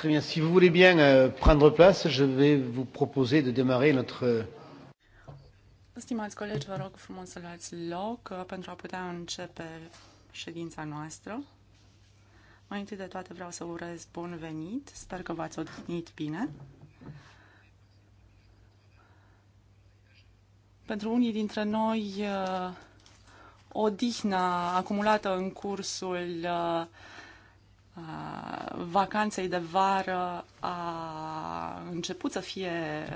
Très bien, si vous voulez bien euh, prendre place, je vais vous proposer de démarrer notre... Euh, Stimați colegi, vă rog frumos să luați loc uh, pentru a putea începe ședința noastră. Mai întâi de toate vreau să urez bun venit. Sper că v-ați odihnit bine. Pentru unii dintre noi, uh, odihna acumulată în cursul uh, Uh, vacanței de vară a început să fie,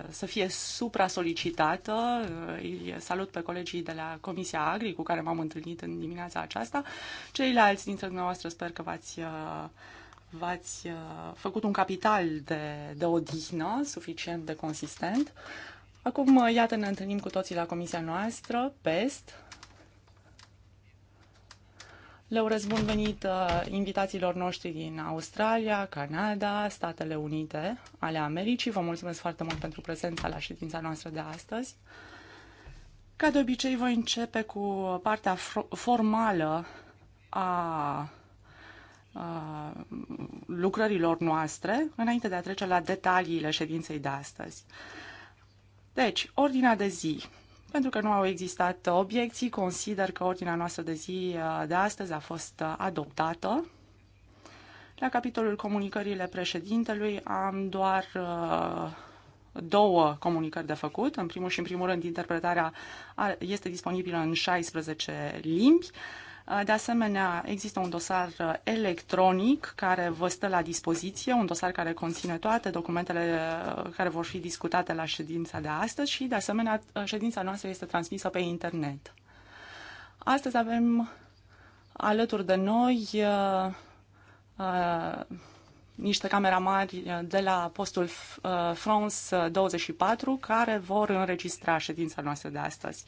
să fie supra-solicitată. salut pe colegii de la Comisia Agri cu care m-am întâlnit în dimineața aceasta. Ceilalți dintre dumneavoastră sper că v-ați uh, v-ați uh, făcut un capital de, de odihnă suficient de consistent. Acum, iată, ne întâlnim cu toții la comisia noastră, PEST, le urez bun venit uh, invitațiilor noștri din Australia, Canada, Statele Unite ale Americii. Vă mulțumesc foarte mult pentru prezența la ședința noastră de astăzi. Ca de obicei, voi începe cu partea formală a, a lucrărilor noastre, înainte de a trece la detaliile ședinței de astăzi. Deci, ordinea de zi pentru că nu au existat obiecții, consider că ordinea noastră de zi uh, de astăzi a fost uh, adoptată. La capitolul comunicările președintelui am doar uh, două comunicări de făcut. În primul și în primul rând, interpretarea este disponibilă în 16 limbi. Uh, de asemenea, există un dosar uh, electronic care vă stă la dispoziție, un dosar care conține toate documentele uh, care vor fi discutate la ședința de astăzi și, de asemenea, ședința noastră este transmisă pe internet. Astăzi avem alături de noi uh, uh, niște mari eh, de la postul eh, France 24 eh, care vor înregistra ședința noastră de astăzi.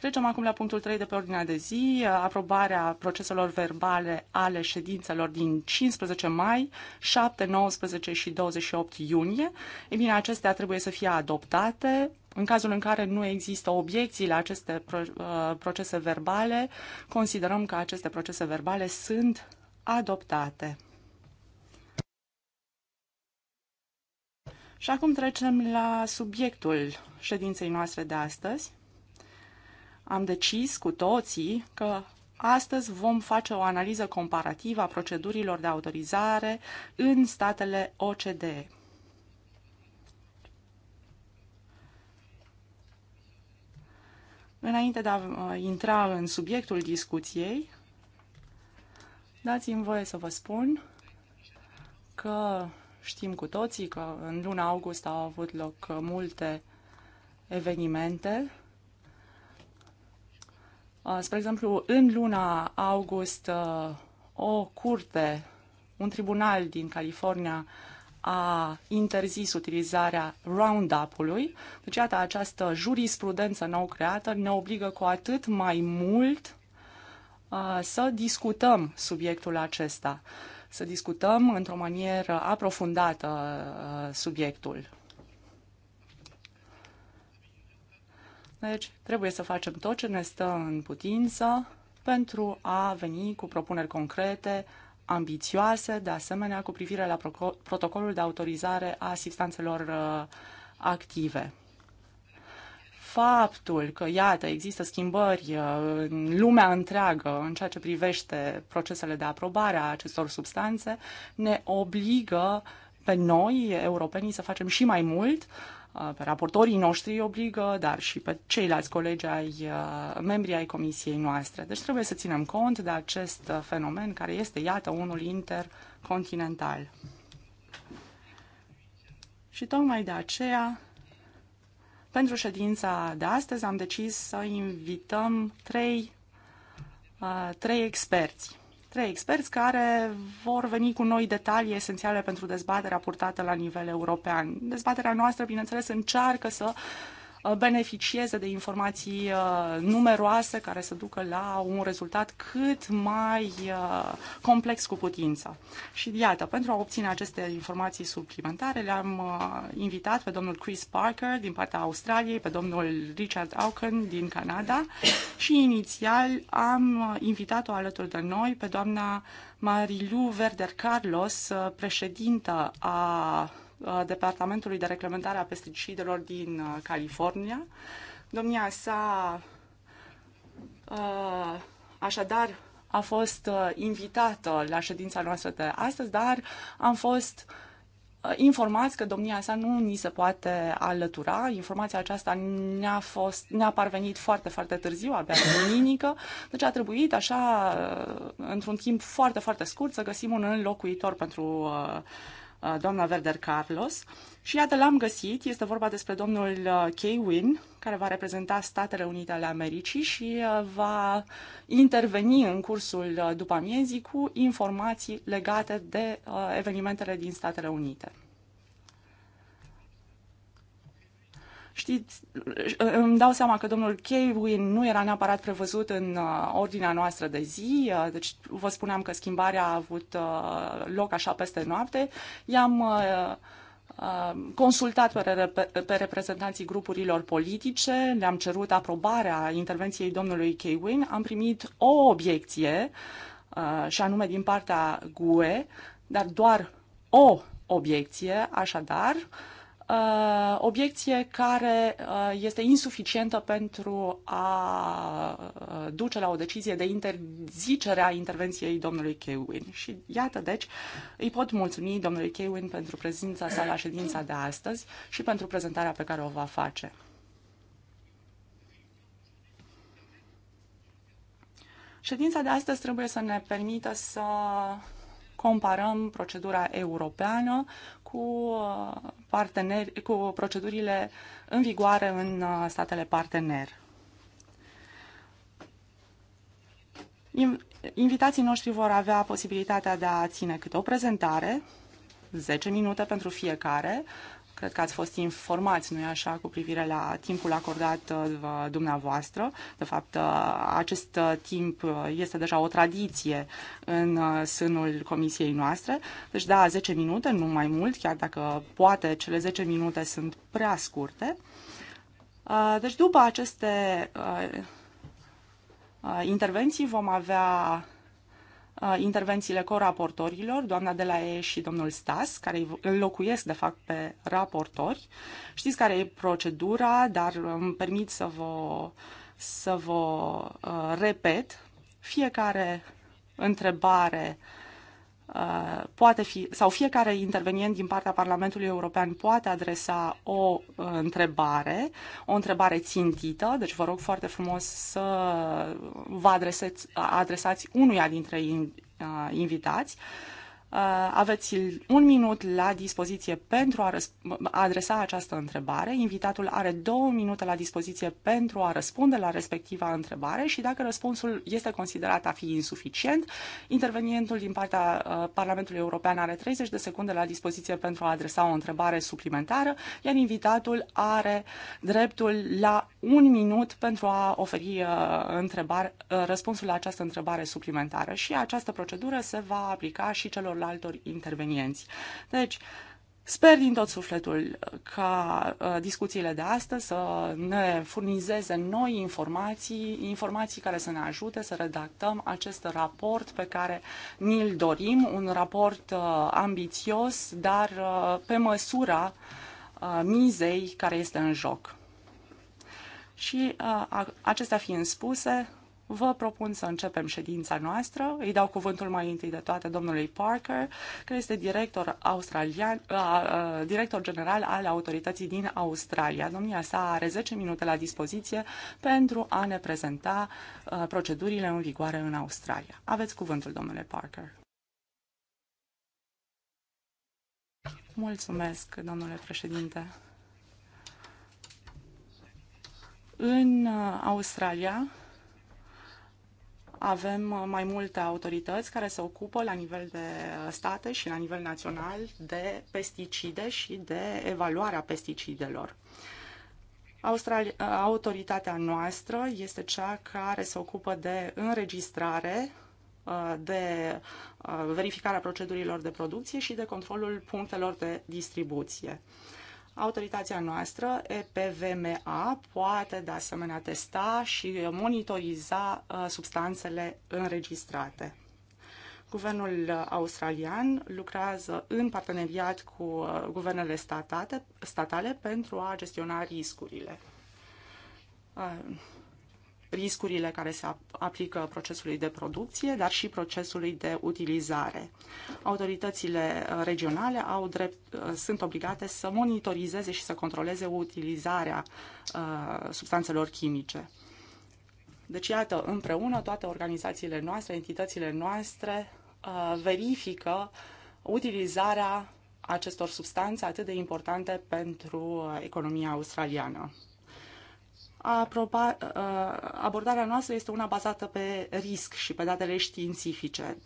Trecem acum la punctul 3 de pe ordinea de zi, aprobarea proceselor verbale ale ședințelor din 15 mai, 7, 19 și 28 iunie. Ei bine, acestea trebuie să fie adoptate. În cazul în care nu există obiecții la aceste procese verbale, considerăm că aceste procese verbale sunt adoptate. Și acum trecem la subiectul ședinței noastre de astăzi. Am decis cu toții că astăzi vom face o analiză comparativă a procedurilor de autorizare în statele OCDE. Înainte de a uh, intra în subiectul discuției, dați-mi voie să vă spun că Știm cu toții că în luna august au avut loc multe evenimente. Uh, spre exemplu, în luna august, uh, o curte, un tribunal din California a interzis utilizarea Roundup-ului. Deci, iată, această jurisprudență nou creată ne obligă cu atât mai mult uh, să discutăm subiectul acesta să discutăm într-o manieră aprofundată uh, subiectul. Deci, trebuie să facem tot ce ne stă în putință pentru a veni cu propuneri concrete, ambițioase, de asemenea, cu privire la protocolul de autorizare a asistanțelor uh, active faptul că, iată, există schimbări uh, în lumea întreagă în ceea ce privește procesele de aprobare a acestor substanțe, ne obligă pe noi, europenii, să facem și mai mult, uh, pe raportorii noștri obligă, dar și pe ceilalți colegi ai uh, membrii ai comisiei noastre. Deci trebuie să ținem cont de acest fenomen care este, iată, unul intercontinental. Și tocmai de aceea pentru ședința de astăzi am decis să invităm trei, uh, trei experți. Trei experți care vor veni cu noi detalii esențiale pentru dezbaterea purtată la nivel european. Dezbaterea noastră, bineînțeles, încearcă să uh, Uh, beneficieze de informații uh, numeroase care să ducă la un rezultat cât mai uh, complex cu putință. Și iată, pentru a obține aceste informații suplimentare, le-am invitat pe domnul Chris Parker din partea Australiei, pe domnul Richard Auken din Canada și inițial am invitat-o alături de noi pe doamna Marilu Verder Carlos, președintă a Uh, Departamentului de Reglementare a Pesticidelor din uh, California. Domnia sa, uh, așadar, a fost invitată la ședința noastră de astăzi, dar am fost informați că domnia sa nu ni se poate alătura. Informația aceasta ne-a, fost, ne-a parvenit foarte, foarte târziu, abia luminică. deci a trebuit așa, într-un timp foarte, foarte scurt, să găsim un înlocuitor pentru uh, Uh, doamna Verder Carlos. Și iată, l-am găsit. Este vorba despre domnul uh, Kay Wynn, care va reprezenta Statele Unite ale Americii și uh, va interveni în cursul după amiezii cu informații legate de evenimentele din Statele Unite. Știți, îmi dau seama că domnul Cawin nu era neapărat prevăzut în uh, ordinea noastră de zi, uh, deci vă spuneam că schimbarea a avut uh, loc așa peste noapte. I-am consultat pe reprezentanții grupurilor politice, le-am cerut aprobarea intervenției domnului Cawin, am primit o obiecție, și anume din partea GUE, dar doar o obiecție, așadar, uh, uh, obiecție care uh, este insuficientă pentru a uh, duce la o decizie de interzicere a intervenției domnului Kewin. Și iată, deci, îi pot mulțumi domnului Kewin pentru prezența sa la ședința de astăzi și pentru prezentarea pe care o va face. Ședința de astăzi trebuie să ne permită să comparăm procedura europeană cu, uh, parteneri, cu procedurile în vigoare în uh, statele partener. Invitații noștri vor avea posibilitatea de a ține câte o prezentare, 10 minute pentru fiecare, Cred că ați fost informați, nu-i așa, cu privire la timpul acordat uh, dumneavoastră. De fapt, uh, acest uh, timp este deja o tradiție în sânul comisiei noastre. Deci, da, 10 minute, nu mai mult, chiar dacă poate cele 10 minute sunt prea scurte. Deci, după aceste intervenții vom avea Uh, intervențiile coraportorilor, doamna de la E și domnul Stas, care îl locuiesc, de fapt, pe raportori. Știți care e procedura, dar îmi permit să vă, să vă uh, repet. Fiecare întrebare uh, Uh, poate fi, sau fiecare intervenient din partea Parlamentului European poate adresa o uh, întrebare, o întrebare țintită, deci vă rog foarte frumos să vă adresați, adresați unuia dintre uh, invitați. Uh, Uh, aveți un minut la dispoziție pentru a, adresa această întrebare. Invitatul are două minute la dispoziție pentru a răspunde la respectiva întrebare și dacă răspunsul este considerat a fi insuficient, intervenientul din partea uh, Parlamentului European are 30 de secunde la dispoziție pentru a adresa o întrebare suplimentară, iar invitatul are dreptul la un minut pentru a oferi uh, întrebare, răspunsul la această întrebare suplimentară și această procedură se va aplica și celor rolul altor intervenienți. Deci, Sper din tot sufletul ca uh, discuțiile de astăzi să ne furnizeze noi informații, informații care să ne ajute să redactăm acest raport pe care ni-l dorim, un raport uh, ambițios, dar uh, pe măsura mizei care este în joc. Și acestea fiind spuse, vă propun să începem ședința noastră. Îi dau cuvântul mai întâi de toate domnului Parker, care este director, australian, uh, director general al autorității din Australia. Domnia sa are 10 minute la dispoziție pentru a ne prezenta uh, procedurile în vigoare în Australia. Aveți cuvântul, domnule Parker. Mulțumesc, domnule președinte. În Australia, avem uh, mai multe autorități care se ocupă la nivel de uh, state și la nivel național de pesticide și de evaluarea pesticidelor. Uh, autoritatea noastră este cea care se ocupă de înregistrare, de verificarea procedurilor de producție și de controlul punctelor de distribuție. Autoritatea noastră, EPVMA, poate de asemenea testa și monitoriza uh, substanțele înregistrate. Guvernul australian lucrează în parteneriat cu uh, guvernele statate, statale pentru a gestiona riscurile. Uh, riscurile care se aplică procesului de producție, dar și procesului de utilizare. Autoritățile uh, regionale au drept, uh, sunt obligate să monitorizeze și să controleze utilizarea uh, substanțelor chimice. Deci, iată, împreună toate organizațiile noastre, entitățile noastre verifică utilizarea acestor substanțe atât de importante pentru economia australiană aproba, uh, abordarea noastră este una bazată pe risc și pe datele științifice.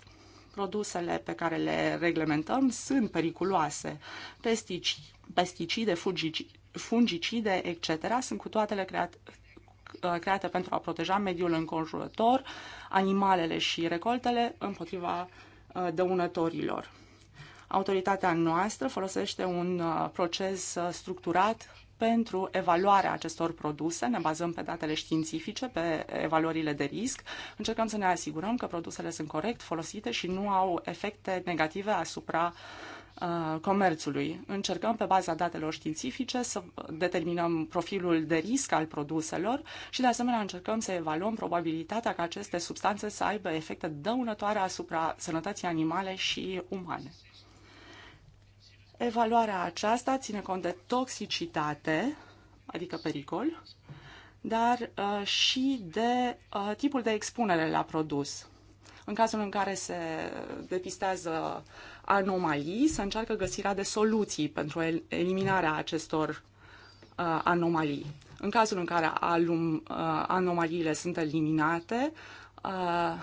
Produsele pe care le reglementăm sunt periculoase. Pestici, pesticide, fungicide, etc. sunt cu toate create uh, create pentru a proteja mediul înconjurător, animalele și recoltele împotriva uh, dăunătorilor. Autoritatea noastră folosește un proces structurat pentru evaluarea acestor produse, ne bazăm pe datele științifice, pe evaluările de risc, încercăm să ne asigurăm că produsele sunt corect folosite și nu au efecte negative asupra uh, comerțului. Încercăm pe baza datelor științifice să determinăm profilul de risc al produselor și de asemenea încercăm să evaluăm probabilitatea ca aceste substanțe să aibă efecte dăunătoare asupra sănătății animale și umane. Evaluarea aceasta ține cont de toxicitate, adică pericol, dar uh, și de uh, tipul de expunere la produs. În cazul în care se depistează anomalii, se încearcă găsirea de soluții pentru eliminarea acestor uh, anomalii. În cazul în care alum, uh, anomaliile sunt eliminate, uh,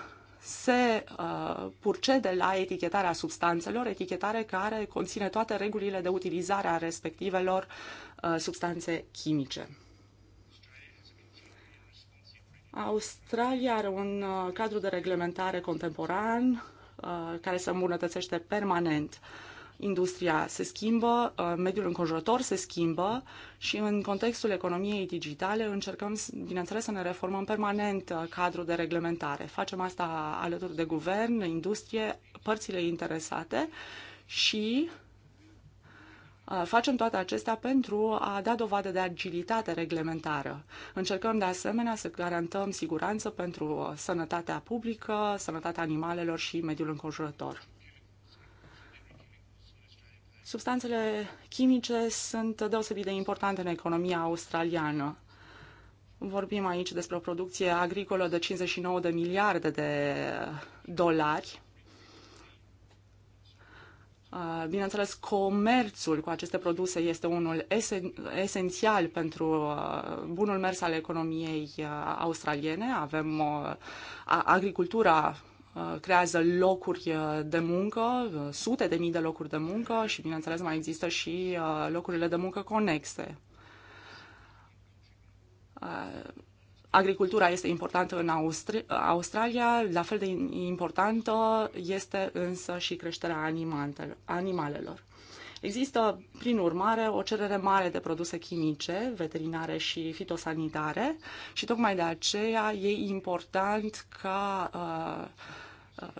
se uh, purcede la etichetarea substanțelor, etichetare care conține toate regulile de utilizare a respectivelor uh, substanțe chimice. Australia are un uh, cadru de reglementare contemporan uh, care se îmbunătățește permanent. Uh, industria se schimbă, uh, mediul înconjurător se schimbă și în contextul economiei digitale încercăm, bineînțeles, să ne reformăm permanent uh, cadrul de reglementare. Facem asta alături de guvern, industrie, părțile interesate și uh, Facem toate acestea pentru a da dovadă de agilitate reglementară. Încercăm de asemenea să garantăm siguranță pentru sănătatea publică, sănătatea animalelor și mediul înconjurător. Substanțele chimice sunt deosebit de importante în economia australiană. Vorbim aici despre o producție agricolă de 59 de miliarde de dolari. Uh, bineînțeles, comerțul cu aceste produse este unul esen, esențial pentru uh, bunul mers al economiei uh, australiene. Avem agricultura Uh, creează locuri uh, de muncă, uh, sute de mii de locuri de muncă și, bineînțeles, mai există și locurile de muncă conexe. Agricultura este importantă în Austri- Australia, la fel de importantă este însă și creșterea animalelor. Există, prin urmare, o cerere mare de produse chimice, veterinare și fitosanitare și tocmai de aceea e important ca uh, Uh,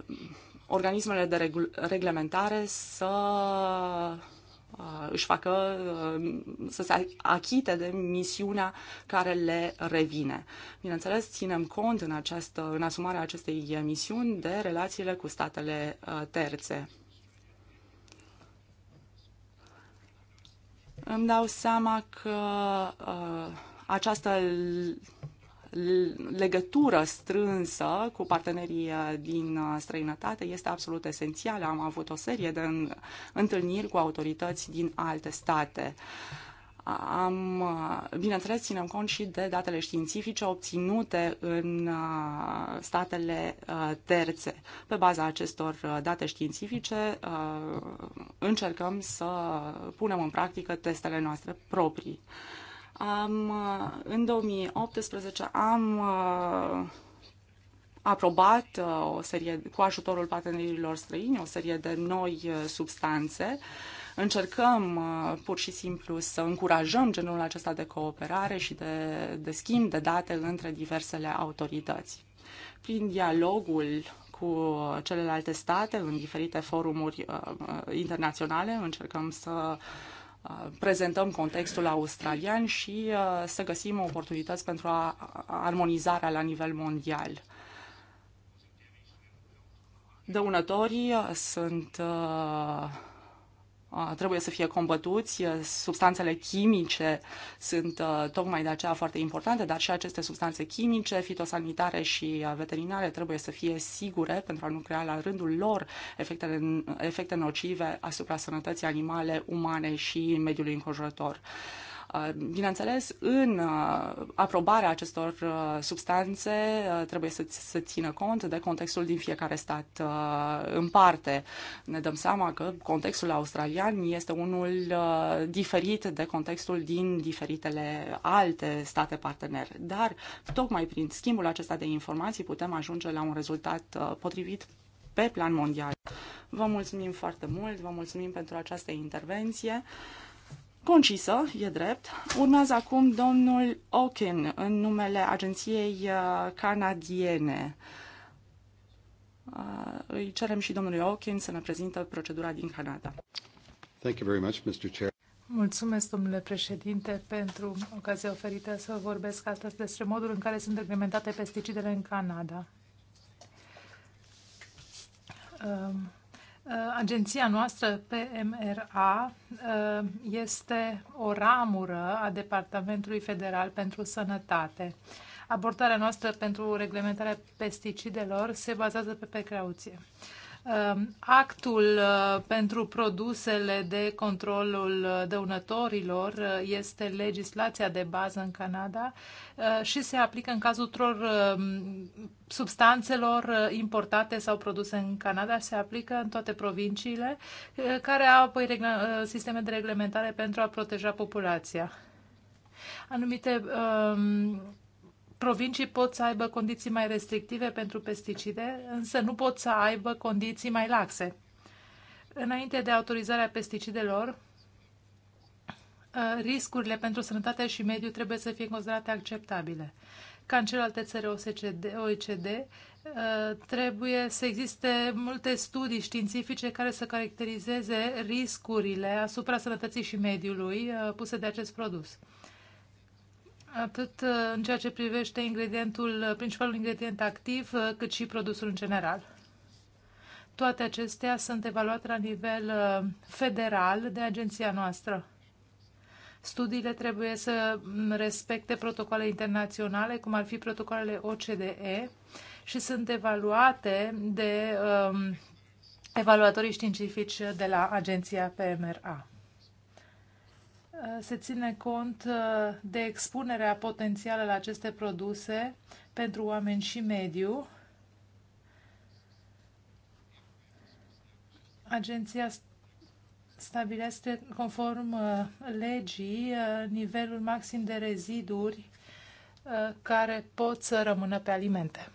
organismele de reglementare să uh, își facă, uh, să se achite de misiunea care le revine. Bineînțeles, ținem cont în, această, în asumarea acestei misiuni de relațiile cu statele terțe. Îmi dau seama că această legătură strânsă cu partenerii uh, din uh, străinătate este absolut esențială. Am avut o serie de întâlniri cu autorități din alte state. Am, uh, bineînțeles, ținem cont și de datele științifice obținute în statele terțe. Pe baza acestor date științifice încercăm să punem în practică testele noastre proprii. Am, uh, în 2018 am uh, aprobat uh, o serie, cu ajutorul partenerilor străini o serie de noi substanțe. Încercăm pur și simplu să încurajăm genul acesta de cooperare și de, de schimb de date între diversele autorități. Prin dialogul cu celelalte state în diferite forumuri uh, internaționale, încercăm să uh, prezentăm contextul australian și să găsim oportunități pentru a, armonizarea la nivel mondial. Dăunătorii sunt uh, trebuie să fie combătuți. Substanțele chimice sunt tocmai de aceea foarte importante, dar și aceste substanțe chimice, fitosanitare și veterinare trebuie să fie sigure pentru a nu crea la rândul lor efecte, efecte nocive asupra sănătății animale, umane și mediului înconjurător. Bineînțeles, în aprobarea acestor substanțe trebuie să, să țină cont de contextul din fiecare stat în parte. Ne dăm seama că contextul australian este unul diferit de contextul din diferitele alte state partenere. Dar, tocmai prin schimbul acesta de informații, putem ajunge la un rezultat potrivit pe plan mondial. Vă mulțumim foarte mult, vă mulțumim pentru această intervenție concisă, e drept. Urmează acum domnul Oken în numele agenției uh, canadiene. Uh, îi cerem și domnului Oken să ne prezintă procedura din Canada. Thank you very much, Mr. Chair. Mulțumesc, domnule președinte, pentru ocazia oferită să vorbesc astăzi despre modul în care sunt reglementate pesticidele în Canada. Um Uh, agenția noastră PMRA uh, este o ramură a Departamentului Federal pentru Sănătate. Abordarea noastră pentru reglementarea pesticidelor se bazează pe precauție. Um, actul uh, pentru produsele de controlul uh, dăunătorilor uh, este legislația de bază în Canada și se aplică în cazul tuturor um, substanțelor importate sau produse în Canada, se aplică în toate provinciile care au apoi sisteme de reglementare pentru a proteja populația. Anumite um, provincii pot să aibă condiții mai restrictive pentru pesticide, însă nu pot să aibă condiții mai laxe. Înainte de autorizarea pesticidelor, uh, riscurile pentru sănătate și mediu trebuie să fie considerate acceptabile. Ca în celelalte țări OECD, uh, trebuie să existe multe studii științifice care să caracterizeze riscurile asupra sănătății și mediului uh, puse de acest produs atât uh, în ceea ce privește ingredientul, uh, principalul ingredient activ, uh, cât și produsul în general. Toate acestea sunt evaluate la nivel federal de agenția noastră. Studiile trebuie să mm, respecte protocoale internaționale, cum ar fi protocoalele OCDE, și sunt evaluate de um, evaluatorii științifici de la agenția PMRA se ține cont uh, de expunerea potențială la aceste produse pentru oameni și mediu. Agenția stabilește, conform uh, legii, uh, nivelul maxim de reziduri care pot să rămână pe alimente.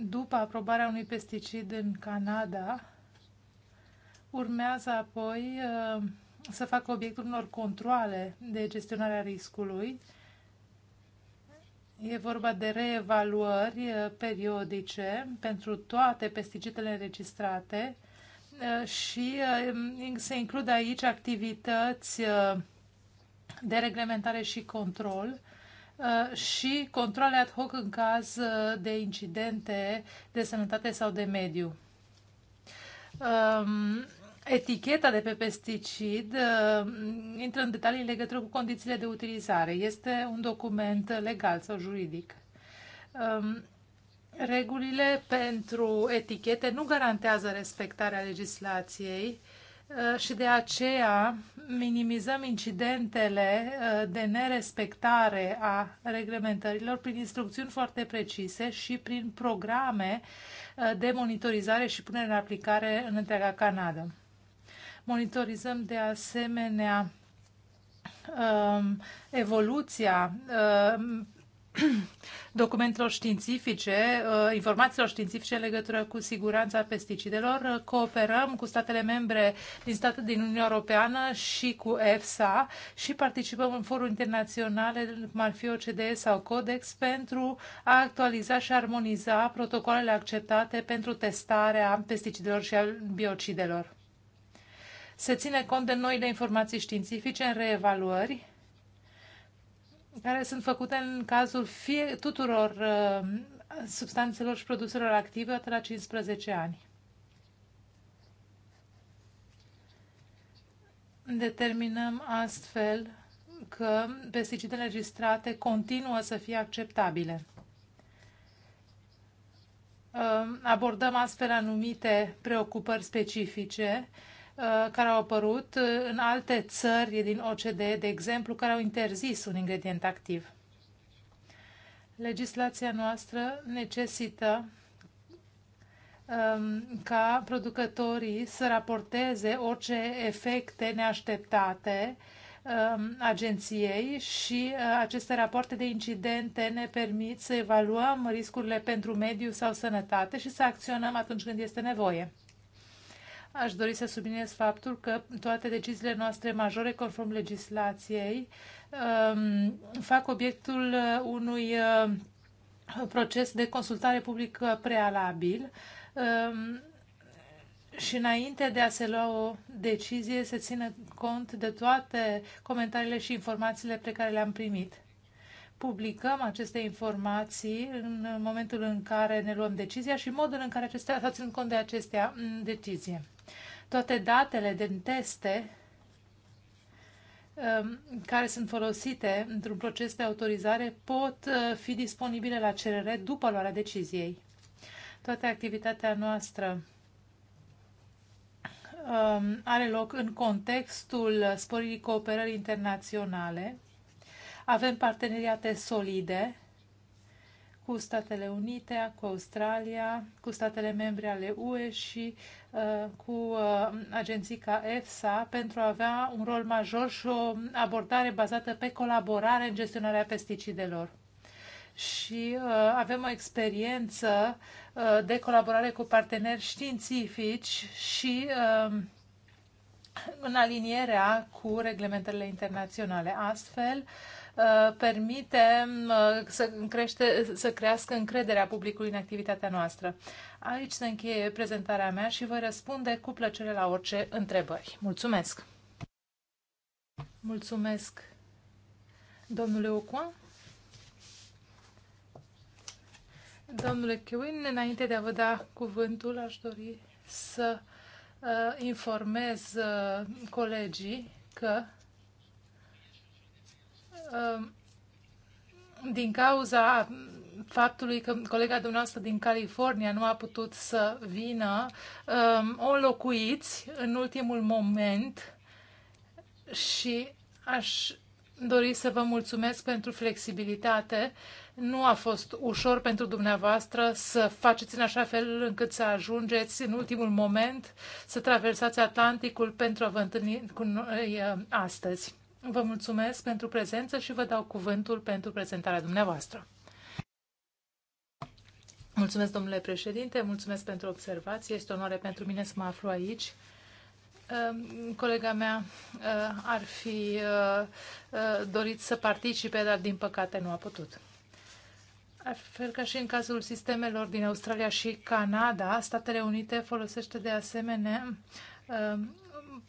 După aprobarea unui pesticid în Canada, urmează apoi uh, să facă obiectul unor controle de gestionare a riscului. E vorba de reevaluări uh, periodice pentru toate pesticidele înregistrate uh, și uh, se includ aici activități de reglementare și control și controle ad hoc în caz de incidente de sănătate sau de mediu. Um, Eticheta de pe pesticid uh, intră în detalii în legătură cu condițiile de utilizare. Este un document legal sau juridic. Um, regulile pentru etichete nu garantează respectarea legislației uh, și de aceea minimizăm incidentele uh, de nerespectare a reglementărilor prin instrucțiuni foarte precise și prin programe uh, de monitorizare și punere în aplicare în întreaga Canadă. Monitorizăm de asemenea um, evoluția um, documentelor științifice, uh, informațiilor științifice în legătură cu siguranța pesticidelor. Uh, cooperăm cu statele membre din state din Uniunea Europeană și cu EFSA și participăm în foruri internaționale, cum ar fi OCDE sau Codex, pentru a actualiza și armoniza protocoalele acceptate pentru testarea pesticidelor și a biocidelor se ține cont de noile informații științifice în reevaluări care sunt făcute în cazul fie, tuturor uh, substanțelor și produselor active atât la 15 ani. Determinăm astfel că pesticidele registrate continuă să fie acceptabile. Uh, abordăm astfel anumite preocupări specifice Uh, care au apărut uh, în alte țări din OCDE, de exemplu, care au interzis un ingredient activ. Legislația noastră necesită um, ca producătorii să raporteze orice efecte neașteptate um, agenției și uh, aceste rapoarte de incidente ne permit să evaluăm riscurile pentru mediu sau sănătate și să acționăm atunci când este nevoie aș dori să subliniez faptul că toate deciziile noastre majore, conform legislației, um, fac obiectul unui uh, proces de consultare publică prealabil um, și înainte de a se lua o decizie se țină cont de toate comentariile și informațiile pe care le-am primit publicăm aceste informații în momentul în care ne luăm decizia și modul în care acestea, să țin cont de acestea în mm, decizie. Toate datele din teste um, care sunt folosite într-un proces de autorizare pot uh, fi disponibile la cerere după luarea deciziei. Toată activitatea noastră um, are loc în contextul sporirii cooperării internaționale avem parteneriate solide cu Statele Unite, cu Australia, cu statele membre ale UE și uh, cu uh, agenții ca EFSA pentru a avea un rol major și o abordare bazată pe colaborare în gestionarea pesticidelor. Și uh, avem o experiență uh, de colaborare cu parteneri științifici și uh, în alinierea cu reglementările internaționale. Astfel, uh, Uh, permite uh, să, crește, să crească încrederea publicului în activitatea noastră. Aici se încheie prezentarea mea și voi răspunde cu plăcere la orice întrebări. Mulțumesc! Mulțumesc, domnule Ocoan. Domnule Chiuin, înainte de a vă da cuvântul, aș dori să uh, informez uh, colegii că Um, din cauza faptului că colega dumneavoastră din California nu a putut să vină, um, o locuiți în ultimul moment și aș dori să vă mulțumesc pentru flexibilitate. Nu a fost ușor pentru dumneavoastră să faceți în așa fel încât să ajungeți în ultimul moment să traversați Atlanticul pentru a vă întâlni cu noi uh, astăzi. Vă mulțumesc pentru prezență și vă dau cuvântul pentru prezentarea dumneavoastră. Mulțumesc, domnule președinte, mulțumesc pentru observație. Este onoare pentru mine să mă aflu aici. Ehm, colega mea eh, ar fi eh, eh, dorit să participe, dar din păcate nu a putut. La fel ca și în cazul sistemelor din Australia și Canada, Statele Unite folosește de asemenea ehm,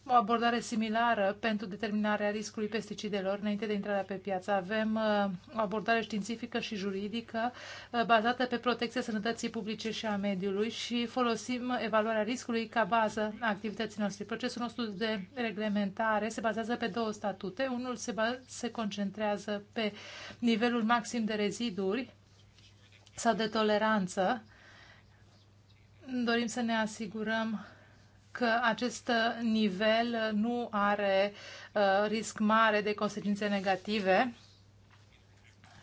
o abordare similară pentru determinarea riscului pesticidelor înainte de intrarea pe piață. Avem uh, o abordare științifică și juridică uh, bazată pe protecția sănătății publice și a mediului și folosim evaluarea riscului ca bază a activității noastre. Procesul nostru de reglementare se bazează pe două statute. Unul se, se concentrează pe nivelul maxim de reziduri sau de toleranță. Dorim să ne asigurăm că acest nivel nu are uh, risc mare de consecințe negative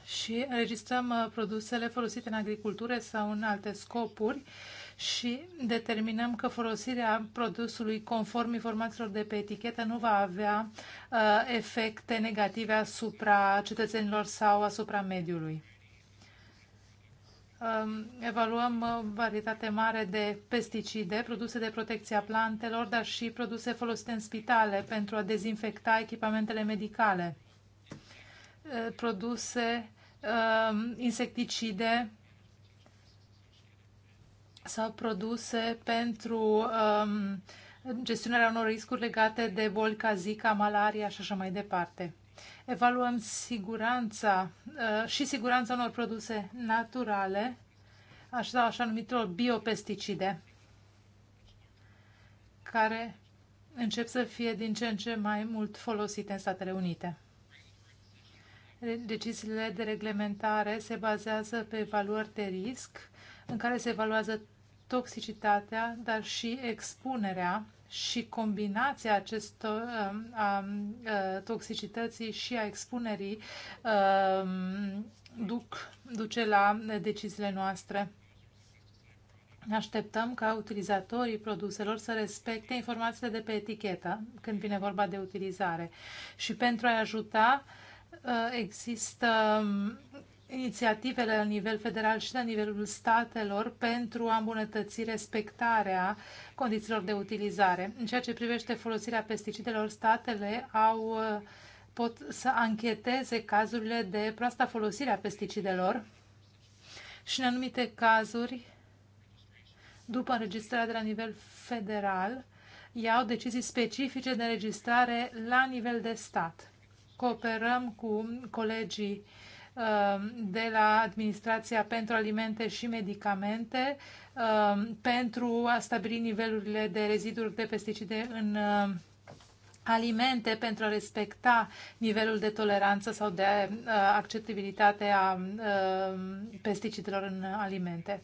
și înregistrăm uh, produsele folosite în agricultură sau în alte scopuri și determinăm că folosirea produsului conform informațiilor de pe etichetă nu va avea uh, efecte negative asupra cetățenilor sau asupra mediului. Um, evaluăm uh, varietate mare de pesticide, produse de protecție a plantelor, dar și produse folosite în spitale pentru a dezinfecta echipamentele medicale, uh, produse um, insecticide sau produse pentru um, gestionarea unor riscuri legate de boli ca Zika, malaria și așa mai departe evaluăm siguranța uh, și siguranța unor produse naturale, așa, așa numitor biopesticide, care încep să fie din ce în ce mai mult folosite în Statele Unite. Deciziile de reglementare se bazează pe evaluări de risc, în care se evaluează toxicitatea, dar și expunerea și combinația acestor um, a, a, uh, toxicității și a expunerii a, um, duc, duce la deciziile noastre. Ne așteptăm ca utilizatorii produselor să respecte informațiile de pe etichetă când vine vorba de utilizare. Și pentru a ajuta uh, există um, inițiativele la nivel federal și la nivelul statelor pentru a îmbunătăți respectarea condițiilor de utilizare. În ceea ce privește folosirea pesticidelor, statele au, uh, pot să ancheteze cazurile de proasta folosire a pesticidelor și în anumite cazuri, după înregistrarea de la nivel federal, iau decizii specifice de înregistrare la nivel de stat. Cooperăm cu colegii uh, Um, de la Administrația pentru Alimente și Medicamente um, pentru a stabili nivelurile de reziduri de pesticide în um, alimente pentru a respecta nivelul de toleranță sau de uh, acceptabilitate a pesticidelor în alimente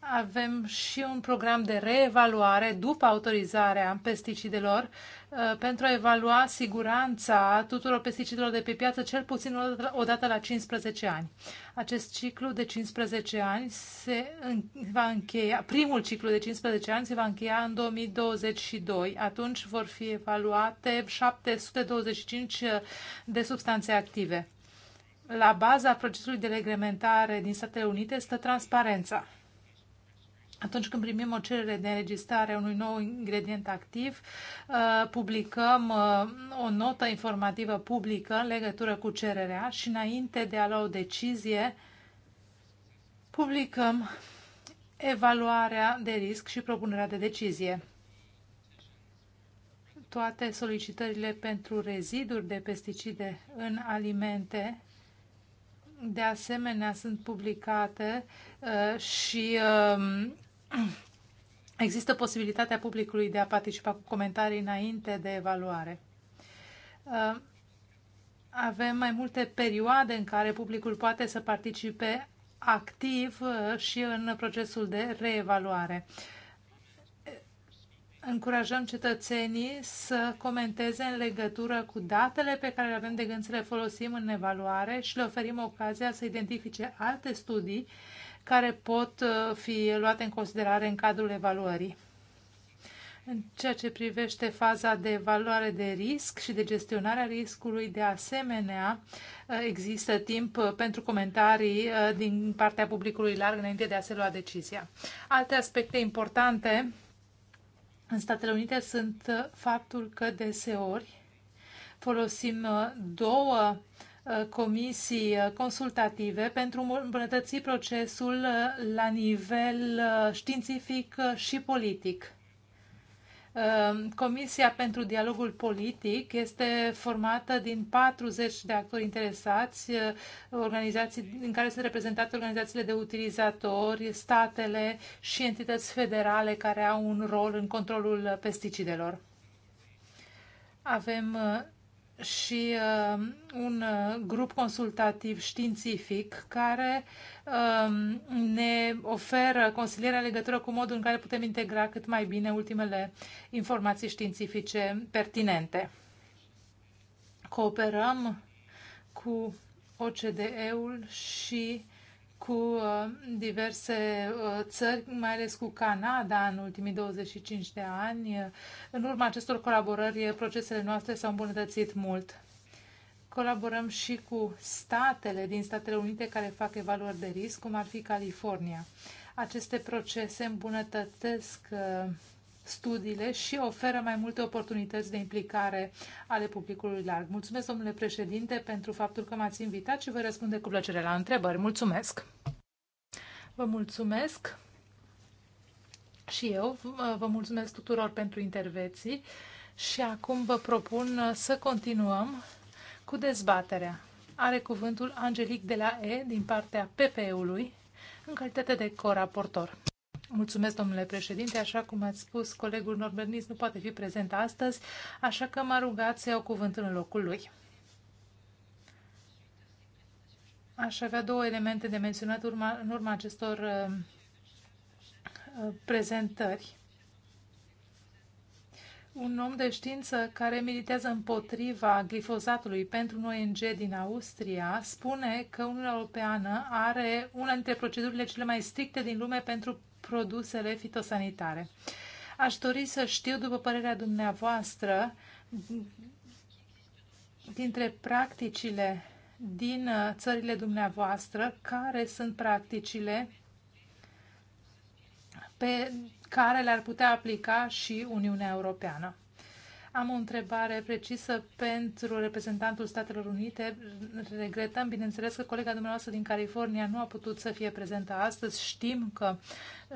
avem și un program de reevaluare după autorizarea pesticidelor uh, pentru a evalua siguranța tuturor pesticidelor de pe piață cel puțin o dată la 15 ani. Acest ciclu de 15 ani se va încheia, primul ciclu de 15 ani se va încheia în 2022. Atunci vor fi evaluate 725 uh, de substanțe active. La baza procesului de reglementare din Statele Unite stă transparența atunci când primim o cerere de înregistrare a unui nou ingredient activ, uh, publicăm uh, o notă informativă publică în legătură cu cererea și înainte de a lua o decizie, publicăm evaluarea de risc și propunerea de decizie. Toate solicitările pentru reziduri de pesticide în alimente de asemenea sunt publicate uh, și uh, Există posibilitatea publicului de a participa cu comentarii înainte de evaluare. Uh, avem mai multe perioade în care publicul poate să participe activ uh, și în procesul de reevaluare. Încurajăm cetățenii să comenteze în legătură cu datele pe care le avem de gând să le folosim în evaluare și le oferim ocazia să identifice alte studii care pot uh, fi luate în considerare în cadrul evaluării. În ceea ce privește faza de evaluare de risc și de gestionarea riscului, de asemenea, uh, există timp uh, pentru comentarii din partea publicului larg înainte de a se lua decizia. Alte aspecte importante în Statele Unite sunt faptul că deseori folosim două Uh, comisii uh, consultative pentru a îmbunătăți procesul uh, la nivel științific și politic. Comisia pentru dialogul politic este formată din 40 de actori interesați, organizații în care sunt reprezentate organizațiile de utilizatori, statele și entități federale care au un rol în controlul pesticidelor. Avem și uh, un uh, grup consultativ științific care uh, ne oferă consiliere în legătură cu modul în care putem integra cât mai bine ultimele informații științifice pertinente. Cooperăm cu OCDE-ul și uh, cu uh, diverse uh, țări, mai ales cu Canada în ultimii 25 de ani. În urma acestor colaborări, procesele noastre s-au îmbunătățit mult. Colaborăm și cu statele din Statele Unite care fac evaluări de risc, cum ar fi California. Aceste procese îmbunătățesc uh, studiile și oferă mai multe oportunități de implicare ale publicului larg. Mulțumesc, domnule președinte, pentru faptul că m-ați invitat și vă răspunde cu plăcere la întrebări. Mulțumesc! Vă mulțumesc și eu. Vă mulțumesc tuturor pentru intervenții și acum vă propun să continuăm cu dezbaterea. Are cuvântul Angelic de la E din partea PPE-ului în calitate de coraportor. Mulțumesc, domnule președinte. Așa cum ați spus, colegul Norbert Nis nu poate fi prezent astăzi, așa că m-a rugat să iau cuvântul în locul lui. Aș avea două elemente de menționat urma, în urma acestor uh, uh, prezentări. Un om de știință care militează împotriva glifozatului pentru un ONG din Austria spune că Uniunea Europeană are una dintre procedurile cele mai stricte din lume pentru produsele fitosanitare. Aș dori să știu, după părerea dumneavoastră, dintre practicile din uh, țările dumneavoastră, care sunt practicile pe care le-ar putea aplica și Uniunea Europeană. Am o întrebare precisă pentru reprezentantul Statelor Unite. Regretăm, bineînțeles, că colega dumneavoastră din California nu a putut să fie prezentă astăzi. Știm că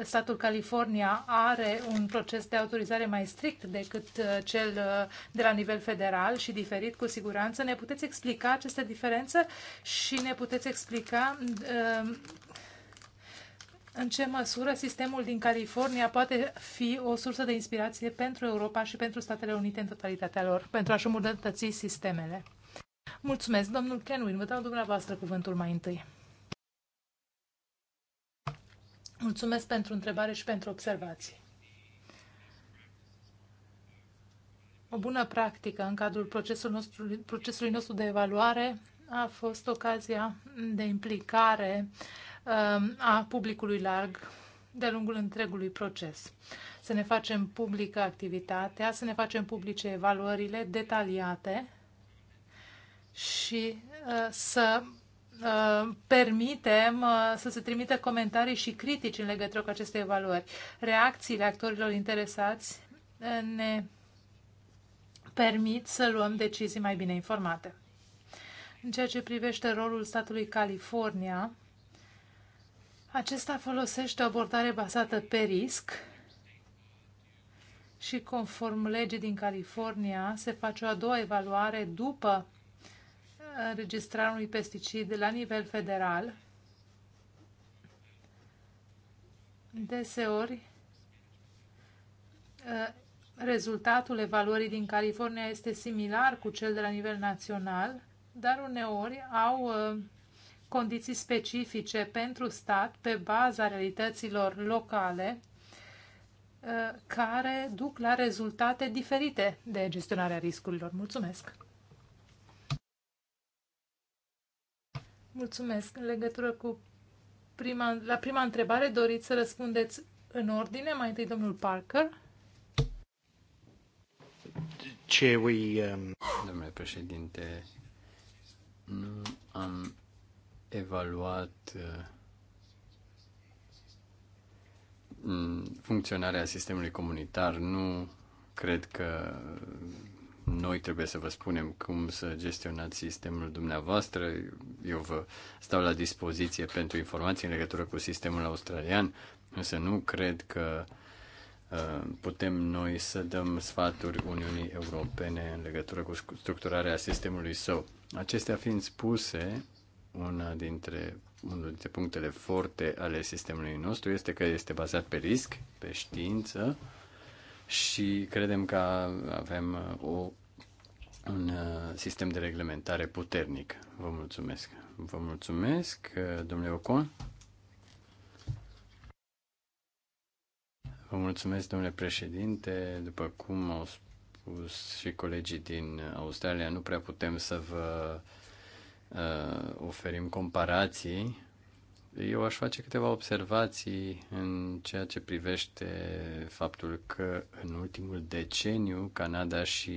statul California are un proces de autorizare mai strict decât uh, cel uh, de la nivel federal și diferit cu siguranță. Ne puteți explica aceste diferențe și ne puteți explica uh, în ce măsură sistemul din California poate fi o sursă de inspirație pentru Europa și pentru Statele Unite în totalitatea lor, pentru a-și îmbunătăți sistemele. Mulțumesc, domnul Kenwin. Vă dau dumneavoastră cuvântul mai întâi. Mulțumesc pentru întrebare și pentru observații. O bună practică în cadrul procesului nostru, procesului nostru de evaluare a fost ocazia de implicare Um, a publicului larg de-a lungul întregului proces. Să ne facem publică activitatea, să ne facem publice evaluările detaliate și uh, să uh, permitem uh, să se trimită comentarii și critici în legătură cu aceste evaluări. Reacțiile actorilor interesați ne permit să luăm decizii mai bine informate. În ceea ce privește rolul statului California, acesta folosește o abordare bazată pe risc și conform legii din California se face o a doua evaluare după înregistrarea unui pesticid la nivel federal. Deseori, rezultatul evaluării din California este similar cu cel de la nivel național, dar uneori au condiții specifice pentru stat pe baza realităților locale uh, care duc la rezultate diferite de gestionarea riscurilor. Mulțumesc! Mulțumesc! În legătură cu prima, la prima întrebare, doriți să răspundeți în ordine? Mai întâi domnul Parker. Ce we, um... Domnule președinte, nu am evaluat uh, funcționarea sistemului comunitar. Nu cred că noi trebuie să vă spunem cum să gestionați sistemul dumneavoastră. Eu vă stau la dispoziție pentru informații în legătură cu sistemul australian, însă nu cred că uh, putem noi să dăm sfaturi Uniunii Europene în legătură cu structurarea sistemului său. Acestea fiind spuse, una dintre, unul dintre punctele forte ale sistemului nostru este că este bazat pe risc, pe știință și credem că avem uh, o, un uh, sistem de reglementare puternic. Vă mulțumesc. Vă mulțumesc, uh, domnule Ocon. Vă mulțumesc, domnule președinte. După cum au spus și colegii din Australia, nu prea putem să vă uh, uh, oferim comparații, eu aș face câteva observații în ceea ce privește faptul că în ultimul deceniu Canada și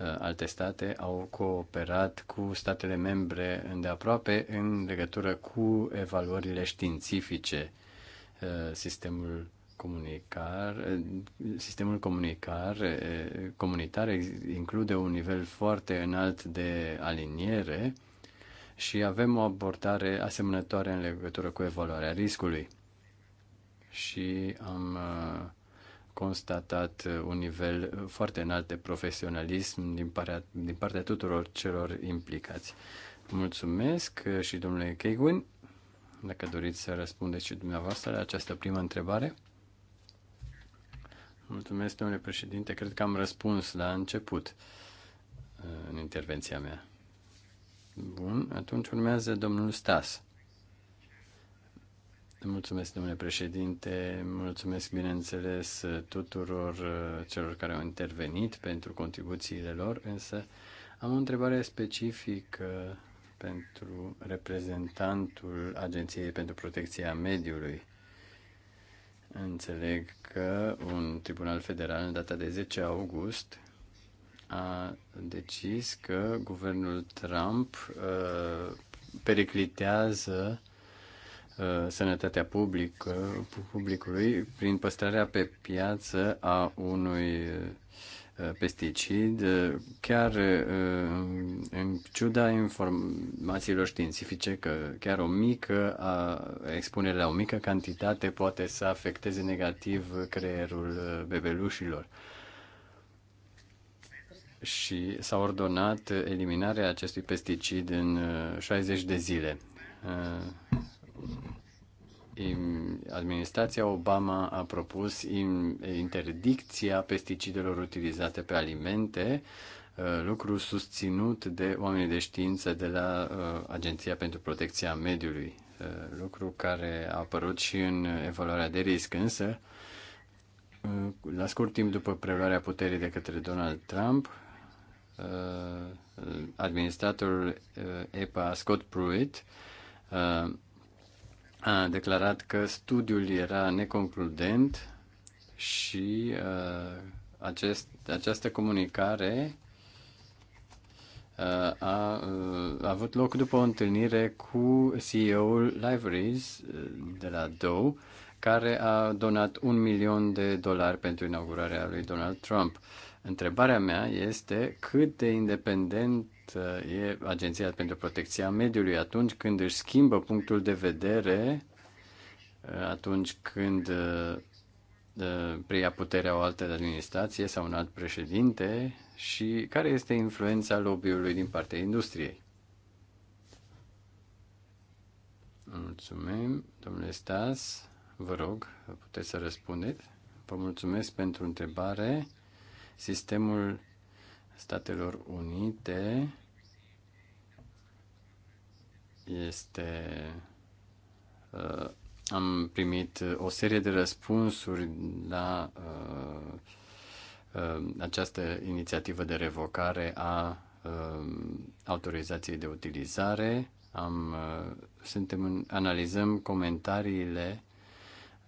uh, alte state au cooperat cu statele membre îndeaproape în legătură cu evaluările științifice. Uh, sistemul comunicar, uh, sistemul comunicar uh, comunitar include un nivel foarte înalt de aliniere și avem o abordare asemănătoare în legătură cu evaluarea riscului. Și am uh, constatat uh, un nivel foarte înalt de profesionalism din partea, din partea tuturor celor implicați. Mulțumesc uh, și domnule Keigun, dacă doriți să răspundeți și dumneavoastră la această primă întrebare. Mulțumesc, domnule președinte. Cred că am răspuns la început în intervenția mea atunci urmează domnul Stas. Mulțumesc, domnule președinte, mulțumesc, bineînțeles, tuturor uh, celor care au intervenit pentru contribuțiile lor, însă am o întrebare specifică pentru reprezentantul Agenției pentru Protecția Mediului. Înțeleg că un tribunal federal, în data de 10 august, a decis că guvernul Trump uh, periclitează uh, sănătatea publică, publicului prin păstrarea pe piață a unui uh, pesticid, uh, chiar uh, în ciuda informațiilor științifice că chiar o mică a, expunere la o mică cantitate poate să afecteze negativ creierul uh, bebelușilor. Uh, și s-a ordonat eliminarea acestui pesticid în 60 uh, de zile. Uh, administrația Obama a propus interdicția pesticidelor utilizate pe alimente, uh, lucru susținut de oamenii de știință de la Agenția pentru Protecția Mediului, lucru care a apărut și în evaluarea de risc, însă la scurt timp după preluarea puterii de către Donald Trump, uh, uh EPA, Scott Pruitt, uh, a declarat că studiul era neconcludent și uh, acest, această comunicare a, a, a avut loc după o întâlnire cu CEO-ul Liveries de la Dow, care a donat un milion de dolari pentru inaugurarea lui Donald Trump. Uh, Întrebarea mea este cât de independent uh, e Agenția pentru Protecția Mediului atunci când își schimbă punctul de vedere, uh, atunci când uh, preia puterea o altă administrație sau un alt președinte și care este influența lobby-ului din partea industriei. Mulțumim, domnule Stas. Vă rog, puteți să răspundeți. Vă mulțumesc pentru întrebare. Sistemul Statelor Unite este uh, am primit o serie de răspunsuri la uh, uh, această inițiativă de revocare a uh, autorizației de utilizare. Am, uh, suntem în, analizăm comentariile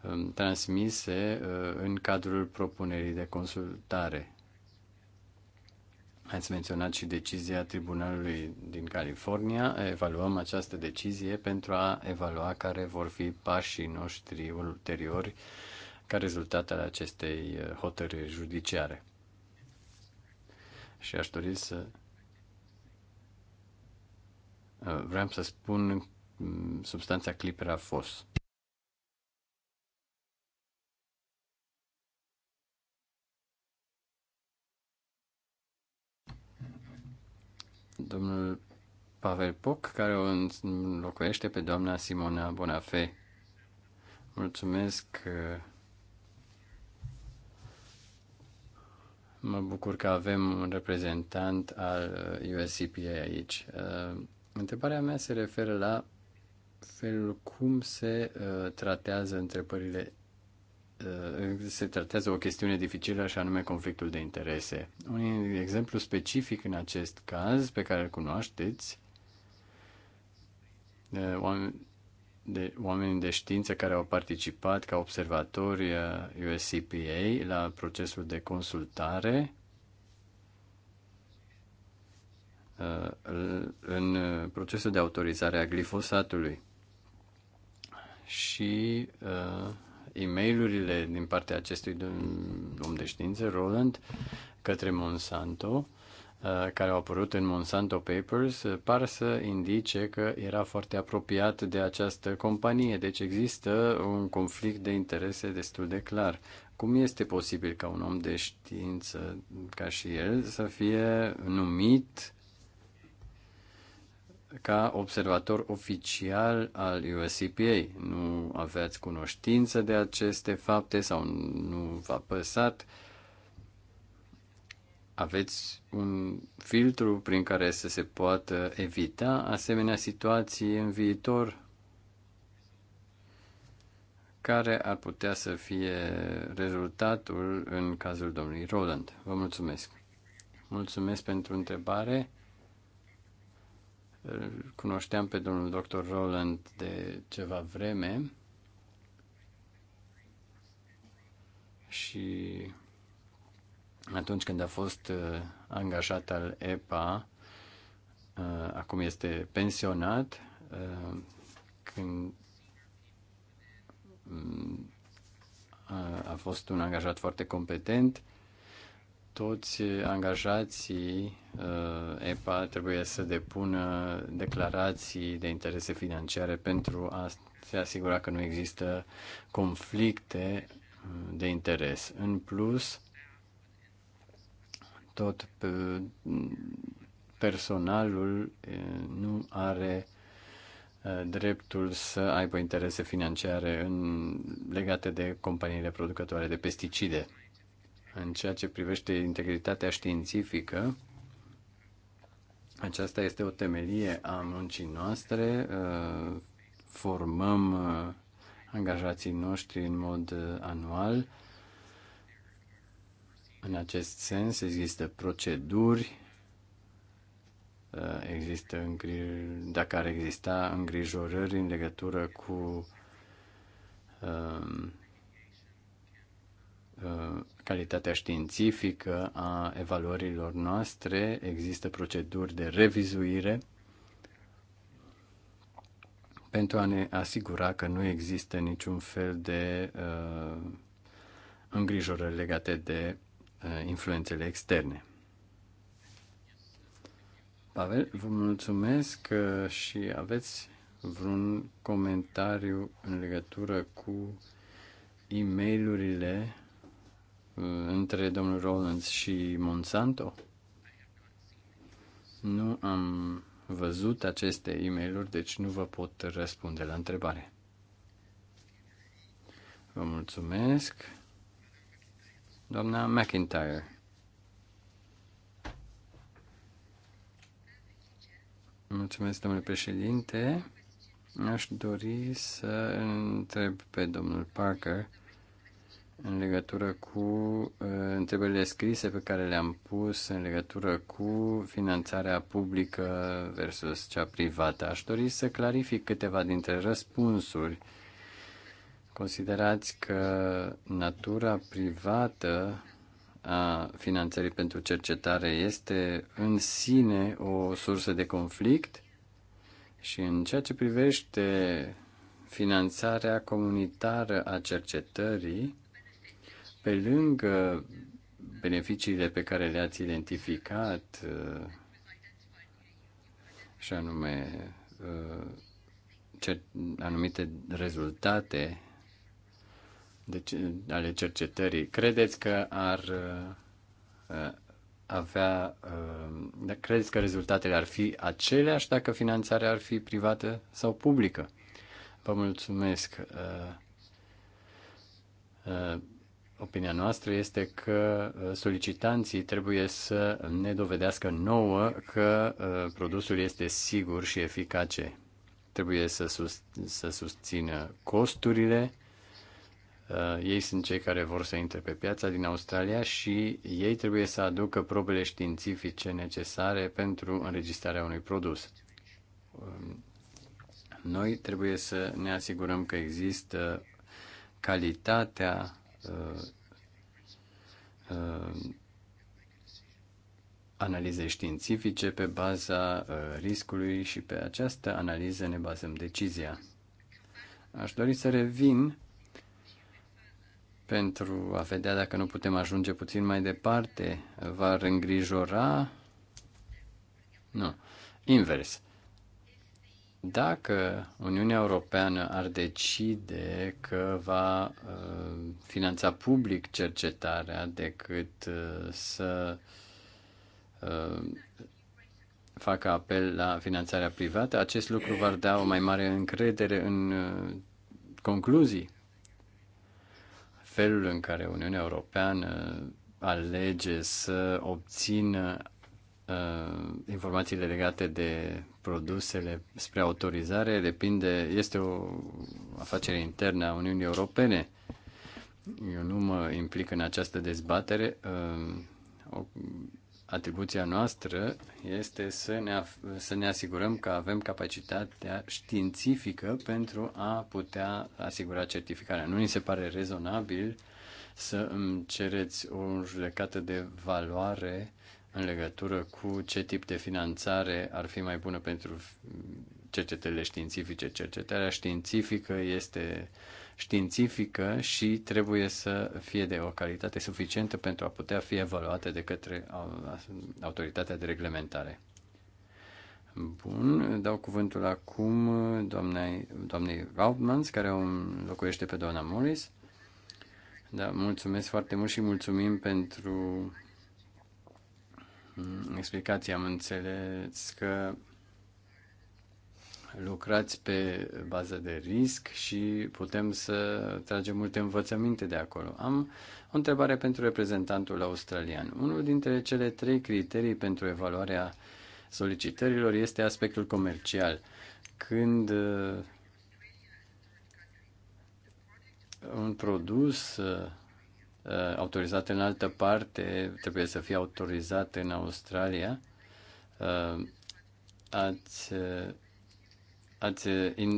uh, transmise uh, în cadrul propunerii de consultare. Ați menționat și decizia Tribunalului din California. Evaluăm această decizie pentru a evalua care vor fi pașii noștri ulteriori ca rezultat al acestei uh, hotărâri judiciare. Și aș dori să. Uh, vreau să spun mm, substanța clipera FOS. domnul Pavel Poc, care o înlocuiește pe doamna Simona Bonafe. Mulțumesc. Uh, mă bucur că avem un reprezentant al USCPA uh, aici. Uh, întrebarea mea se referă la felul cum se tratează întrebările Uh, se tratează o chestiune dificilă și anume conflictul de interese. Un exemplu specific în acest caz pe care îl cunoașteți, uh, de oameni de știință care au participat ca observatori USCPA uh, la procesul de consultare în procesul de autorizare a glifosatului. Și uh, e mail din partea acestui om de știință, Roland, către Monsanto, uh, care au apărut în Monsanto Papers, uh, par să indice că era foarte apropiat de această companie. Deci există un conflict de interese destul de clar. Cum este posibil ca un om de știință ca și el să fie numit ca observator oficial al USCPA. Nu aveați cunoștință de aceste fapte sau nu v-a păsat. Aveți un filtru prin care să se poată evita asemenea situații în viitor care ar putea să fie rezultatul în cazul domnului Roland. Vă mulțumesc. Mulțumesc pentru întrebare cunoșteam pe domnul dr. Roland de ceva vreme și atunci când a fost uh, angajat al EPA, uh, acum este pensionat, uh, când mm, a fost un angajat foarte competent toți angajații uh, EPA trebuie să depună declarații de interese financiare pentru a se asigura că nu există conflicte uh, de interes. În plus, tot uh, personalul nu are dreptul să aibă interese financiare în, legate de companiile producătoare de pesticide. În ceea ce privește integritatea științifică, aceasta este o temelie a muncii noastre. Uh, formăm uh, angajații noștri în mod uh, anual. În acest sens există proceduri, există dacă ar exista îngrijorări în legătură cu um, Uh, calitatea științifică a evaluărilor noastre, există proceduri de revizuire pentru a ne asigura că nu există niciun fel de uh, îngrijorări legate de uh, influențele externe. Pavel, vă mulțumesc uh, și aveți vreun comentariu în legătură cu e-mailurile Uh, între domnul Rollins și Monsanto? Nu am văzut aceste e mail deci nu vă pot răspunde la întrebare. Vă mulțumesc. Doamna McIntyre. Mulțumesc, domnule președinte. Aș dori să întreb pe domnul Parker în legătură cu uh, întrebările scrise pe care le-am pus în legătură cu finanțarea publică versus cea privată. Aș dori să clarific câteva dintre răspunsuri. Considerați că natura privată a finanțării pentru cercetare este în sine o sursă de conflict și în ceea ce privește finanțarea comunitară a cercetării, pe lângă beneficiile pe care le-ați identificat, uh, și anume uh, anumite rezultate deci, ale cercetării, credeți că ar uh, avea, credeți că rezultatele ar fi aceleași dacă finanțarea ar fi privată sau publică? Vă mulțumesc. Opinia noastră este că uh, solicitanții trebuie să ne dovedească nouă că uh, produsul este sigur și eficace. Trebuie să, sus, să susțină costurile. Uh, ei sunt cei care vor să intre pe piața din Australia și ei trebuie să aducă probele științifice necesare pentru înregistrarea unui produs. Um, noi trebuie să ne asigurăm că există calitatea Uh, uh, analize științifice pe baza uh, riscului și pe această analiză ne bazăm decizia. Aș dori să revin pentru a vedea dacă nu putem ajunge puțin mai departe. V-ar îngrijora? Nu. Invers. Dacă Uniunea Europeană ar decide că va uh, finanța public cercetarea decât uh, să uh, facă apel la finanțarea privată, acest lucru va da o mai mare încredere în concluzii. Felul în care Uniunea Europeană alege să obțină informațiile legate de produsele spre autorizare depinde, este o afacere internă a Uniunii Europene. Eu nu mă implic în această dezbatere. Ehm, o, atribuția noastră este să ne, să ne asigurăm că avem capacitatea științifică pentru a putea asigura certificarea. Nu ni se pare rezonabil să îmi cereți o judecată de valoare în legătură cu ce tip de finanțare ar fi mai bună pentru cercetările științifice. Cercetarea științifică este științifică și trebuie să fie de o calitate suficientă pentru a putea fi evaluată de către autoritatea de reglementare. Bun, dau cuvântul acum doamnei, doamnei Raubmans, care o locuiește pe doamna Morris. Da, mulțumesc foarte mult și mulțumim pentru explicații. Am înțeles că lucrați pe bază de risc și putem să tragem multe învățăminte de acolo. Am o întrebare pentru reprezentantul australian. Unul dintre cele trei criterii pentru evaluarea solicitărilor este aspectul comercial. Când uh, un produs uh, Uh, autorizate în altă parte, trebuie să fie autorizate în Australia. Uh, ați, uh, ați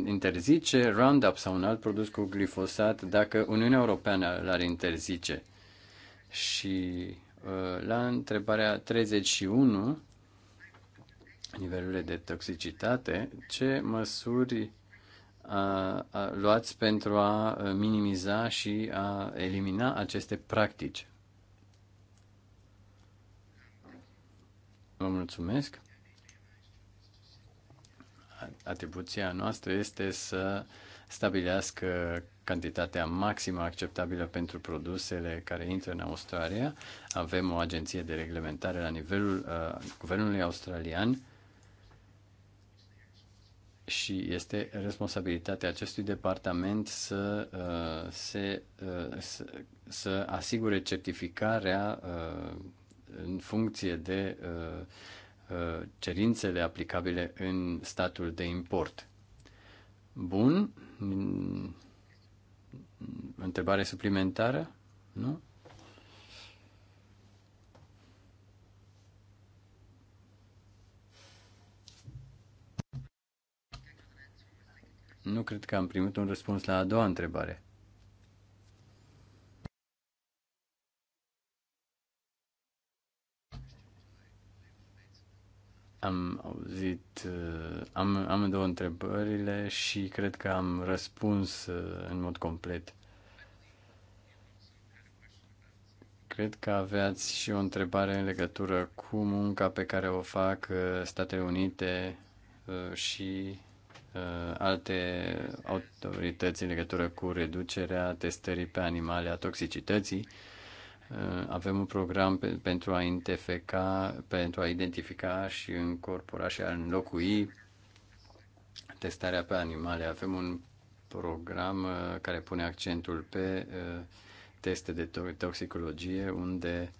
interzice Roundup sau un alt produs cu glifosat dacă Uniunea Europeană l-ar interzice. Și la întrebarea 31, nivelurile de toxicitate, ce măsuri a, a, luați pentru a minimiza și a elimina aceste practici? Vă mulțumesc. Atribuția noastră este să stabilească cantitatea maximă acceptabilă pentru produsele care intră în Australia. Avem o agenție de reglementare la nivelul uh, guvernului australian și este responsabilitatea acestui departament să, uh, se, uh, să, să asigure certificarea uh, în funcție de uh, uh, cerințele aplicabile în statul de import. Bun. Întrebare suplimentară? Nu? Nu cred că am primit un răspuns la a doua întrebare. Am auzit uh, am, am două întrebările și cred că am răspuns uh, în mod complet. Cred că aveați și o întrebare în legătură cu munca pe care o fac uh, Statele Unite și Uh, alte autorități în legătură cu reducerea testării pe animale a toxicității. Uh, avem un program pe, pentru a identifica, pentru a identifica și încorpora și a înlocui testarea pe animale. Avem un program uh, care pune accentul pe teste de toxicologie unde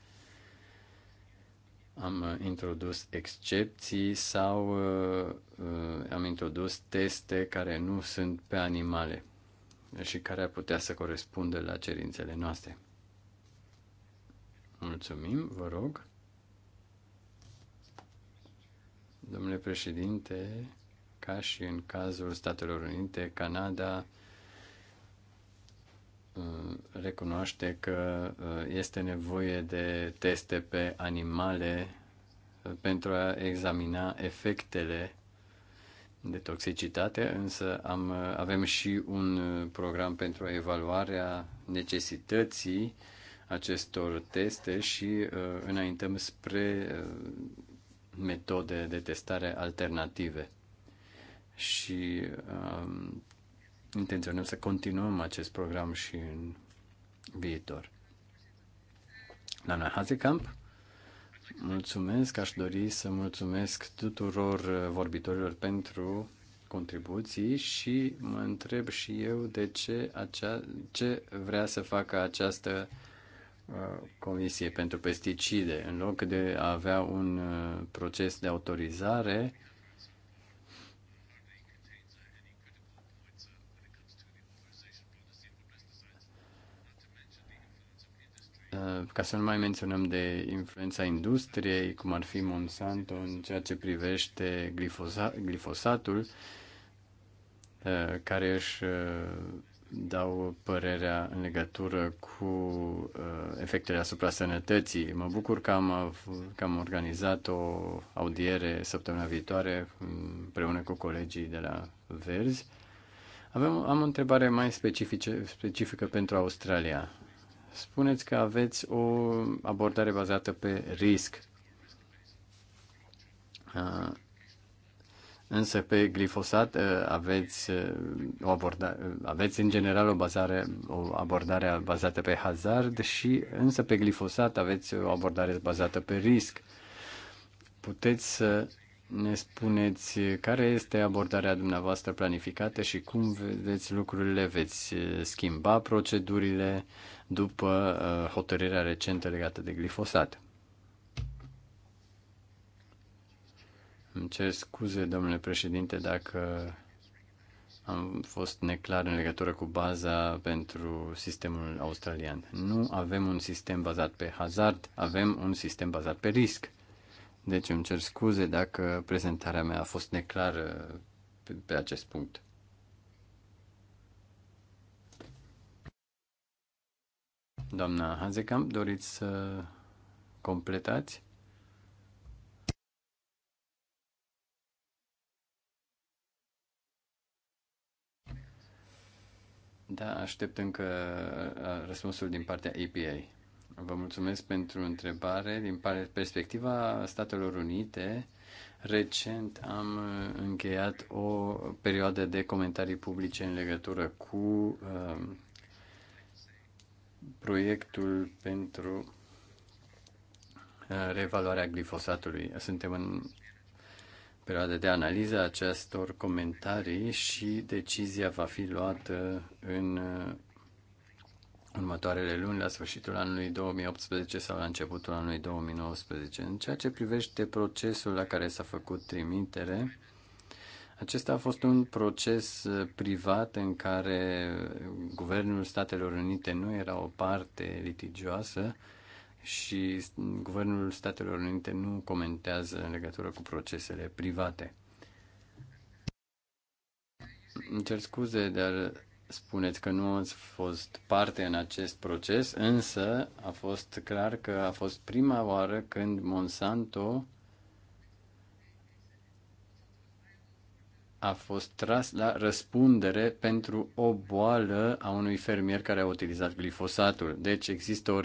am uh, introdus excepții sau uh, uh, am introdus teste care nu sunt pe animale și care ar putea să corespundă la cerințele noastre. Mulțumim, vă rog. Domnule președinte, ca și în cazul Statelor Unite, Canada Uh, recunoaște că uh, este nevoie de teste pe animale uh, pentru a examina efectele de toxicitate, însă am, avem și un program pentru evaluarea necesității acestor teste și uh, înaintăm spre uh, metode de testare alternative. Și uh, intenționăm să continuăm acest program și în viitor. noi Hazekamp, mulțumesc, aș dori să mulțumesc tuturor uh, vorbitorilor pentru contribuții și mă întreb și eu de ce, acea, ce vrea să facă această uh, Comisie pentru Pesticide. În loc de a avea un uh, proces de autorizare, Uh, ca să nu mai menționăm de influența industriei, cum ar fi Monsanto în ceea ce privește glifosa, glifosatul, uh, care își uh, dau părerea în legătură cu efectele asupra sănătății. Mă bucur că am, că am organizat o audiere săptămâna viitoare împreună cu colegii de la Verzi. Avem, am o întrebare mai specifice, specifică pentru Australia spuneți că aveți o abordare bazată pe risc. Însă pe glifosat aveți, o abordare, aveți în general o, bazare, o abordare bazată pe hazard și însă pe glifosat aveți o abordare bazată pe risc. Puteți să ne spuneți care este abordarea dumneavoastră planificată și cum vedeți lucrurile, veți eh, schimba procedurile după eh, hotărârea recentă legată de glifosat. Îmi cer scuze, domnule președinte, dacă am fost neclar în legătură cu baza pentru sistemul australian. Nu avem un sistem bazat pe hazard, avem un sistem bazat pe risc. Deci îmi cer scuze dacă prezentarea mea a fost neclară pe, pe acest punct. Doamna Hazekamp, doriți să completați? Da, aștept încă uh, răspunsul din partea EPA. Vă mulțumesc pentru întrebare. Din perspectiva Statelor Unite, recent am încheiat o perioadă de comentarii publice în legătură cu um, proiectul pentru uh, reevaluarea glifosatului. Suntem în perioada de analiză a acestor comentarii și decizia va fi luată în uh, următoarele luni, la sfârșitul anului 2018 sau la începutul anului 2019. În ceea ce privește procesul la care s-a făcut trimitere, acesta a fost un proces uh, privat în care uh, Guvernul Statelor Unite nu era o parte litigioasă și mm, Guvernul Statelor Unite nu comentează în legătură cu procesele private. Îmi cer scuze, dar spuneți că nu ați fost parte în acest proces, însă a fost clar că a fost prima oară când Monsanto a fost tras la răspundere pentru o boală a unui fermier care a utilizat glifosatul. Deci există o,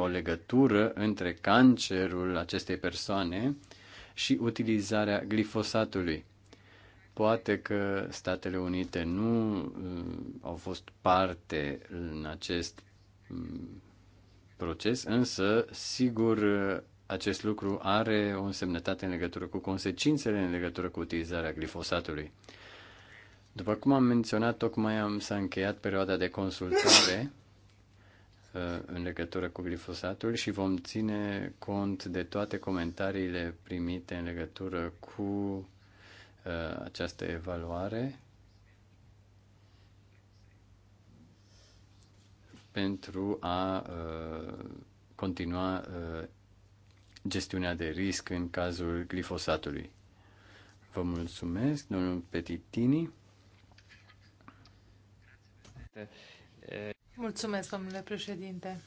o legătură între cancerul acestei persoane și utilizarea glifosatului. Poate că Statele Unite nu uh, au fost parte în acest mm, proces, însă, sigur, uh, acest lucru are o însemnătate în legătură cu consecințele în legătură cu utilizarea glifosatului. După cum am menționat, tocmai am, s-a încheiat perioada de consultare uh, în legătură cu glifosatul și vom ține cont de toate comentariile primite în legătură cu Uh, această evaluare pentru a uh, continua uh, gestiunea de risc în cazul glifosatului. Vă mulțumesc, domnul Petitini. Mulțumesc, domnule președinte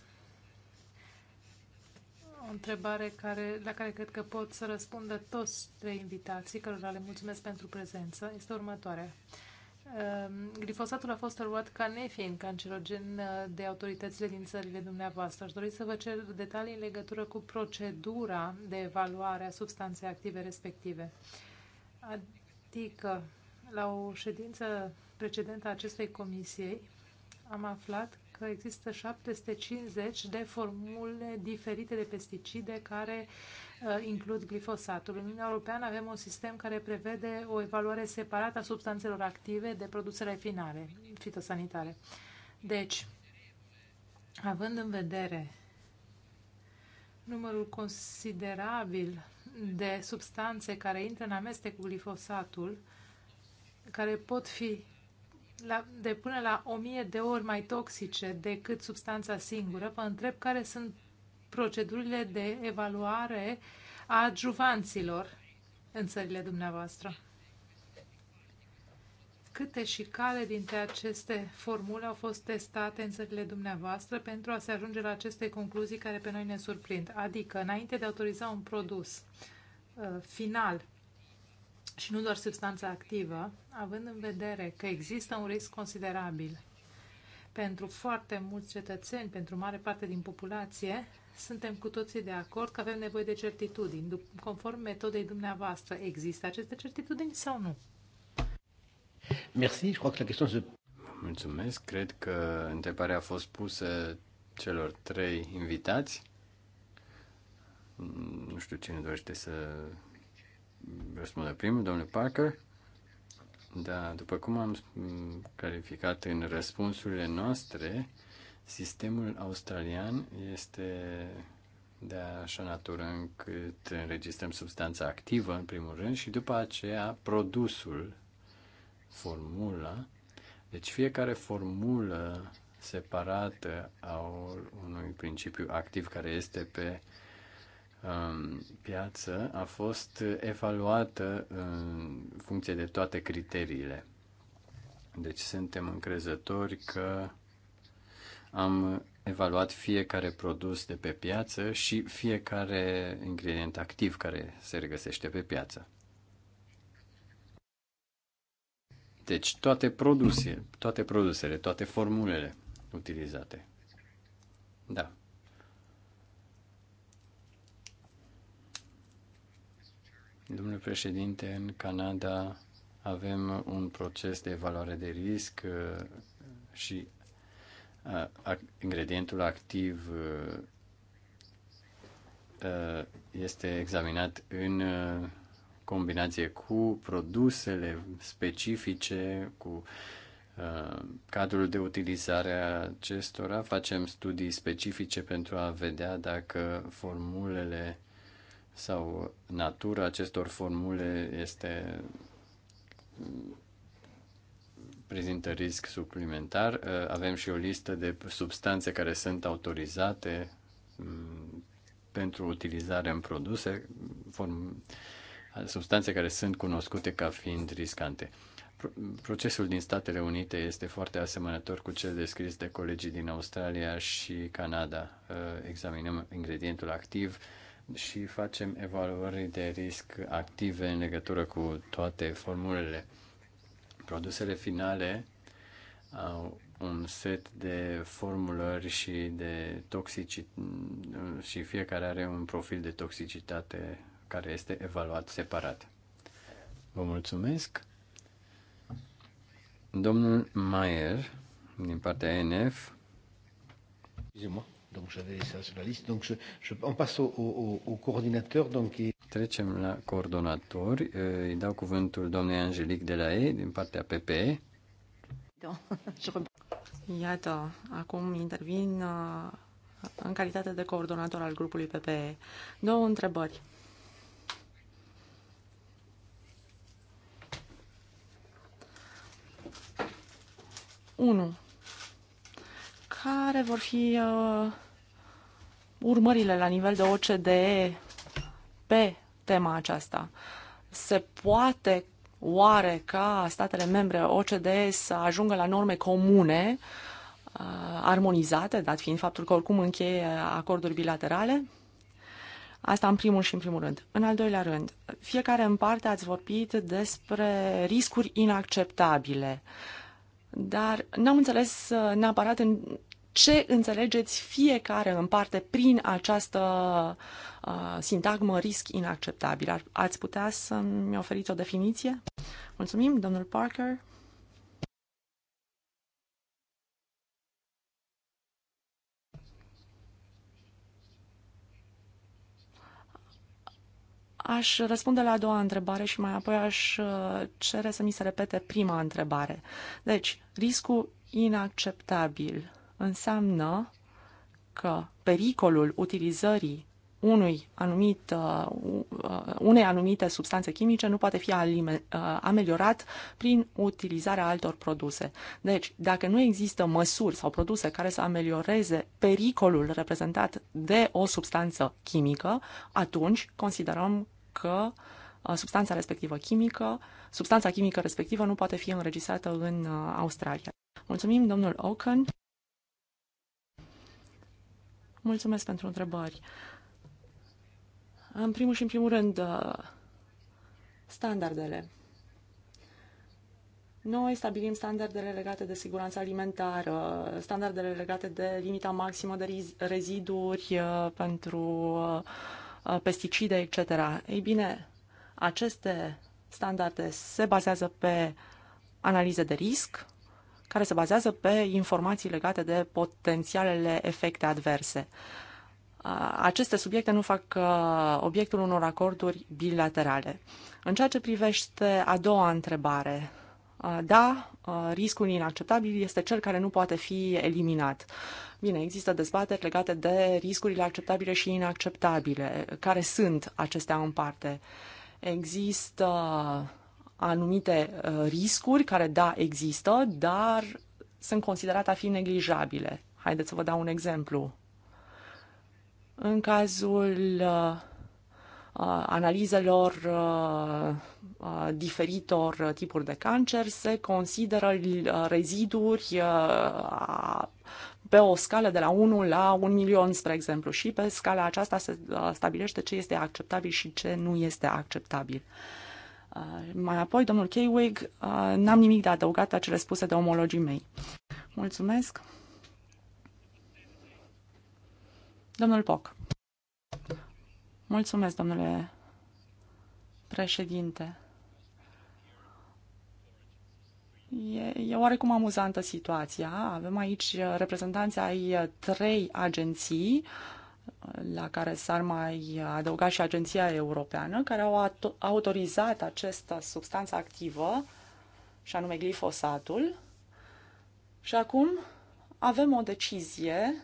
întrebare care, la care cred că pot să răspundă toți trei invitații, cărora le mulțumesc pentru prezență, este următoarea. Ehm, glifosatul a fost luat ca nefiind cancerogen uh, de autoritățile din țările dumneavoastră. Aș dori să vă cer detalii în legătură cu procedura de evaluare a substanței active respective. Adică, la o ședință precedentă a acestei comisiei, am aflat că există 750 de formule diferite de pesticide care uh, includ glifosatul. În Uniunea Europeană avem un sistem care prevede o evaluare separată a substanțelor active de produsele finale, fitosanitare. Deci, având în vedere numărul considerabil de substanțe care intră în amestec cu glifosatul, care pot fi la, de până la o mie de ori mai toxice decât substanța singură, vă întreb care sunt procedurile de evaluare a adjuvanților în țările dumneavoastră. Câte și care dintre aceste formule au fost testate în țările dumneavoastră pentru a se ajunge la aceste concluzii care pe noi ne surprind? Adică, înainte de a autoriza un produs uh, final și nu doar substanța activă, având în vedere că există un risc considerabil pentru foarte mulți cetățeni, pentru mare parte din populație, suntem cu toții de acord că avem nevoie de certitudini. Conform metodei dumneavoastră, există aceste certitudini sau nu? Merci, je crois que la question se... Mulțumesc, cred că întrebarea a fost pusă celor trei invitați. Nu știu cine dorește să răspunde primul, domnule Parker. Da, după cum am clarificat în răspunsurile noastre, sistemul australian este de așa natură încât înregistrăm substanța activă, în primul rând, și după aceea produsul, formula. Deci fiecare formulă separată a unui principiu activ care este pe Um, piață a fost evaluată în funcție de toate criteriile. Deci suntem încrezători că am evaluat fiecare produs de pe piață și fiecare ingredient activ care se regăsește pe piață. Deci toate produsele, toate produsele, toate formulele utilizate. Da, Domnule președinte, în Canada avem un proces de evaluare de risc uh, și uh, ingredientul activ uh, este examinat în combinație cu produsele specifice, cu cadrul de utilizare a acestora. Facem studii specifice pentru a vedea dacă formulele sau natura acestor formule este prezintă risc suplimentar. Uh, avem și o listă de substanțe care sunt autorizate mm, pentru utilizare în produse, form, substanțe care sunt cunoscute ca fiind riscante. Procesul din Statele Unite este foarte asemănător cu cel descris de colegii din Australia și Canada. Uh, examinăm ingredientul activ, și facem evaluări de risc active în legătură cu toate formulele. Produsele finale au un set de formulări și de toxici și fiecare are un profil de toxicitate care este evaluat separat. Vă mulțumesc. Domnul Mayer, din partea NF. Zimă. Donc j'avais ça sur la liste. Donc je, je, on passe au, au, au coordinateur. Donc, et... Trecem la coordonatori. Eh, îi dau cuvântul doamnei Angélique de la ei din partea PPE. Iată, acum intervin uh, în calitate de coordonator al grupului PPE. Două întrebări. Unu care vor fi uh, urmările la nivel de OCDE pe tema aceasta? Se poate oare ca statele membre OCDE să ajungă la norme comune, uh, armonizate, dat fiind faptul că oricum încheie acorduri bilaterale? Asta în primul și în primul rând. În al doilea rând, fiecare în parte ați vorbit despre riscuri inacceptabile, dar n-am înțeles uh, neapărat în ce înțelegeți fiecare în parte prin această uh, sintagmă risc inacceptabil. Ar, ați putea să-mi oferiți o definiție? Mulțumim, domnul Parker. Aș răspunde la a doua întrebare și mai apoi aș uh, cere să mi se repete prima întrebare. Deci, riscul inacceptabil înseamnă că pericolul utilizării unui anumit, uh, uh, unei anumite substanțe chimice nu poate fi uh, ameliorat prin utilizarea altor produse. Deci, dacă nu există măsuri sau produse care să amelioreze pericolul reprezentat de o substanță chimică, atunci considerăm că substanța respectivă chimică, substanța chimică respectivă nu poate fi înregistrată în Australia. Mulțumim, domnul Oaken. Mulțumesc pentru întrebări. În primul și în primul rând, uh, standardele. Noi stabilim standardele legate de siguranța alimentară, standardele legate de limita maximă de reziduri uh, pentru uh, pesticide, etc. Ei bine, aceste standarde se bazează pe analize de risc, care se bazează pe informații legate de potențialele efecte adverse. Aceste subiecte nu fac obiectul unor acorduri bilaterale. În ceea ce privește a doua întrebare, da, riscul inacceptabil este cel care nu poate fi eliminat. Bine, există dezbateri legate de riscurile acceptabile și inacceptabile. Care sunt acestea în parte? Există anumite uh, riscuri care, da, există, dar sunt considerate a fi neglijabile. Haideți să vă dau un exemplu. În cazul uh, uh, analizelor diferitor tipuri de cancer se consideră reziduri pe o scală de la 1 la 1 milion, spre exemplu, și pe scala aceasta se stabilește ce este acceptabil și ce nu este acceptabil. Uh, Uh, mai apoi, domnul Keywig, uh, n-am nimic de adăugat la cele spuse de omologii mei. Mulțumesc. Domnul Poc. Mulțumesc, domnule președinte. E, e oarecum amuzantă situația. Avem aici reprezentanții ai trei agenții uh, la care s-ar mai adăuga și Agenția Europeană, care au autorizat această substanță activă, și anume glifosatul. Și acum avem o decizie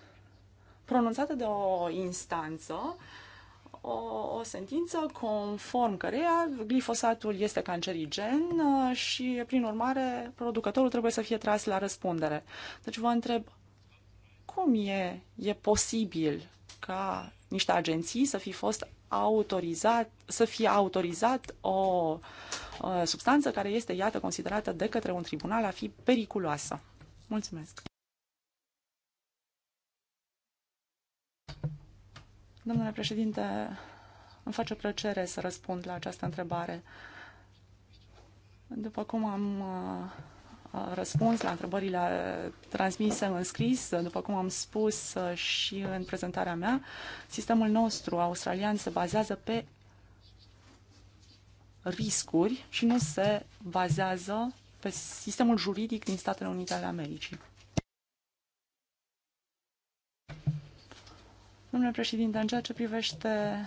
pronunțată de o instanță, o, o sentință conform căreia glifosatul este cancerigen uh, și, prin urmare, producătorul trebuie să fie tras la răspundere. Deci vă întreb, cum e, e posibil ca niște agenții să fi fost autorizat, să fie autorizat o substanță care este, iată, considerată de către un tribunal a fi periculoasă. Mulțumesc! Domnule președinte, îmi face plăcere să răspund la această întrebare. După cum am uh, răspuns la întrebările transmise în scris, după cum am spus uh, și în prezentarea mea, sistemul nostru australian se bazează pe riscuri și nu se bazează pe sistemul juridic din Statele Unite ale Americii. Domnule președinte, în ceea ce privește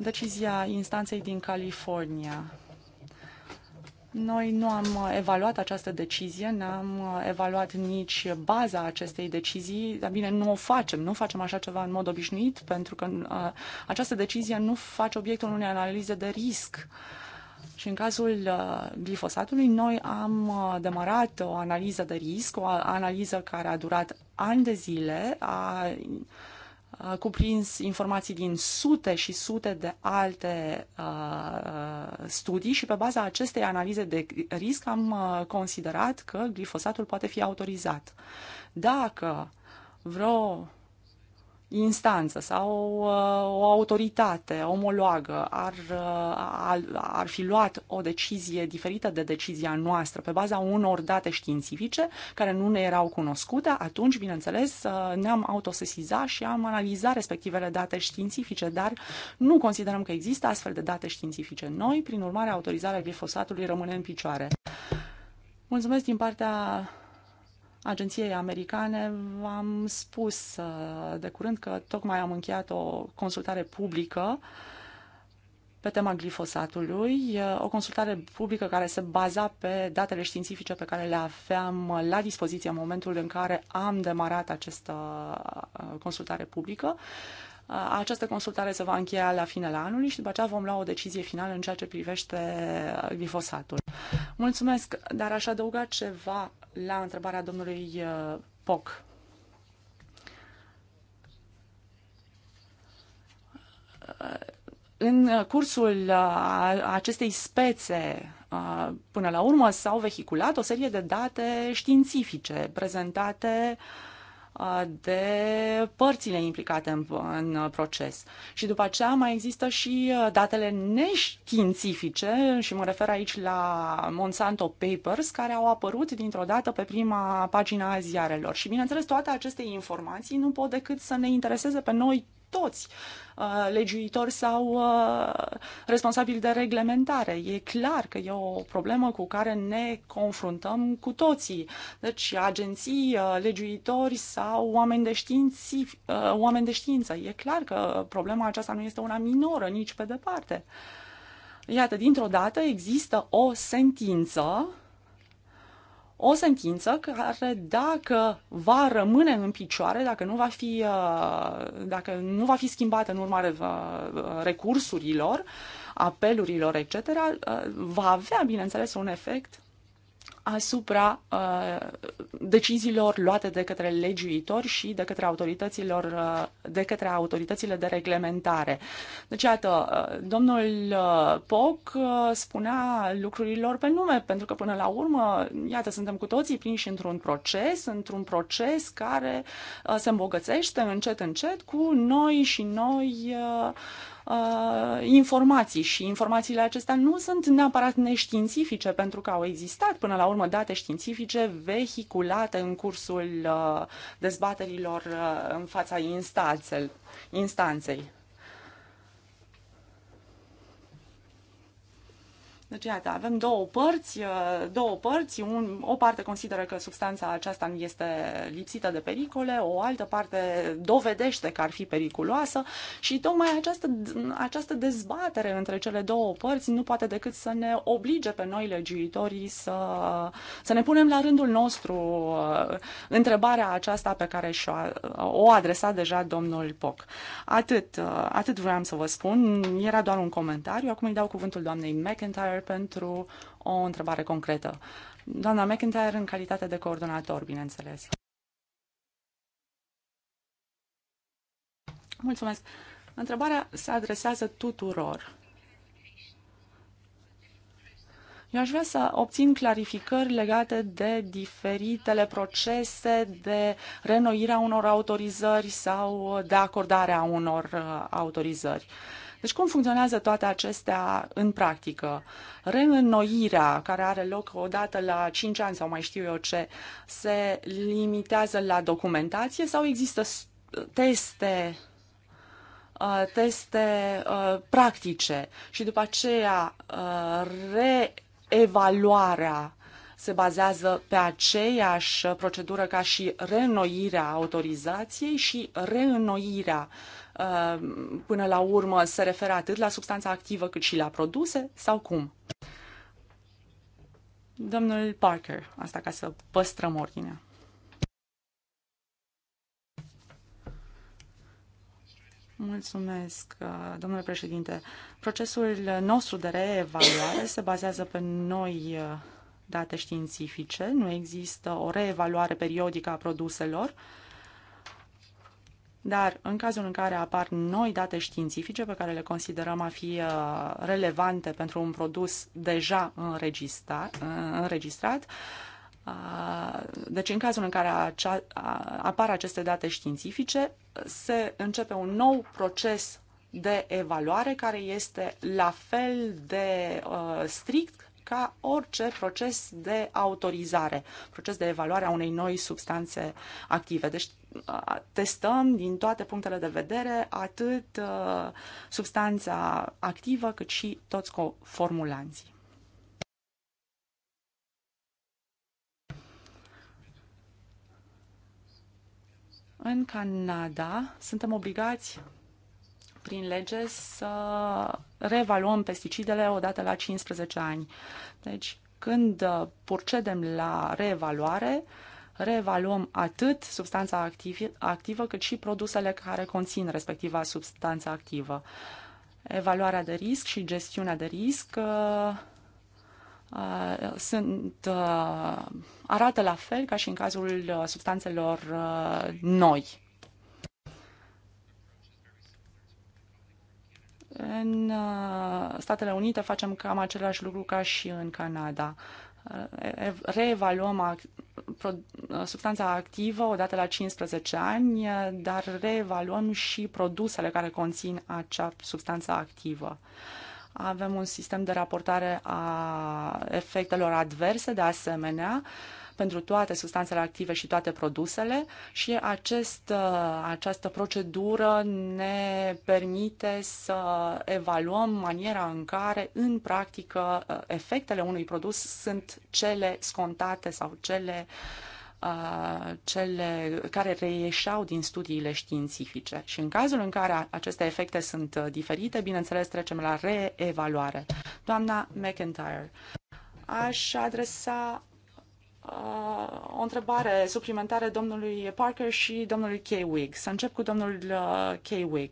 decizia instanței din California, noi nu am uh, evaluat această decizie, n-am uh, evaluat nici baza acestei decizii, dar bine, nu o facem, nu facem așa ceva în mod obișnuit, pentru că uh, această decizie nu face obiectul unei analize de risc. Și în cazul glifosatului, noi am demarat o analiză de risc, o analiză care a durat ani de zile, a cuprins informații din sute și sute de alte uh, studii și pe baza acestei analize de risc am uh, considerat că glifosatul poate fi autorizat. Dacă vreo instanță sau uh, o autoritate omologă ar, uh, ar, ar fi luat o decizie diferită de decizia noastră pe baza unor date științifice care nu ne erau cunoscute, atunci, bineînțeles, uh, ne-am autosesizat și am analizat respectivele date științifice, dar nu considerăm că există astfel de date științifice noi, prin urmare, autorizarea glifosatului rămâne în picioare. Mulțumesc din partea agenției americane, v-am spus uh, de curând că tocmai am încheiat o consultare publică pe tema glifosatului, uh, o consultare publică care se baza pe datele științifice pe care le aveam uh, la dispoziție în momentul în care am demarat această consultare publică. Această consultare se va încheia la finele anului și după aceea vom lua o decizie finală în ceea ce privește glifosatul. Mulțumesc, dar aș adăuga ceva la întrebarea domnului uh, Poc. Uh, în cursul uh, acestei spețe, până la urmă, s-au vehiculat o serie de date științifice prezentate uh, Uh, de părțile implicate în, în uh, proces. Și după aceea mai există și uh, datele neștiințifice și mă refer aici la Monsanto Papers care au apărut dintr-o dată pe prima pagina a ziarelor. Și bineînțeles toate aceste informații nu pot decât să ne intereseze pe noi toți uh, legiuitori sau uh, responsabili de reglementare. E clar că e o problemă cu care ne confruntăm cu toții. Deci agenții, uh, legiuitori sau oameni de, științi, oameni de știință. E clar că problema aceasta nu este una minoră nici pe departe. Iată, dintr-o dată există o sentință o sentință care, dacă va rămâne în picioare, dacă nu va fi, uh, dacă nu va fi schimbată în urma uh, recursurilor, apelurilor, etc., uh, va avea, bineînțeles, un efect asupra uh, deciziilor luate de către legiuitori și de către, autorităților, uh, de către autoritățile de reglementare. Deci, iată, uh, domnul uh, Poc uh, spunea lucrurilor pe nume, pentru că până la urmă, iată, suntem cu toții prinși într-un proces, într-un proces care uh, se îmbogățește încet, încet cu noi și noi uh, uh, informații și informațiile acestea nu sunt neapărat neștiințifice, pentru că au existat până la urmă date științifice vehiculate în cursul uh, dezbaterilor uh, în fața instanței. Deci, iată, avem două părți, uh, două părți un, o parte consideră că substanța aceasta nu este lipsită de pericole, o altă parte dovedește că ar fi periculoasă și tocmai această, această dezbatere între cele două părți nu poate decât să ne oblige pe noi legiuitorii să, să ne punem la rândul nostru uh, întrebarea aceasta pe care și o adresa deja domnul Poc. Atât, uh, atât vreau să vă spun, era doar un comentariu, acum îi dau cuvântul doamnei McIntyre McIntyre pentru o întrebare concretă. Doamna McIntyre, în calitate de coordonator, bineînțeles. Mulțumesc. Întrebarea se adresează tuturor. Eu aș vrea să obțin clarificări legate de diferitele procese de a unor autorizări sau de acordare a unor uh, autorizări. Uh, deci cum funcționează toate acestea în practică? Reînnoirea care are loc o dată la 5 ani sau mai știu eu ce se limitează la documentație sau există teste uh, teste uh, practice și după aceea uh, reevaluarea se bazează pe aceeași procedură ca și reînnoirea autorizației și reînnoirea Uh, până la urmă se referă atât la substanța activă cât și la produse sau cum? Domnul Parker, asta ca să păstrăm ordinea. Mulțumesc, uh, domnule președinte. Procesul nostru de reevaluare se bazează pe noi uh, date științifice. Nu există o reevaluare periodică a produselor. Uh, dar în cazul în care apar noi date științifice pe care le considerăm a fi uh, relevante pentru un produs deja uh, înregistrat, înregistrat uh, deci în cazul în care acea, apar aceste date științifice, se începe un nou proces de evaluare care este la fel de uh, strict ca orice proces de autorizare, proces de evaluare a unei noi substanțe active. Deci testăm din toate punctele de vedere atât substanța activă cât și toți formulanții. În Canada suntem obligați prin lege să reevaluăm pesticidele odată la 15 ani. Deci, când uh, procedem la reevaluare, reevaluăm atât substanța activ, activă, cât și produsele care conțin respectiva substanță activă. Evaluarea de risc și gestiunea de risc uh, uh, sunt, uh, arată la fel ca și în cazul uh, substanțelor uh, noi. În uh, Statele Unite facem cam același lucru ca și în Canada. Uh, reevaluăm uh, substanța activă odată la 15 ani, dar reevaluăm și produsele care conțin acea substanță activă. Avem un sistem de raportare a efectelor adverse, de asemenea, uh, pentru toate substanțele active și toate produsele și acest, uh, această procedură ne permite să evaluăm maniera în care, în practică, uh, efectele unui produs sunt cele scontate sau cele uh, cele care reieșeau din studiile științifice. Și în cazul în care aceste efecte sunt diferite, bineînțeles, trecem la reevaluare. Doamna McIntyre, aș adresa Uh, o întrebare suplimentară domnului Parker și domnului K-Wig. Să încep cu domnul uh, K-Wig.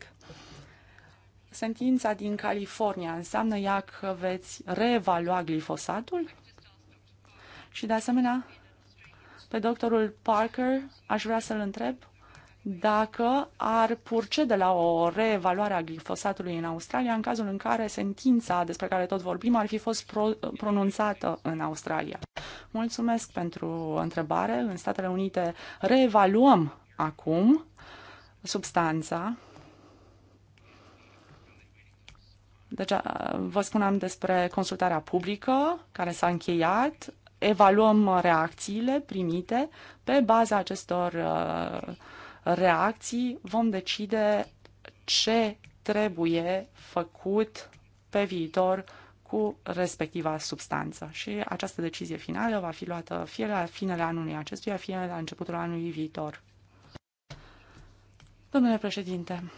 Sentința din California înseamnă ea că veți reevalua glifosatul? Și de asemenea, pe doctorul Parker aș vrea să-l întreb dacă ar purcede la o reevaluare a glifosatului în Australia în cazul în care sentința despre care tot vorbim ar fi fost pro- pronunțată în Australia. Mulțumesc pentru întrebare. În Statele Unite reevaluăm acum substanța Deci vă spuneam despre consultarea publică care s-a încheiat, evaluăm reacțiile primite pe baza acestor uh, reacții vom decide ce trebuie făcut pe viitor cu respectiva substanță. Și această decizie finală va fi luată fie la finele anului acestuia, fie la începutul anului viitor. Domnule președinte,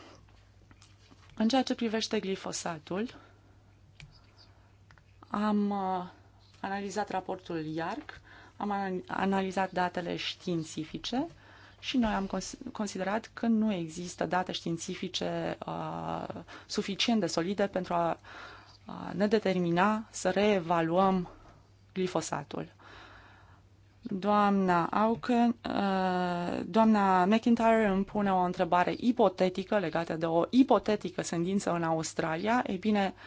în ceea ce privește glifosatul, am uh, analizat raportul IARC, am analizat datele științifice și noi am considerat că nu există date științifice uh, suficient de solide pentru a uh, ne determina să reevaluăm glifosatul. Doamna Auken, uh, doamna McIntyre îmi pune o întrebare ipotetică legată de o ipotetică sentință în Australia. Ei bine, uh,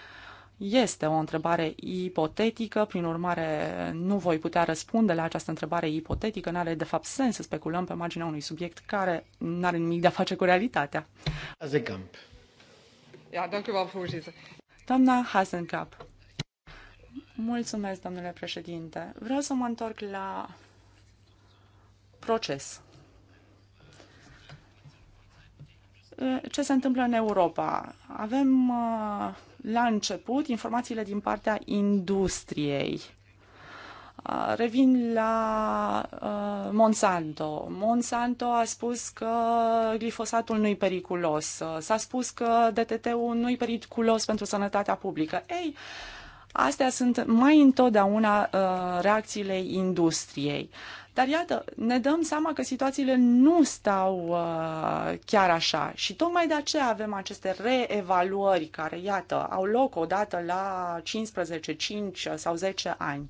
este o întrebare ipotetică, prin urmare nu voi putea răspunde la această întrebare ipotetică, nu are de fapt sens să speculăm pe marginea unui subiect care nu are nimic de a face cu realitatea. Hazekamp. Ja, dank u wel, Doamna Hazenkamp. Mulțumesc, domnule președinte. Vreau să mă întorc la proces. Ce se întâmplă în Europa? Avem uh, la început informațiile din partea industriei. Revin la uh, Monsanto. Monsanto a spus că glifosatul nu-i periculos. S-a spus că DTT-ul nu-i periculos pentru sănătatea publică. Ei, astea sunt mai întotdeauna uh, reacțiile industriei. Uh, dar iată, ne dăm seama că situațiile nu stau uh, chiar așa și tocmai de aceea avem aceste reevaluări care, iată, au loc odată la 15, 5 sau 10 ani.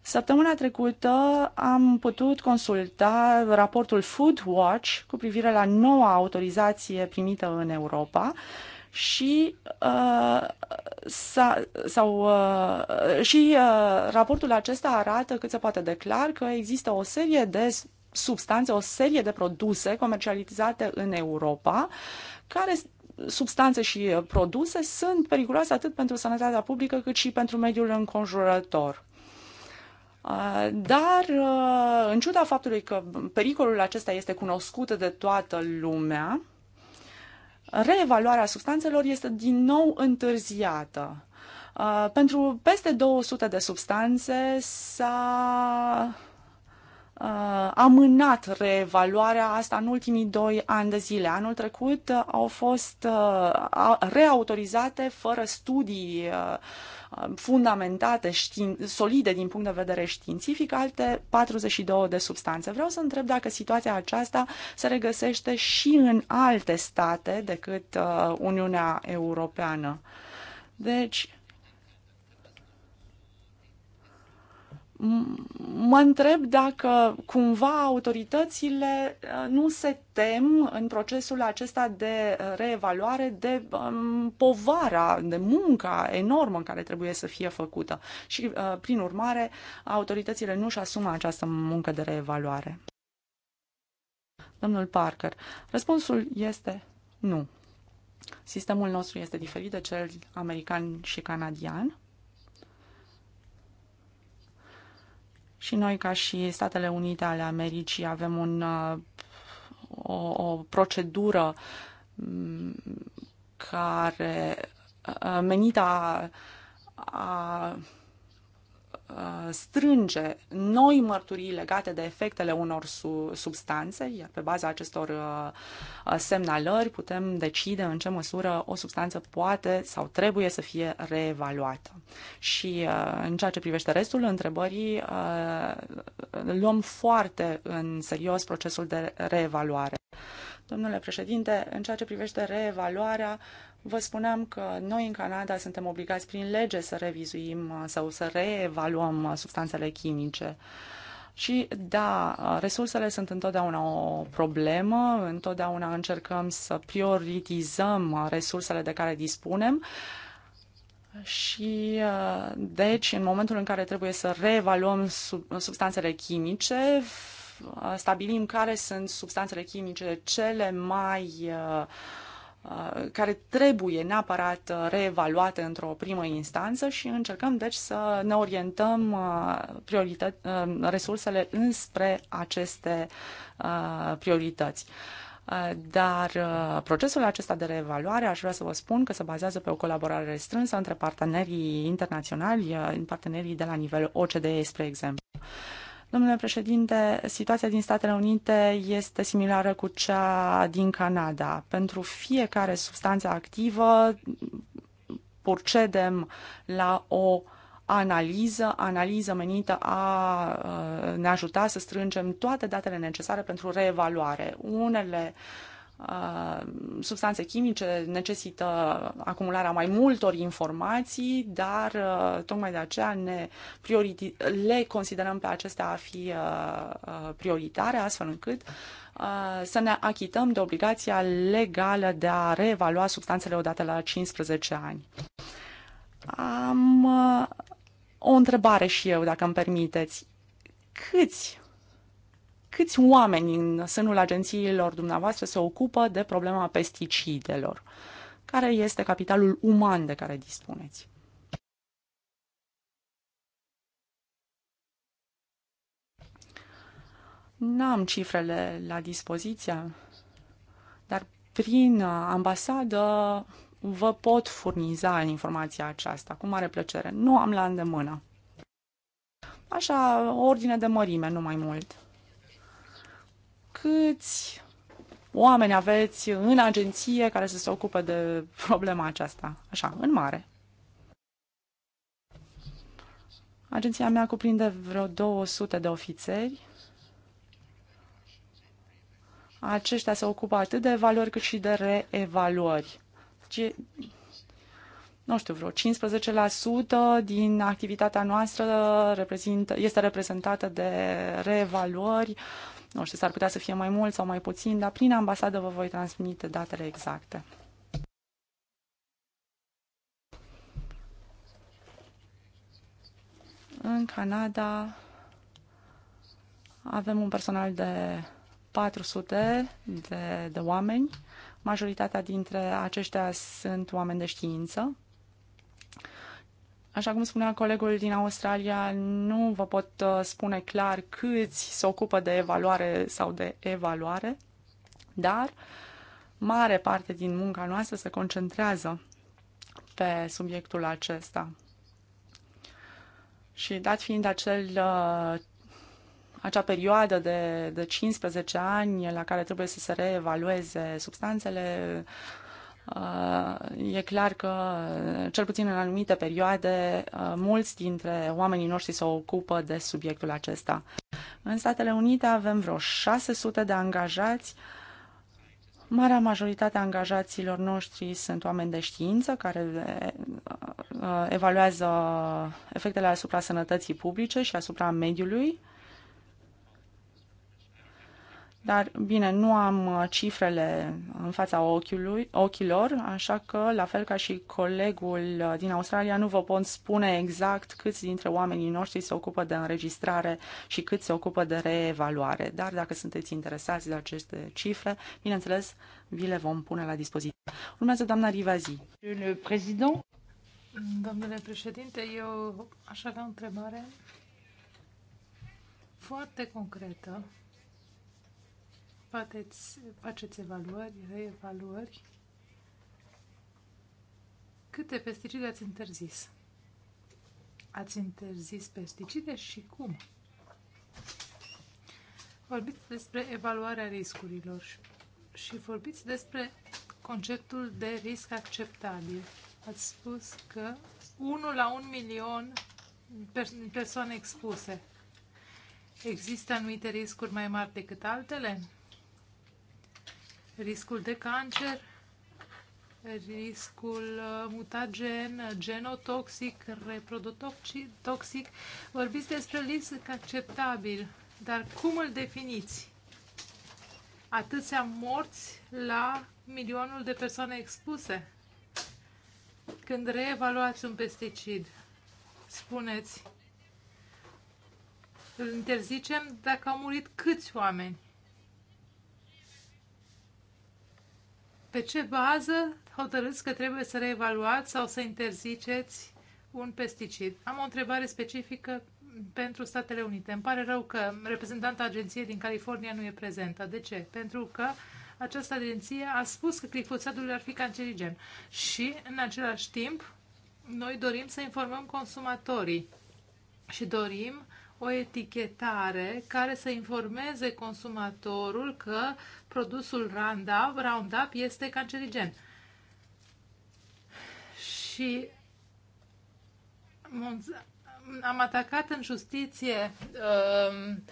Săptămâna trecută am putut consulta raportul Food Watch cu privire la noua autorizație primită în Europa și uh, sau uh, și uh, raportul acesta arată cât se poate declar că există o serie de substanțe, o serie de produse comercializate în Europa care substanțe și uh, produse sunt periculoase atât pentru sănătatea publică cât și pentru mediul înconjurător. Uh, dar, uh, în ciuda faptului că pericolul acesta este cunoscut de toată lumea, reevaluarea substanțelor este din nou întârziată. Uh, pentru peste 200 de substanțe s-a uh, amânat reevaluarea asta în ultimii doi ani de zile. Anul trecut au fost uh, reautorizate fără studii Um, fundamentate, știin, solide din punct de vedere științific, alte 42 de substanțe. Vreau să întreb dacă situația aceasta se regăsește și în alte state decât uh, Uniunea Europeană. Deci, mă întreb dacă cumva autoritățile uh, nu se tem în procesul acesta de uh, reevaluare de um, povara, de munca enormă care trebuie să fie făcută. Și, uh, prin urmare, autoritățile nu își asumă această muncă de reevaluare. Domnul Parker, răspunsul este nu. Sistemul nostru este diferit de cel american și canadian. Și noi, ca și Statele Unite ale Americii, avem un, uh, o, o procedură mm, care uh, uh, menită a, a Uh, strânge noi mărturii legate de efectele unor substanțe, iar pe baza acestor uh, uh, semnalări putem decide în ce măsură o substanță poate sau trebuie să fie reevaluată. Și în ceea ce privește restul întrebării, luăm foarte în serios procesul de reevaluare. Domnule președinte, în ceea ce privește reevaluarea, Vă spuneam că noi în Canada suntem obligați prin lege să revizuim uh, sau să reevaluăm uh, substanțele chimice. Și da, uh, resursele sunt întotdeauna o problemă, întotdeauna încercăm să prioritizăm resursele de care dispunem și deci în momentul în care trebuie să reevaluăm sub, substanțele chimice, stabilim care sunt substanțele chimice cele mai uh, Uh, care trebuie neapărat uh, reevaluate într-o primă instanță și încercăm deci să ne orientăm uh, resursele înspre aceste priorități. Dar procesul acesta de reevaluare, aș vrea să vă spun că se bazează pe o colaborare strânsă între partenerii internaționali, partenerii de la nivel OCDE, spre exemplu. Domnule președinte, situația din Statele Unite este similară cu cea din Canada. Pentru fiecare substanță activă procedem la o analiză, analiză menită a ne ajuta să strângem toate datele necesare pentru reevaluare. Unele uh, Uh, substanțe chimice necesită acumularea mai multor informații, dar uh, tocmai de aceea ne le considerăm pe acestea a fi uh, prioritare, astfel încât să ne achităm de obligația legală de a reevalua substanțele odată la 15 ani. Am o întrebare și eu, dacă îmi permiteți. Câți câți oameni în sânul agențiilor dumneavoastră se ocupă de problema pesticidelor? Care este capitalul uman de care dispuneți? N-am cifrele la dispoziție, dar prin ambasadă vă pot furniza informația aceasta cu mare plăcere. Nu am la îndemână. Așa, ordine de mărime, nu mai mult câți oameni aveți în agenție care să se ocupe de problema aceasta, așa, în mare? Agenția mea cuprinde vreo 200 de ofițeri. Aceștia se ocupă atât de evaluări cât și de reevaluări. Deci, nu știu, vreo 15% din activitatea noastră reprezintă, este reprezentată de reevaluări, nu știu, s-ar putea să fie mai mult sau mai puțin, dar prin ambasadă vă voi transmite datele exacte. În Canada avem un personal de 400 de, de oameni. Majoritatea dintre aceștia sunt oameni de știință. Așa cum spunea colegul din Australia, nu vă pot uh, spune clar câți se ocupă de evaluare sau de evaluare, dar mare parte din munca noastră se concentrează pe subiectul acesta. Și dat fiind acel, uh, acea perioadă de, de 15 ani la care trebuie să se reevalueze substanțele, Uh, e clar că, uh, cel puțin în anumite perioade, uh, mulți dintre oamenii noștri se ocupă de subiectul acesta. În Statele Unite avem vreo 600 de angajați. Marea majoritate a angajaților noștri sunt oameni de știință care evaluează efectele asupra sănătății publice și asupra mediului. Dar, bine, nu am uh, cifrele în fața ochiului, ochilor, așa că, la fel ca și colegul uh, din Australia, nu vă pot spune exact câți dintre oamenii noștri se ocupă de înregistrare și cât se ocupă de reevaluare. Dar, dacă sunteți interesați de aceste cifre, bineînțeles, vi le vom pune la dispoziție. Urmează doamna Rivazi. Domnule președinte, eu aș avea o întrebare foarte concretă faceți, faceți evaluări, reevaluări. Câte pesticide ați interzis? Ați interzis pesticide și cum? Vorbiți despre evaluarea riscurilor și vorbiți despre conceptul de risc acceptabil. Ați spus că 1 la 1 milion persoane expuse. Există anumite riscuri mai mari decât altele? riscul de cancer, riscul uh, mutagen, genotoxic, reprodotoxic. Vorbiți despre risc acceptabil, dar cum îl definiți? Atâția morți la milionul de persoane expuse? Când reevaluați un pesticid, spuneți, îl interzicem dacă au murit câți oameni? Pe ce bază hotărâți că trebuie să reevaluați sau să interziceți un pesticid? Am o întrebare specifică pentru Statele Unite. Îmi pare rău că reprezentanta agenției din California nu e prezentă. De ce? Pentru că această agenție a spus că glifosatul ar fi cancerigen. Și, în același timp, noi dorim să informăm consumatorii și dorim o etichetare care să informeze consumatorul că produsul Roundup, Roundup este cancerigen. Și am atacat în justiție um,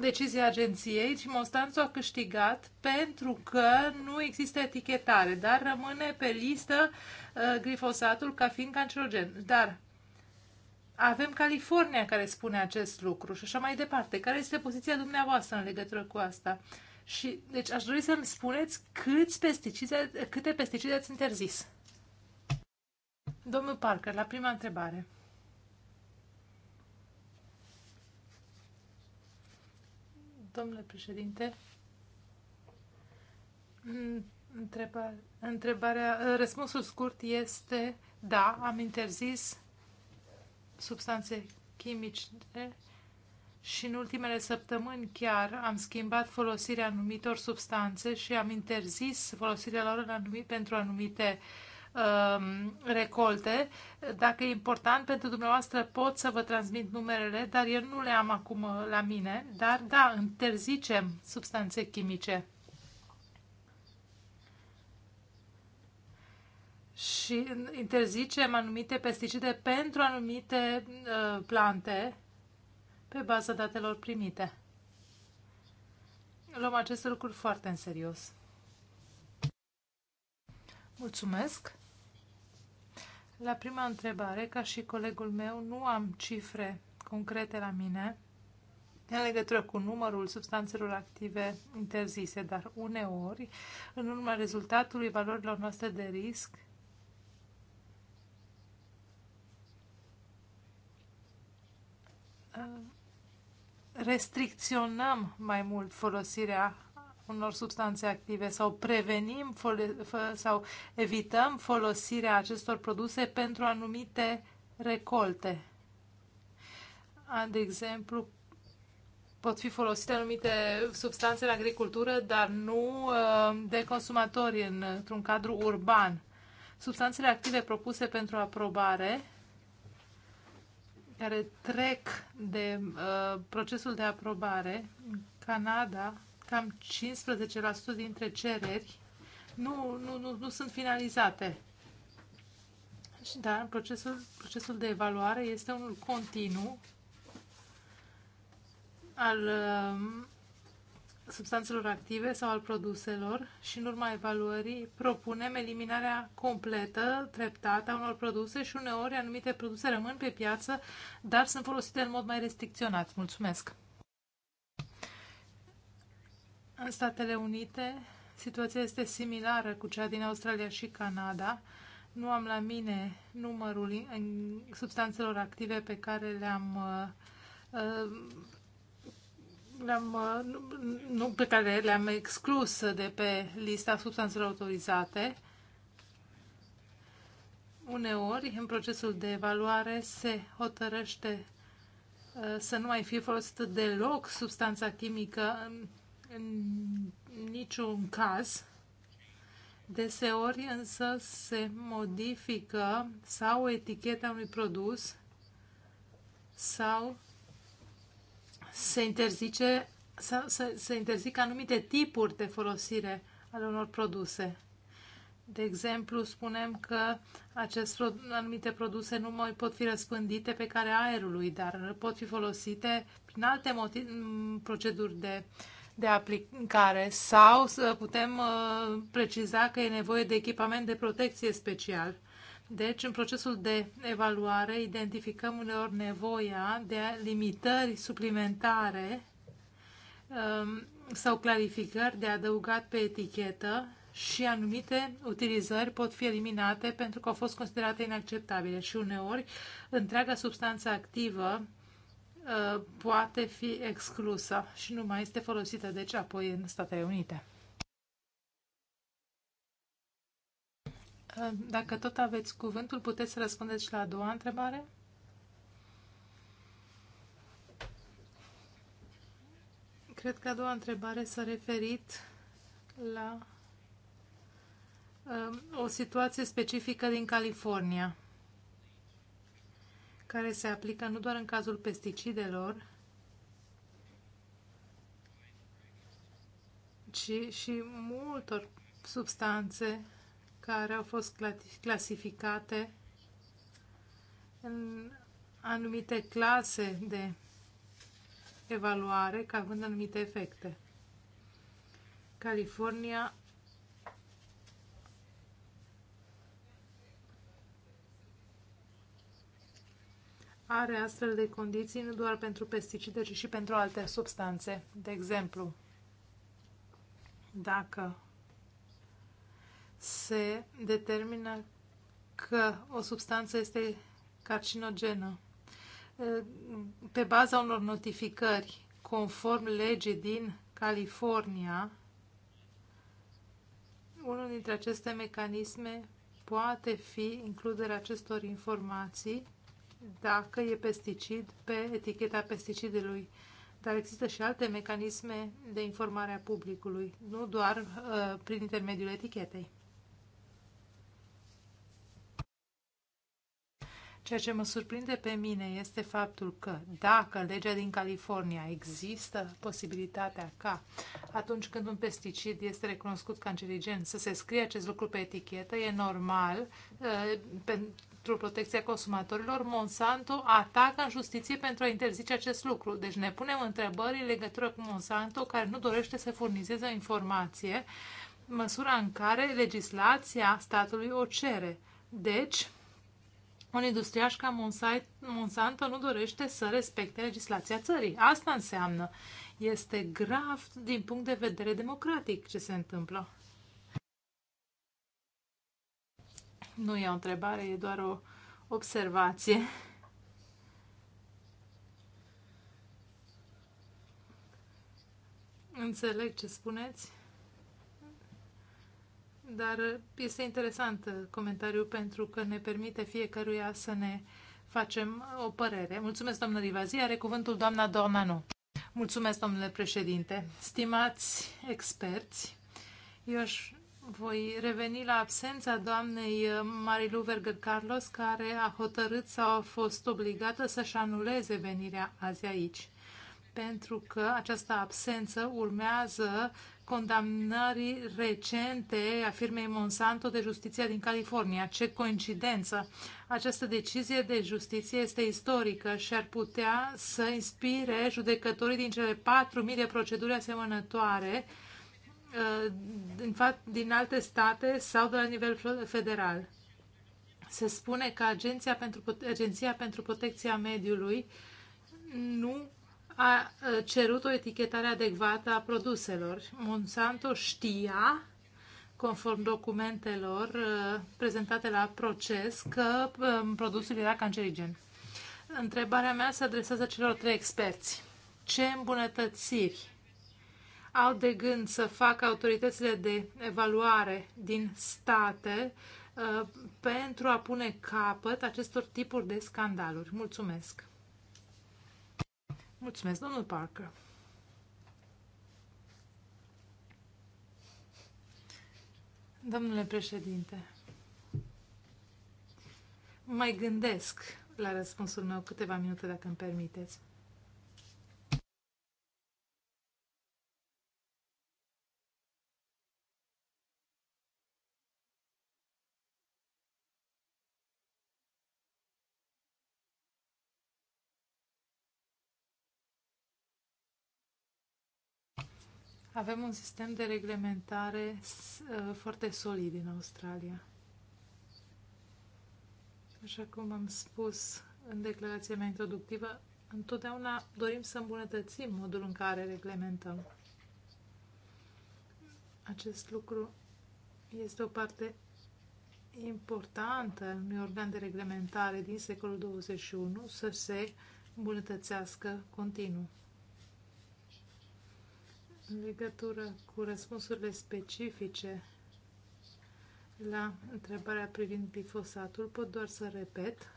decizia agenției și Monstanțo a câștigat pentru că nu există etichetare, dar rămâne pe listă uh, glifosatul ca fiind cancerogen. Dar avem California care spune acest lucru și așa mai departe. Care este poziția dumneavoastră în legătură cu asta? Și, deci, aș dori să-mi spuneți câți pesticide, câte pesticide ați interzis. Domnul Parker, la prima întrebare. Domnule președinte, întrebare, întrebarea, răspunsul scurt este da, am interzis substanțe chimice și în ultimele săptămâni chiar am schimbat folosirea anumitor substanțe și am interzis folosirea lor în anumit, pentru anumite um, recolte. Dacă e important pentru dumneavoastră, pot să vă transmit numerele, dar eu nu le am acum la mine. Dar da, interzicem substanțe chimice. și interzicem anumite pesticide pentru anumite uh, plante pe baza datelor primite. Luăm acest lucru foarte în serios. Mulțumesc! La prima întrebare, ca și colegul meu, nu am cifre concrete la mine în legătură cu numărul substanțelor active interzise, dar uneori, în urma rezultatului valorilor noastre de risc, restricționăm mai mult folosirea unor substanțe active sau prevenim sau evităm folosirea acestor produse pentru anumite recolte. De exemplu, pot fi folosite anumite substanțe în agricultură, dar nu ă, de consumatori într-un cadru urban. Substanțele active propuse pentru aprobare care trec de uh, procesul de aprobare, în Canada, cam 15% dintre cereri nu, nu, nu, nu sunt finalizate. Dar da, procesul, procesul de evaluare este unul continuu al uh, substanțelor active sau al produselor și în urma evaluării propunem eliminarea completă, treptată a unor produse și uneori anumite produse rămân pe piață, dar sunt folosite în mod mai restricționat. Mulțumesc! În Statele Unite situația este similară cu cea din Australia și Canada. Nu am la mine numărul substanțelor active pe care le-am uh, uh l-am uh, nu, pe care le-am exclus de pe lista substanțelor autorizate. Uneori, în procesul de evaluare, se hotărăște uh, să nu mai fie folosită deloc substanța chimică în, în niciun caz. Deseori însă se modifică sau eticheta unui produs sau se interzice să, să, să anumite tipuri de folosire ale unor produse. De exemplu, spunem că acest, anumite produse nu mai pot fi răspândite pe care aerului, dar pot fi folosite prin alte motiv, proceduri de, de aplicare sau să putem uh, preciza că e nevoie de echipament de protecție special deci, în procesul de evaluare, identificăm uneori nevoia de limitări suplimentare um, sau clarificări de adăugat pe etichetă și anumite utilizări pot fi eliminate pentru că au fost considerate inacceptabile și uneori întreaga substanță activă uh, poate fi exclusă și nu mai este folosită, deci, apoi în Statele Unite. Dacă tot aveți cuvântul, puteți să răspundeți și la a doua întrebare? Cred că a doua întrebare s-a referit la um, o situație specifică din California, care se aplică nu doar în cazul pesticidelor, ci și multor substanțe care au fost clasificate în anumite clase de evaluare ca având anumite efecte. California are astfel de condiții nu doar pentru pesticide, ci și pentru alte substanțe. De exemplu, dacă se determină că o substanță este carcinogenă pe baza unor notificări conform legii din California, unul dintre aceste mecanisme poate fi includerea acestor informații dacă e pesticid pe eticheta pesticidului. Dar există și alte mecanisme de informare a publicului, nu doar uh, prin intermediul etichetei. Ceea ce mă surprinde pe mine este faptul că dacă legea din California există posibilitatea ca atunci când un pesticid este recunoscut cancerigen să se scrie acest lucru pe etichetă, e normal uh, pentru protecția consumatorilor, Monsanto atacă în justiție pentru a interzice acest lucru. Deci ne punem întrebări în legătură cu Monsanto care nu dorește să furnizeze informație măsura în care legislația statului o cere. Deci, un industriaș ca Monsanto nu dorește să respecte legislația țării. Asta înseamnă. Este grav din punct de vedere democratic ce se întâmplă. Nu e o întrebare, e doar o observație. Înțeleg ce spuneți dar uh, este interesant uh, comentariul pentru că ne permite fiecăruia să ne facem uh, o părere. Mulțumesc, doamnă Rivazi. Are cuvântul doamna Dornanu. Mulțumesc, domnule președinte. Stimați experți, eu aș voi reveni la absența doamnei Marilu Verger Carlos, care a hotărât sau a fost obligată să-și anuleze venirea azi aici, pentru că această absență urmează condamnării recente a firmei Monsanto de justiția din California. Ce coincidență! Această decizie de justiție este istorică și ar putea să inspire judecătorii din cele 4.000 de proceduri asemănătoare uh, din alte state sau de la nivel federal. Se spune că Agenția pentru, Agenția pentru Protecția Mediului nu a cerut o etichetare adecvată a produselor. Monsanto știa, conform documentelor prezentate la proces, că produsul era cancerigen. Întrebarea mea se adresează celor trei experți. Ce îmbunătățiri au de gând să facă autoritățile de evaluare din state pentru a pune capăt acestor tipuri de scandaluri? Mulțumesc! Mulțumesc, domnul Parker. Domnule președinte, mai gândesc la răspunsul meu câteva minute, dacă îmi permiteți. Avem un sistem de reglementare uh, foarte solid în Australia. Așa cum am spus în declarația mea introductivă, întotdeauna dorim să îmbunătățim modul în care reglementăm. Acest lucru este o parte importantă în unui organ de reglementare din secolul 21 să se îmbunătățească continuu în legătură cu răspunsurile specifice la întrebarea privind glifosatul, pot doar să repet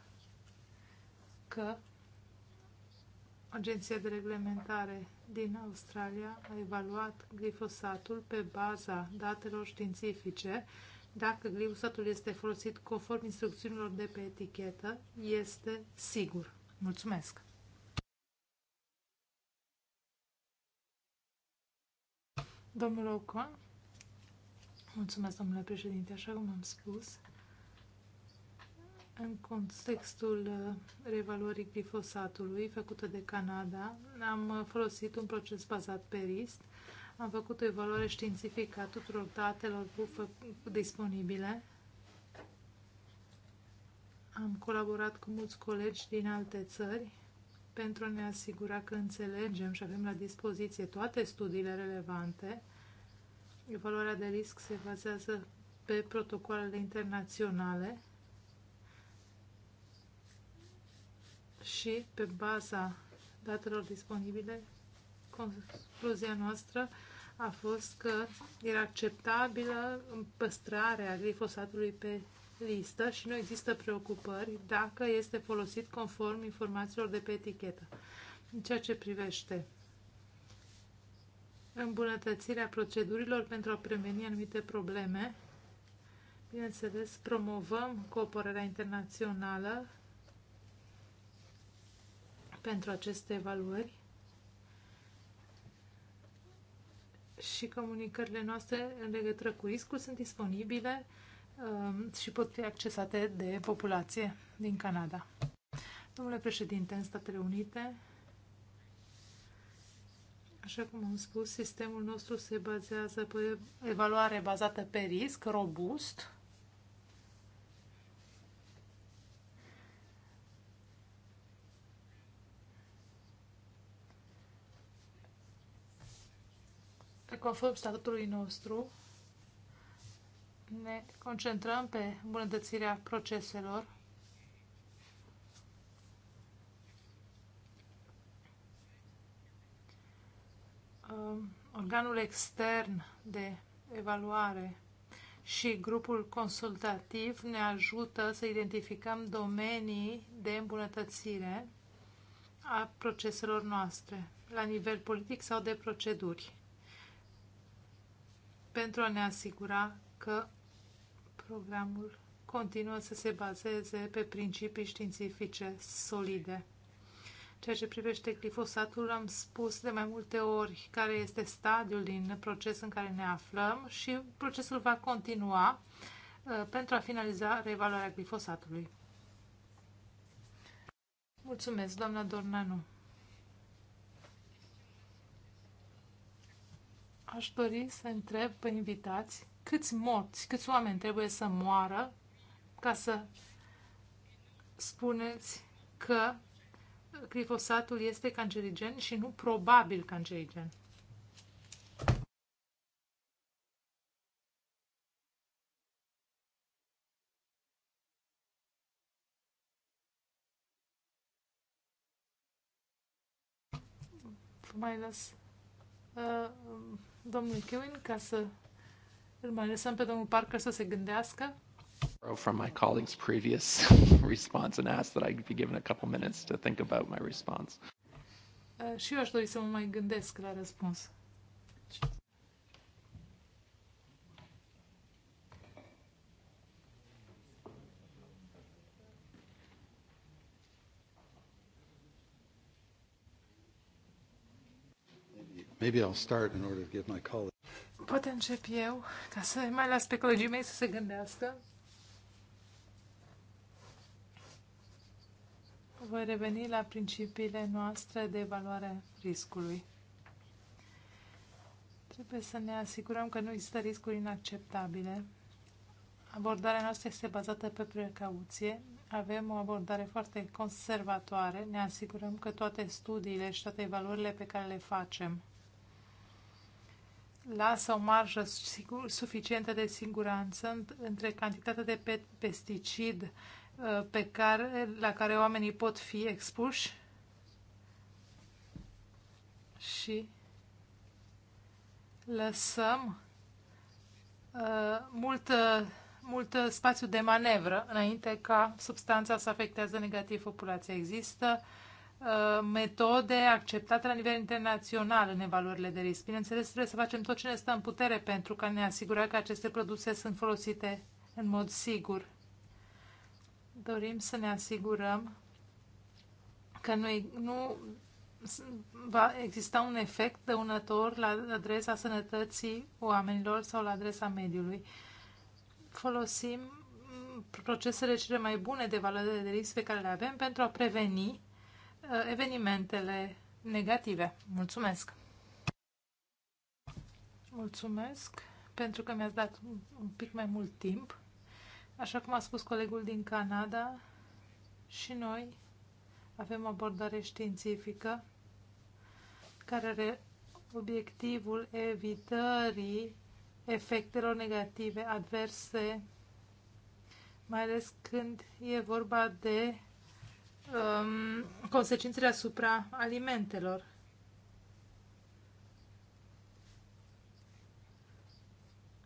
că Agenția de Reglementare din Australia a evaluat glifosatul pe baza datelor științifice. Dacă glifosatul este folosit conform instrucțiunilor de pe etichetă, este sigur. Mulțumesc! Domnule Ocon. Mulțumesc, domnule președinte. Așa cum am spus, în contextul uh, revaluării glifosatului făcută de Canada, am uh, folosit un proces bazat pe risc. Am făcut o evaluare științifică a tuturor datelor disponibile. Am colaborat cu mulți colegi din alte țări pentru a ne asigura că înțelegem și avem la dispoziție toate studiile relevante. Evaluarea de risc se bazează pe protocoalele internaționale și pe baza datelor disponibile, concluzia noastră a fost că era acceptabilă păstrarea glifosatului pe listă și nu există preocupări dacă este folosit conform informațiilor de pe etichetă. În ceea ce privește îmbunătățirea procedurilor pentru a preveni anumite probleme, bineînțeles, promovăm cooperarea internațională pentru aceste evaluări și comunicările noastre în legătură cu riscul sunt disponibile Um, și pot fi accesate de populație din Canada. Domnule președinte, în Statele Unite, așa cum am spus, sistemul nostru se bazează pe evaluare bazată pe risc, robust, conform statutului nostru, ne concentrăm pe îmbunătățirea proceselor um, organul extern de evaluare și grupul consultativ ne ajută să identificăm domenii de îmbunătățire a proceselor noastre, la nivel politic sau de proceduri, pentru a ne asigura că Programul continuă să se bazeze pe principii științifice solide. Ceea ce privește glifosatul, am spus de mai multe ori care este stadiul din proces în care ne aflăm și procesul va continua uh, pentru a finaliza reevaluarea glifosatului. Mulțumesc, doamna Dornanu. Aș dori să întreb pe invitați câți morți, câți oameni trebuie să moară ca să spuneți că glifosatul este cancerigen și nu probabil cancerigen. mai las uh, domnul Kevin ca să îl mai lăsăm pe domnul Parker să se gândească. From my colleague's previous response and ask that I be given a couple minutes to think about my response. Uh, și eu aș dori să mă mai gândesc la răspuns. Maybe I'll start in order to give my colleague Poate încep eu, ca să mai las pe colegii mei să se gândească. Voi reveni la principiile noastre de evaluare riscului. Trebuie să ne asigurăm că nu există riscuri inacceptabile. Abordarea noastră este bazată pe precauție. Avem o abordare foarte conservatoare. Ne asigurăm că toate studiile și toate evaluările pe care le facem lasă da, o marjă suficientă de siguranță între cantitatea de pesticid uh, pe care, la care oamenii pot fi expuși și lăsăm uh, mult, mult spațiu de manevră înainte ca substanța să afectează negativ populația. Există uh, Uh, metode acceptate la nivel internațional în evaluările de risc. Bineînțeles, trebuie să facem tot ce ne stă în putere pentru ca ne asigura că aceste produse sunt folosite în mod sigur. Dorim să ne asigurăm că nu, nu va exista un efect dăunător la adresa sănătății oamenilor sau la adresa mediului. Folosim procesele cele mai bune de valoare de risc pe care le avem pentru a preveni Uh, evenimentele negative. Mulțumesc! Mulțumesc pentru că mi-ați dat un pic mai mult timp. Așa cum a spus colegul din Canada, și noi avem o abordare științifică care are obiectivul evitării efectelor negative adverse, mai ales când e vorba de um, consecințele asupra alimentelor.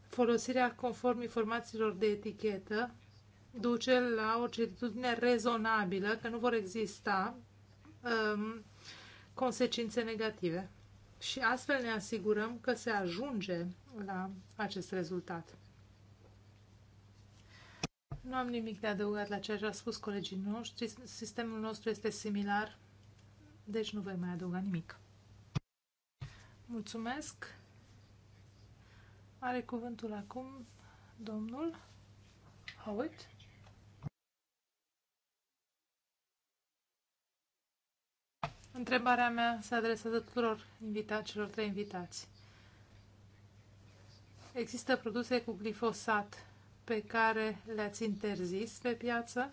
Folosirea conform informațiilor de etichetă duce la o certitudine rezonabilă că nu vor exista um, consecințe negative. Și astfel ne asigurăm că se ajunge la acest rezultat. Nu am nimic de adăugat la ceea ce a spus colegii noștri. Sistemul nostru este similar, deci nu voi mai adăuga nimic. Mulțumesc. Are cuvântul acum domnul Howard. Întrebarea mea se adresează tuturor invitați, celor trei invitați. Există produse cu glifosat pe care le-ați interzis pe piață?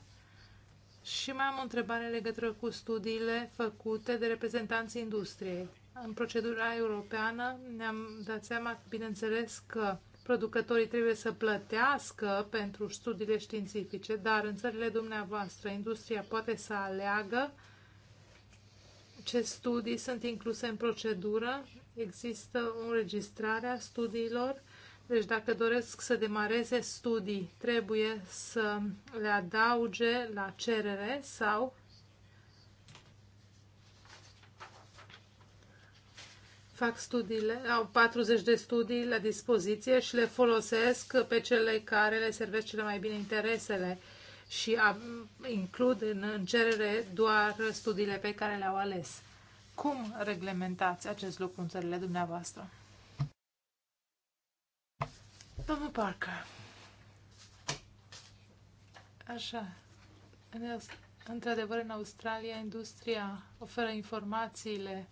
Și mai am o întrebare în legătură cu studiile făcute de reprezentanții industriei. În procedura europeană ne-am dat seama, bineînțeles, că producătorii trebuie să plătească pentru studiile științifice, dar în țările dumneavoastră industria poate să aleagă ce studii sunt incluse în procedură, există o înregistrare a studiilor deci dacă doresc să demareze studii, trebuie să le adauge la cerere sau fac studiile, au 40 de studii la dispoziție și le folosesc pe cele care le servesc cele mai bine interesele și includ în cerere doar studiile pe care le-au ales. Cum reglementați acest lucru în țările dumneavoastră? Domnul Parker. Așa. Într-adevăr, în Australia, industria oferă informațiile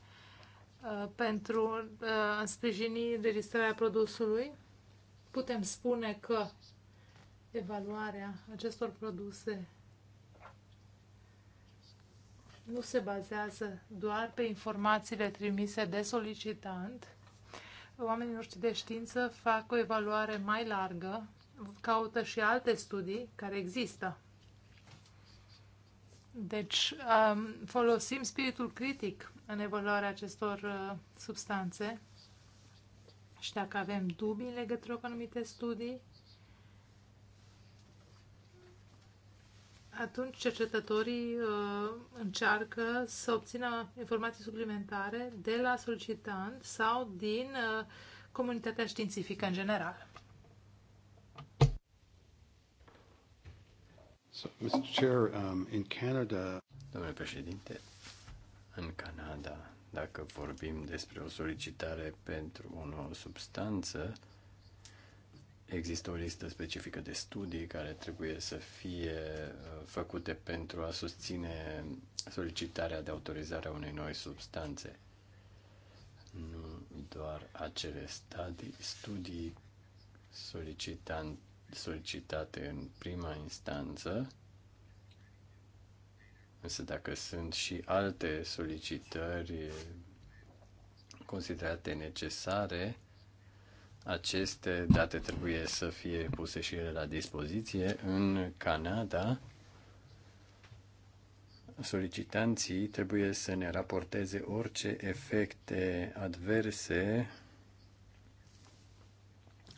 uh, pentru uh, a sprijini registrarea produsului. Putem spune că evaluarea acestor produse nu se bazează doar pe informațiile trimise de solicitant, oamenii noștri de știință fac o evaluare mai largă, caută și alte studii care există. Deci um, folosim spiritul critic în evaluarea acestor uh, substanțe și dacă avem dubii în legătură cu anumite studii, atunci cercetătorii uh, încearcă să obțină informații suplimentare de la solicitant sau din uh, comunitatea științifică în general. So, Mr. Chair, um, in Canada... Domnule președinte, în Canada, dacă vorbim despre o solicitare pentru o nouă substanță, uh, Există o listă specifică de studii care trebuie să fie uh, făcute pentru a susține solicitarea de autorizare a unei noi substanțe. Nu doar acele studii studii solicitate în prima instanță, însă dacă sunt și alte solicitări considerate necesare, aceste date trebuie să fie puse și ele la dispoziție. În Canada, solicitanții trebuie să ne raporteze orice efecte adverse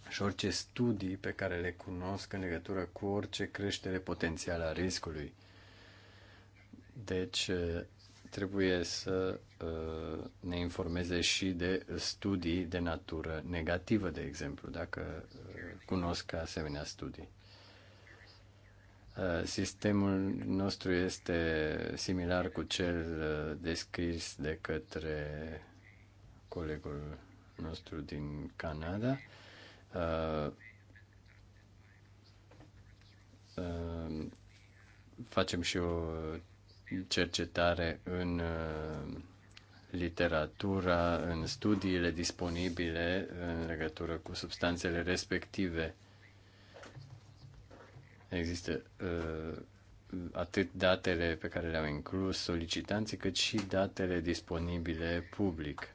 și orice studii pe care le cunosc în legătură cu orice creștere potențială a riscului. Deci, trebuie să uh, ne informeze și de studii de natură negativă, de exemplu, dacă uh, cunosc asemenea studii. Uh, sistemul nostru este similar cu cel descris de către colegul nostru din Canada. Facem și o cercetare în uh, literatura, în studiile disponibile în legătură cu substanțele respective. Există uh, atât datele pe care le-au inclus solicitanții, cât și datele disponibile public.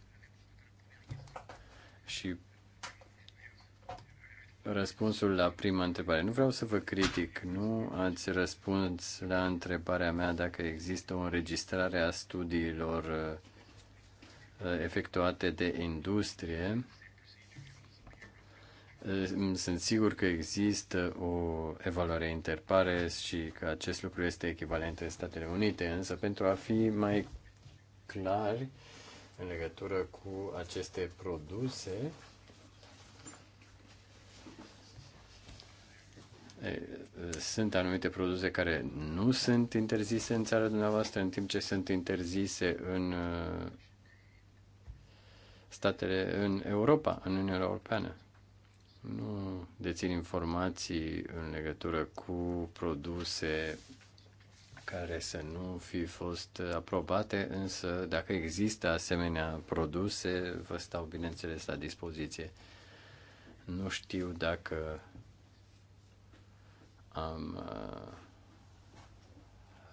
Și răspunsul la prima întrebare. Nu vreau să vă critic, nu ați răspuns la întrebarea mea dacă există o înregistrare a studiilor uh, efectuate de industrie. Uh, sunt sigur că există o evaluare interpares și că acest lucru este echivalent în Statele Unite, însă pentru a fi mai clari în legătură cu aceste produse, sunt anumite produse care nu sunt interzise în țara dumneavoastră, în timp ce sunt interzise în statele, în Europa, în Uniunea Europeană. Nu dețin informații în legătură cu produse care să nu fi fost aprobate, însă dacă există asemenea produse, vă stau bineînțeles la dispoziție. Nu știu dacă am, uh,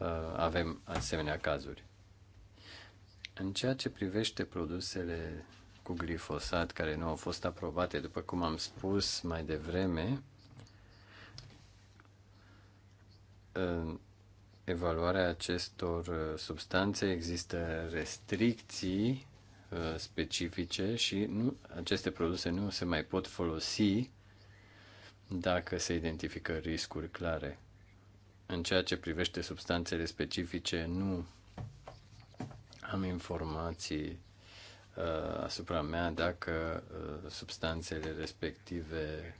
uh, avem asemenea cazuri. În ceea ce privește produsele cu glifosat care nu au fost aprobate, după cum am spus mai devreme, evaluarea acestor uh, substanțe există restricții specifice și nu, aceste produse nu se mai pot folosi dacă se identifică riscuri clare. În ceea ce privește substanțele specifice, nu am informații uh, asupra mea dacă uh, substanțele respective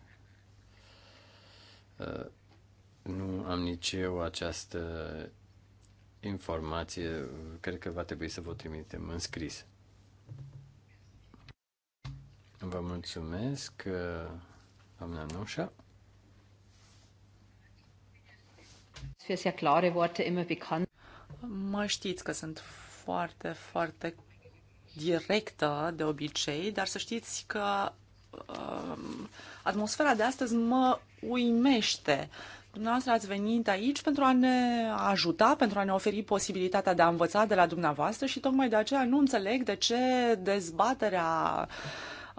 uh, nu am nici eu această informație. Cred că va trebui să vă trimitem în scris. Vă mulțumesc. Uh, doamna Nușa. Mă știți că sunt foarte, foarte directă de obicei, dar să știți că um, atmosfera de astăzi mă uimește. Dumneavoastră ați venit aici pentru a ne ajuta, pentru a ne oferi posibilitatea de a învăța de la dumneavoastră și tocmai de aceea nu înțeleg de ce dezbaterea uh,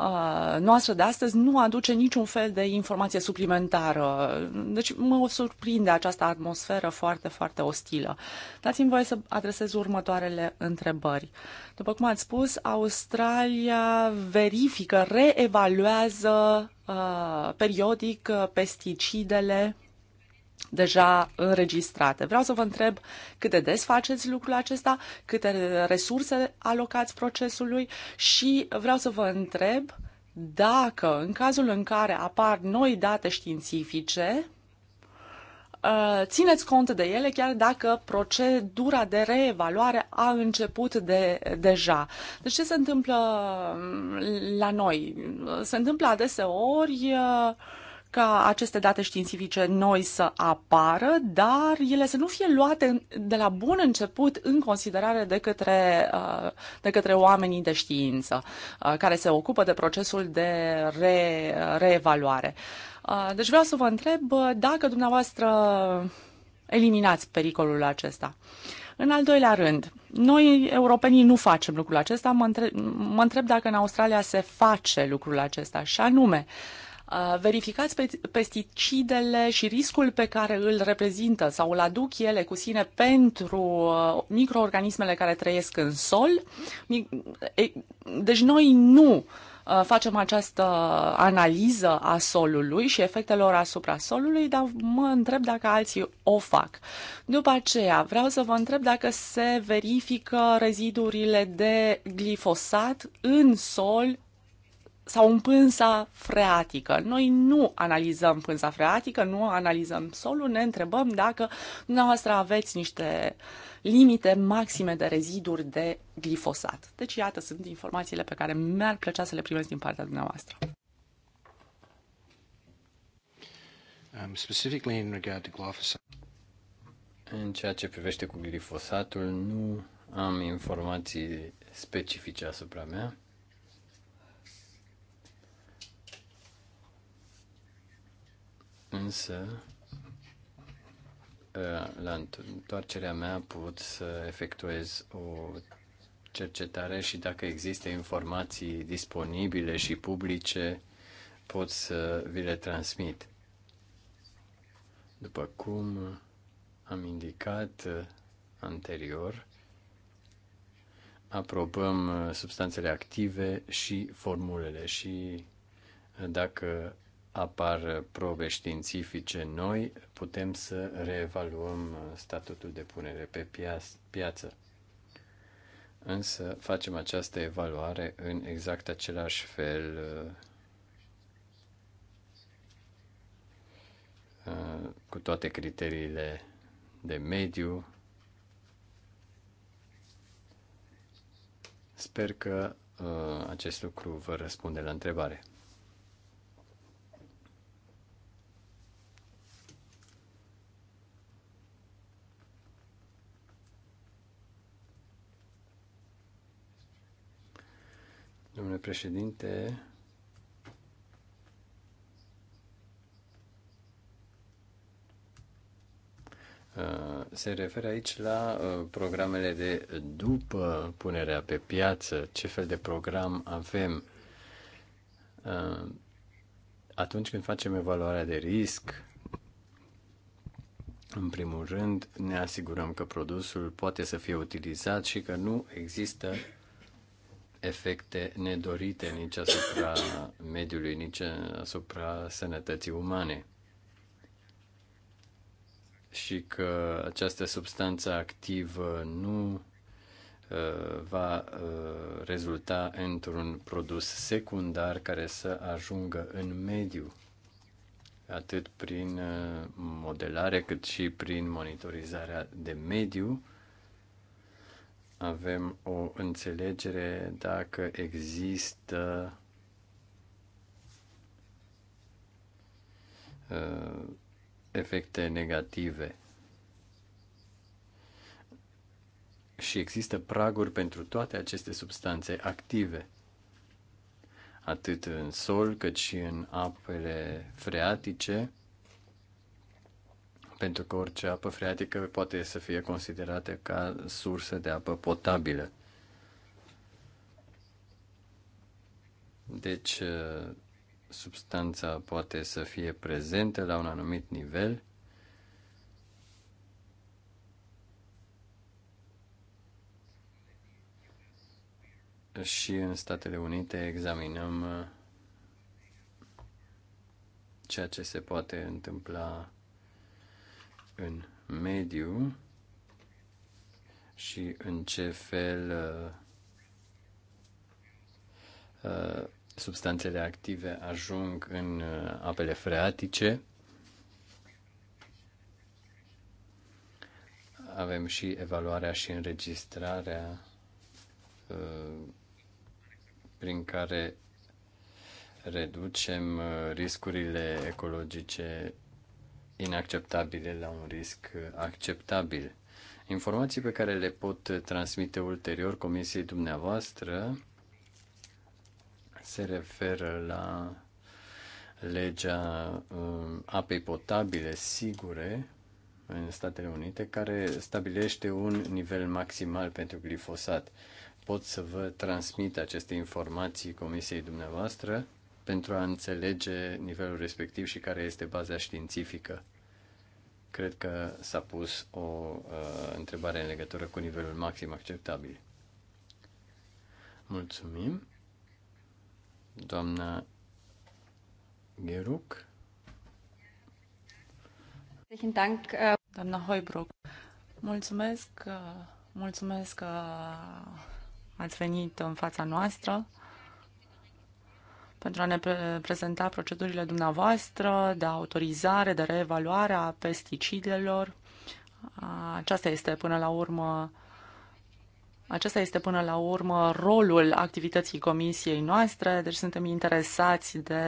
Uh, noastră de astăzi nu aduce niciun fel de informație suplimentară. Deci mă surprinde această atmosferă foarte, foarte ostilă. Dați-mi voie să adresez următoarele întrebări. După cum ați spus, Australia verifică, reevaluează uh, periodic uh, pesticidele deja înregistrate. Vreau să vă întreb cât de des faceți lucrul acesta, câte resurse alocați procesului și vreau să vă întreb dacă în cazul în care apar noi date științifice, uh, țineți cont de ele chiar dacă procedura de reevaluare a început de, deja. Deci ce se întâmplă um, la noi? Se întâmplă adeseori uh, ca aceste date științifice noi să apară, dar ele să nu fie luate de la bun început în considerare de către, uh, de către oamenii de știință uh, care se ocupă de procesul de re, reevaluare. Uh, deci vreau să vă întreb dacă dumneavoastră eliminați pericolul acesta. În al doilea rând, noi, europenii, nu facem lucrul acesta. Mă întreb, mă întreb dacă în Australia se face lucrul acesta, și anume, uh, Uh, verificați pesticidele și riscul pe care îl reprezintă sau îl aduc ele cu sine pentru uh, microorganismele care trăiesc în sol. Deci noi nu uh, facem această analiză a solului și efectelor asupra solului, dar mă întreb dacă alții o fac. După aceea, vreau să vă întreb dacă se verifică rezidurile de glifosat în sol sau în pânza freatică. Noi nu analizăm pânza freatică, nu analizăm solul, ne întrebăm dacă dumneavoastră aveți niște limite maxime de reziduri de glifosat. Deci, iată, sunt informațiile pe care mi-ar plăcea să le primesc din partea dumneavoastră. Um, specifically in regard to glyphosate. În ceea ce privește cu glifosatul, nu am informații specifice asupra mea. Însă, ă, la întoarcerea mea pot să efectuez o cercetare și dacă există informații disponibile și publice, pot să vi le transmit. După cum am indicat ă, anterior, aprobăm ă, substanțele active și formulele și dacă apar probe științifice noi, putem să reevaluăm statutul de punere pe piață. Însă facem această evaluare în exact același fel uh, cu toate criteriile de mediu. Sper că uh, acest lucru vă răspunde la întrebare. Domnule președinte, uh, se referă aici la uh, programele de după punerea pe piață, ce fel de program avem. Uh, atunci când facem evaluarea de risc, în primul rând ne asigurăm că produsul poate să fie utilizat și că nu există efecte nedorite nici asupra mediului, nici asupra sănătății umane. Și că această substanță activă nu uh, va uh, rezulta într-un produs secundar care să ajungă în mediu, atât prin uh, modelare cât și prin monitorizarea de mediu avem o înțelegere dacă există uh, efecte negative. Și există praguri pentru toate aceste substanțe active, atât în sol cât și în apele freatice pentru că orice apă freatică poate să fie considerată ca sursă de apă potabilă. Deci, uh, substanța poate să fie prezentă la un anumit nivel. Și în Statele Unite examinăm uh, ceea ce se poate întâmpla în mediu și în ce fel uh, uh, substanțele active ajung în uh, apele freatice. Avem și evaluarea și înregistrarea prin care reducem riscurile ecologice inacceptabile la un risc acceptabil. Informații pe care le pot transmite ulterior comisiei dumneavoastră se referă la legea um, apei potabile sigure în Statele Unite, care stabilește un nivel maximal pentru glifosat. Pot să vă transmit aceste informații comisiei dumneavoastră pentru a înțelege nivelul respectiv și care este baza științifică. Cred că s-a pus o uh, întrebare în legătură cu nivelul maxim acceptabil. Mulțumim. Doamna Geruc. Uh, Doamna Hoibruc, mulțumesc, uh, mulțumesc că ați venit în fața noastră pentru a ne prezenta procedurile dumneavoastră de autorizare, de reevaluare a pesticidelor. Aceasta este până la urmă acesta este până la urmă rolul activității comisiei noastre, deci suntem interesați de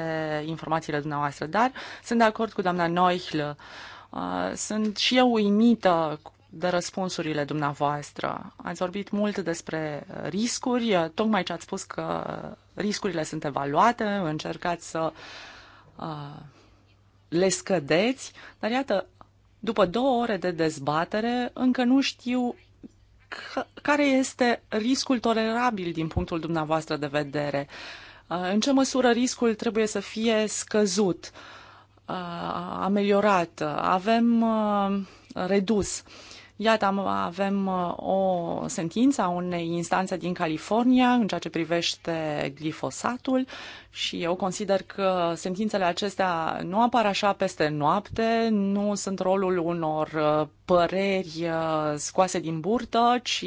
informațiile dumneavoastră, dar sunt de acord cu doamna Noihl. Sunt și eu uimită de răspunsurile dumneavoastră. Ați vorbit mult despre riscuri, tocmai ce ați spus că riscurile sunt evaluate, încercați să uh, le scădeți, dar iată, după două ore de dezbatere, încă nu știu care este riscul tolerabil din punctul dumneavoastră de vedere. Uh, în ce măsură riscul trebuie să fie scăzut, uh, ameliorat? Avem uh, redus. Iată, avem uh, o sentință a unei instanțe din California în ceea ce privește glifosatul și eu consider că sentințele acestea nu apar așa peste noapte, nu sunt rolul unor uh, păreri uh, scoase din burtă, ci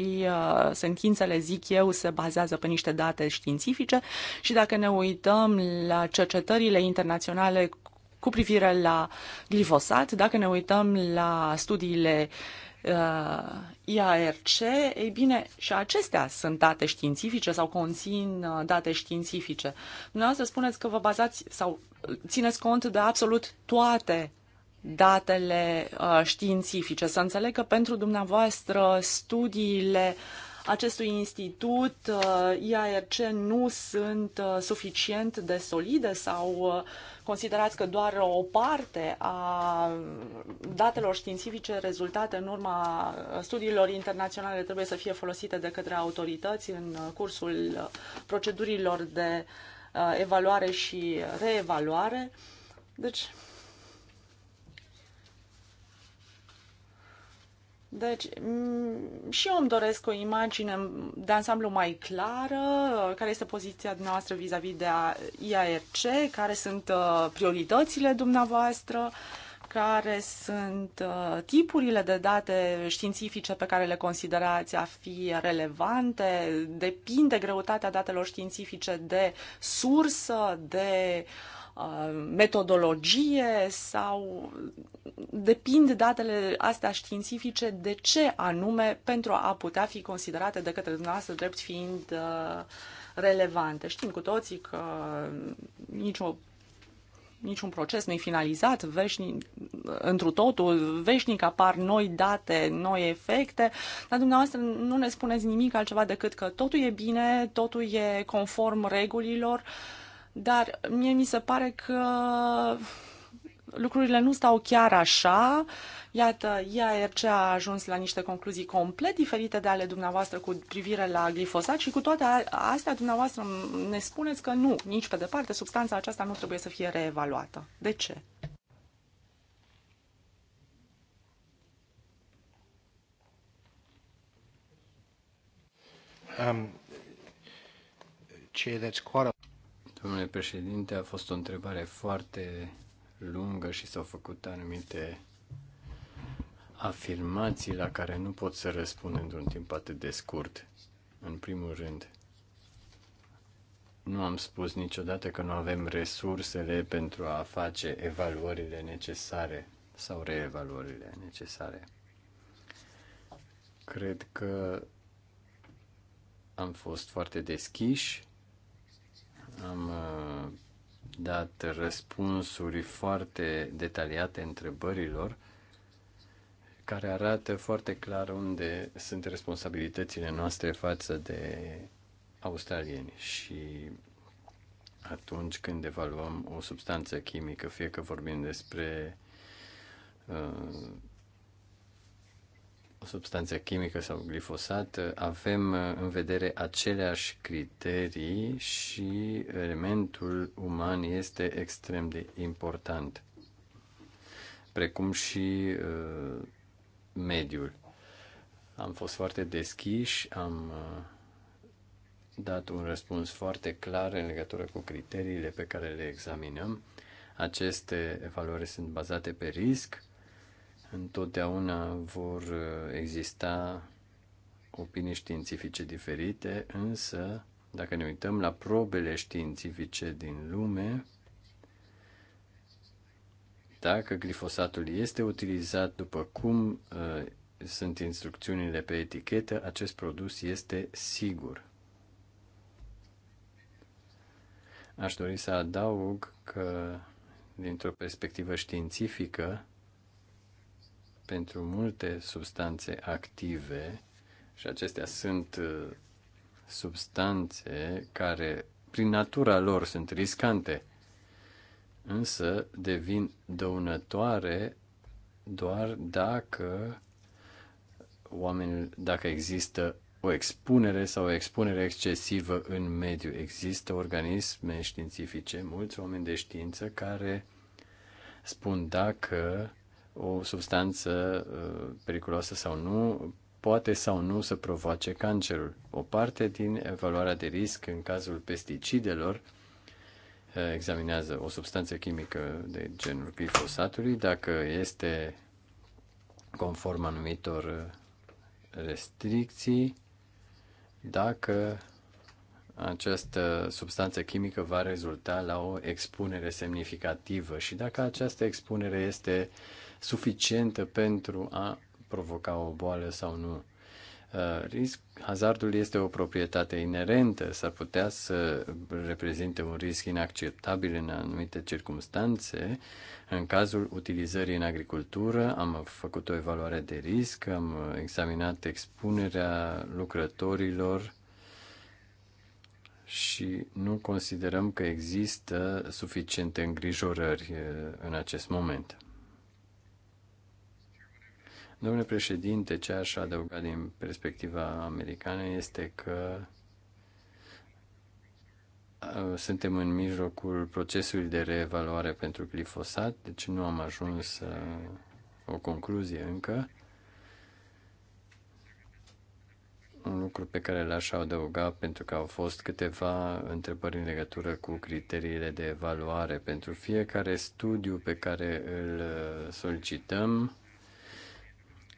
sentințele, zic eu, se bazează pe niște date științifice și dacă ne uităm la cercetările internaționale cu privire la glifosat, dacă ne uităm la studiile uh, uh, IARC, ei bine, și acestea sunt date științifice sau conțin uh, date științifice. Dumneavoastră spuneți că vă bazați sau țineți cont de absolut toate datele uh, științifice. Să înțeleg că pentru dumneavoastră studiile acestui institut, uh, IARC, nu sunt uh, suficient de solide sau uh, considerați că doar o parte a datelor științifice rezultate în urma studiilor internaționale trebuie să fie folosite de către autorități în cursul procedurilor de uh, evaluare și reevaluare. Deci, Deci, mm, și eu îmi doresc o imagine de ansamblu mai clară, care este poziția dumneavoastră vis-a-vis -vis de IARC, care sunt uh, prioritățile dumneavoastră, care sunt uh, tipurile de date științifice pe care le considerați a fi relevante, depinde greutatea datelor științifice de sursă, de uh, Uh, metodologie sau depind datele astea științifice de ce anume pentru a putea fi considerate de către dumneavoastră drept fiind uh, relevante. Știm cu toții că nicio niciun proces nu-i finalizat, veșnic, întru totul, veșnic apar noi date, noi efecte, dar dumneavoastră nu ne spuneți nimic altceva decât că totul e bine, totul e conform regulilor, uh, dar mie mi se pare că lucrurile nu stau chiar așa. Iată, IARC a ajuns la niște concluzii complet diferite de ale dumneavoastră cu privire la glifosat și cu toate astea dumneavoastră ne spuneți că nu, nici pe departe, substanța aceasta nu trebuie să fie reevaluată. De ce? Um, chair, that's quite a... Domnule președinte, a fost o întrebare foarte lungă și s-au făcut anumite afirmații la care nu pot să răspund într-un timp atât de scurt. În primul rând, nu am spus niciodată că nu avem resursele pentru a face evaluările necesare sau reevaluările necesare. Cred că am fost foarte deschiși am uh, dat răspunsuri foarte detaliate întrebărilor care arată foarte clar unde sunt responsabilitățile noastre față de australieni și atunci când evaluăm o substanță chimică, fie că vorbim despre uh, substanță chimică sau glifosat, avem uh, în vedere aceleași criterii și elementul uman este extrem de important, precum și uh, mediul. Am fost foarte deschiși, am uh, dat un răspuns foarte clar în legătură cu criteriile pe care le examinăm. Aceste valori sunt bazate pe risc, Întotdeauna vor uh, exista opinii științifice diferite, însă, dacă ne uităm la probele științifice din lume, dacă glifosatul este utilizat după cum uh, sunt instrucțiunile pe etichetă, acest produs este sigur. Aș dori să adaug că, dintr-o perspectivă științifică, pentru multe substanțe active și acestea sunt uh, substanțe care prin natura lor sunt riscante, însă devin dăunătoare doar dacă oamenii, dacă există o expunere sau o expunere excesivă în mediu. Există organisme științifice, mulți oameni de știință care spun dacă o substanță uh, periculoasă sau nu poate sau nu să provoace cancerul. O parte din evaluarea de risc în cazul pesticidelor uh, examinează o substanță chimică de genul glifosatului, dacă este conform anumitor uh, restricții, dacă această substanță chimică va rezulta la o expunere semnificativă și dacă această expunere este uh, suficientă pentru a provoca o boală sau nu. Uh, risc, hazardul este o proprietate inerentă, s-ar putea să reprezinte un risc inacceptabil în anumite circunstanțe. În cazul utilizării în agricultură am făcut o evaluare de risc, am examinat expunerea lucrătorilor și nu considerăm că există suficiente îngrijorări uh, în acest moment. Domnule președinte, ce aș adăuga din perspectiva americană este că uh, suntem în mijlocul procesului de reevaluare pentru glifosat, deci nu am ajuns uh, o concluzie încă. un lucru pe care l-aș adăuga pentru că au fost câteva întrebări în legătură cu criteriile de evaluare. Pentru fiecare studiu pe care îl uh, solicităm,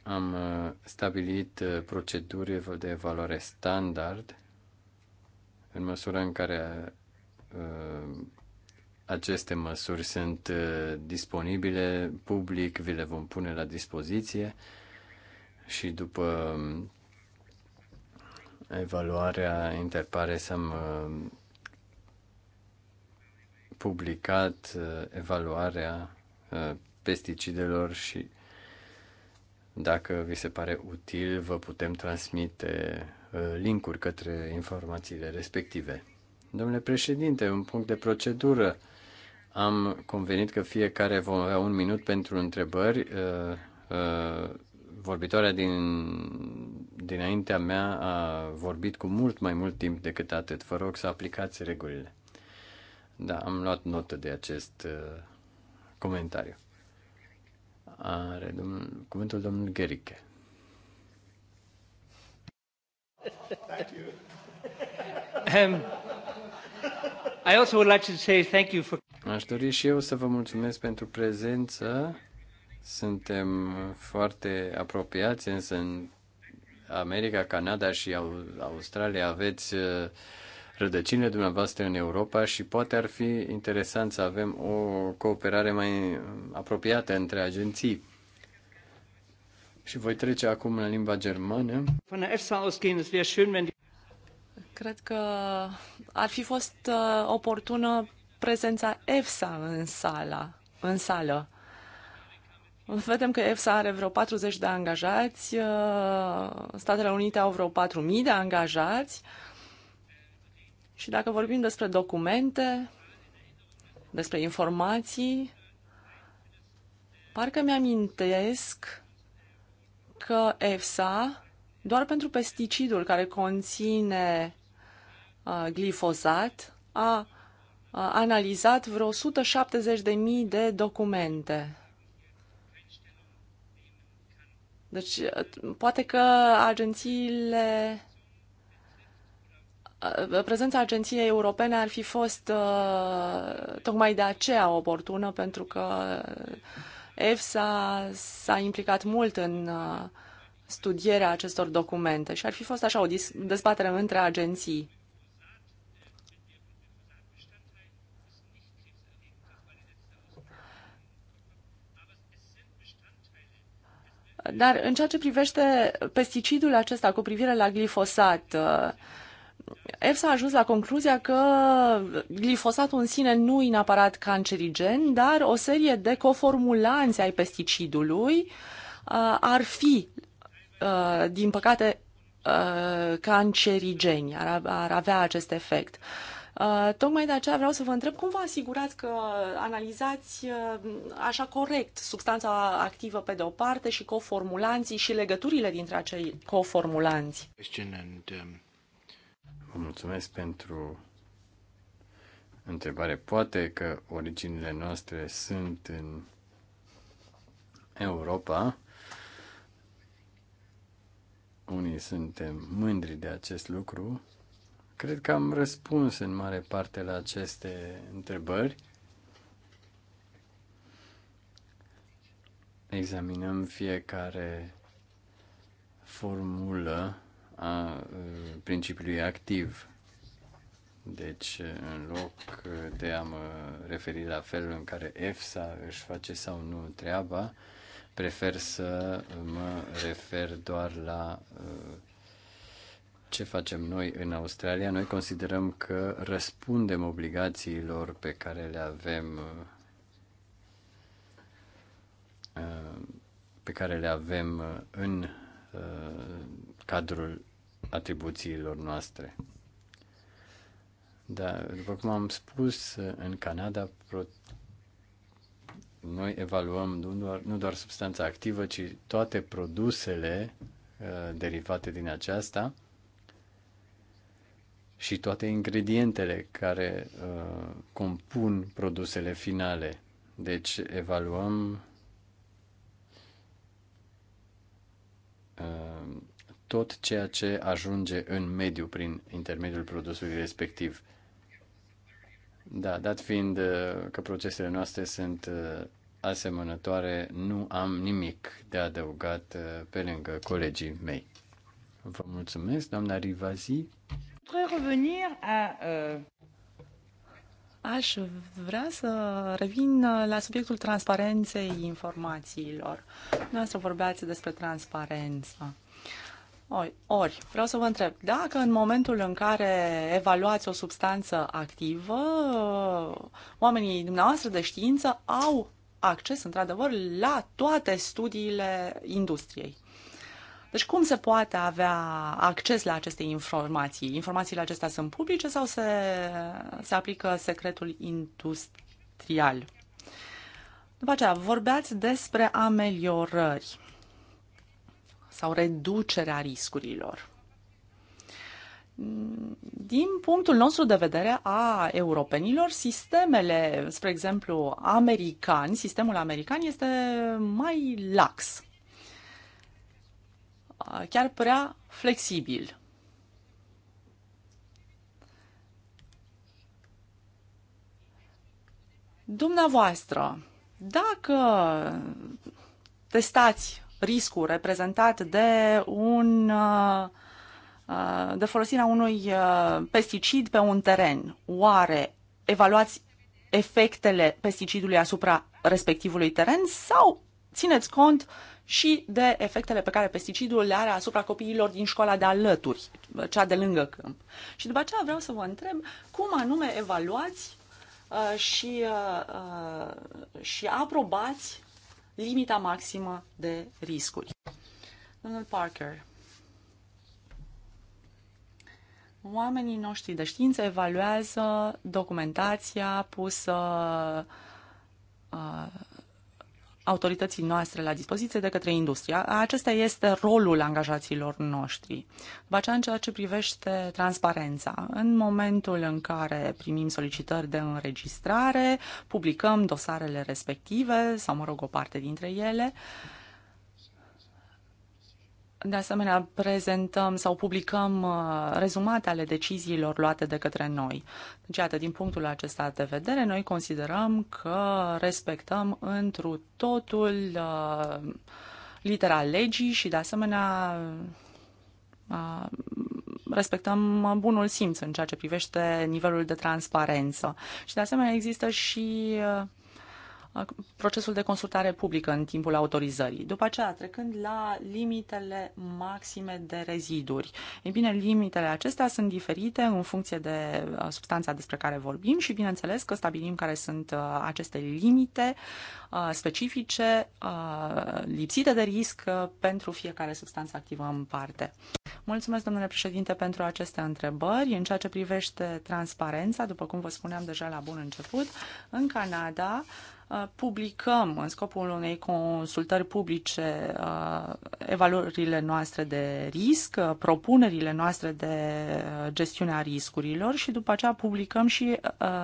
am uh, stabilit uh, proceduri de evaluare standard în măsura în care uh, aceste măsuri sunt disponibile public, vi le vom pune la dispoziție și după um, evaluarea să am publicat evaluarea pesticidelor și dacă vi se pare util, vă putem transmite uh, linkuri către informațiile respective. Domnule președinte, un punct de procedură. Am convenit că fiecare vom avea un minut pentru întrebări. Uh, uh, vorbitoarea din, dinaintea mea a vorbit cu mult mai mult timp decât atât. Vă rog să aplicați regulile. Da, am luat notă de acest comentariu. Are domnul, cuvântul domnul Gherică. Um, I also would like to say thank you for... Aș dori și eu să vă mulțumesc pentru prezență. Suntem foarte apropiați, însă în America, Canada și Australia aveți uh, rădăcinile dumneavoastră în Europa și poate ar fi interesant să avem o cooperare mai apropiată între agenții. Și voi trece acum la limba germană. Cred că ar fi fost uh, oportună prezența EFSA în, sala, în sală. Vedem că EFSA are vreo 40 de angajați, uh, Statele Unite au vreo 4.000 de angajați, și dacă vorbim despre documente, despre informații, parcă mi-amintesc că EFSA, doar pentru pesticidul care conține uh, glifosat, a uh, analizat vreo 170.000 de documente. Deci, uh, poate că agențiile Uh, prezența Agenției Europene ar fi fost uh, tocmai de aceea oportună, pentru că EFSA s-a implicat mult în uh, studierea acestor documente și ar fi fost așa o dezbatere între agenții. Dar în ceea ce privește pesticidul acesta cu privire la glifosat, uh, EFSA a ajuns la concluzia că glifosatul în sine nu e neapărat cancerigen, dar o serie de coformulanți ai pesticidului uh, ar fi, uh, din păcate, uh, cancerigeni, ar, ar avea acest efect. Tocmai de aceea vreau să vă întreb cum vă asigurați că analizați așa corect substanța activă pe de o parte și coformulanții și legăturile dintre acei coformulanți. Vă mulțumesc pentru întrebare. Poate că originile noastre sunt în Europa. Unii suntem mândri de acest lucru. Cred că am răspuns în mare parte la aceste întrebări. Examinăm fiecare formulă a principiului activ. Deci, în loc de a mă referi la felul în care EFSA își face sau nu treaba, prefer să mă refer doar la ce facem noi în Australia. Noi considerăm că răspundem obligațiilor pe care le avem pe care le avem în cadrul atribuțiilor noastre. Da, după cum am spus, în Canada pro... noi evaluăm nu doar, nu doar substanța activă, ci toate produsele uh, derivate din aceasta și toate ingredientele care uh, compun produsele finale. Deci evaluăm uh, tot ceea ce ajunge în mediu prin intermediul produsului respectiv. Da, dat fiind uh, că procesele noastre sunt uh, asemănătoare, nu am nimic de adăugat uh, pe lângă colegii mei. Vă mulțumesc, doamna Rivazi. Aș vrea să revin la subiectul transparenței informațiilor. Noastră vorbeați despre transparență. Ori, ori, vreau să vă întreb, dacă în momentul în care evaluați o substanță activă, oamenii dumneavoastră de știință au acces, într-adevăr, la toate studiile industriei. Deci cum se poate avea acces la aceste informații? Informațiile acestea sunt publice sau se, se aplică secretul industrial? După aceea, vorbeați despre ameliorări sau reducerea riscurilor. Din punctul nostru de vedere a europenilor, sistemele, spre exemplu, americani, sistemul american este mai lax, chiar prea flexibil. Dumneavoastră, dacă testați riscul reprezentat de un uh, de folosirea unui uh, pesticid pe un teren. Oare evaluați efectele pesticidului asupra respectivului teren sau țineți cont și de efectele pe care pesticidul le are asupra copiilor din școala de alături, cea de lângă câmp. Și după aceea vreau să vă întreb cum anume evaluați uh, și, și aprobați limita maximă de riscuri. Domnul Parker, oamenii noștri de știință evaluează documentația pusă uh, autorității noastre la dispoziție de către industria. Acesta este rolul angajaților noștri. După aceea, în ceea ce privește transparența, în momentul în care primim solicitări de înregistrare, publicăm dosarele respective sau, mă rog, o parte dintre ele, uh, de asemenea, prezentăm sau publicăm uh, rezumate ale deciziilor luate de către noi. Deci, iată, din punctul acesta de vedere, noi considerăm că respectăm întru totul uh, litera legii și, de asemenea, uh, respectăm bunul simț în ceea ce privește nivelul de transparență. Și, de asemenea, există și uh, procesul de consultare publică în timpul autorizării. După aceea, trecând la limitele maxime de reziduri. Ei bine, limitele acestea sunt diferite în funcție de uh, substanța despre care vorbim și, bineînțeles, că stabilim care sunt uh, aceste limite uh, specifice, lipsite de risc pentru fiecare substanță activă în parte. Mulțumesc, domnule președinte, pentru aceste întrebări. În ceea ce privește transparența, după cum vă spuneam deja la bun început, în Canada, Uh, publicăm în scopul unei consultări publice uh, evaluările noastre de risc, uh, propunerile noastre de gestiune a riscurilor și după aceea publicăm și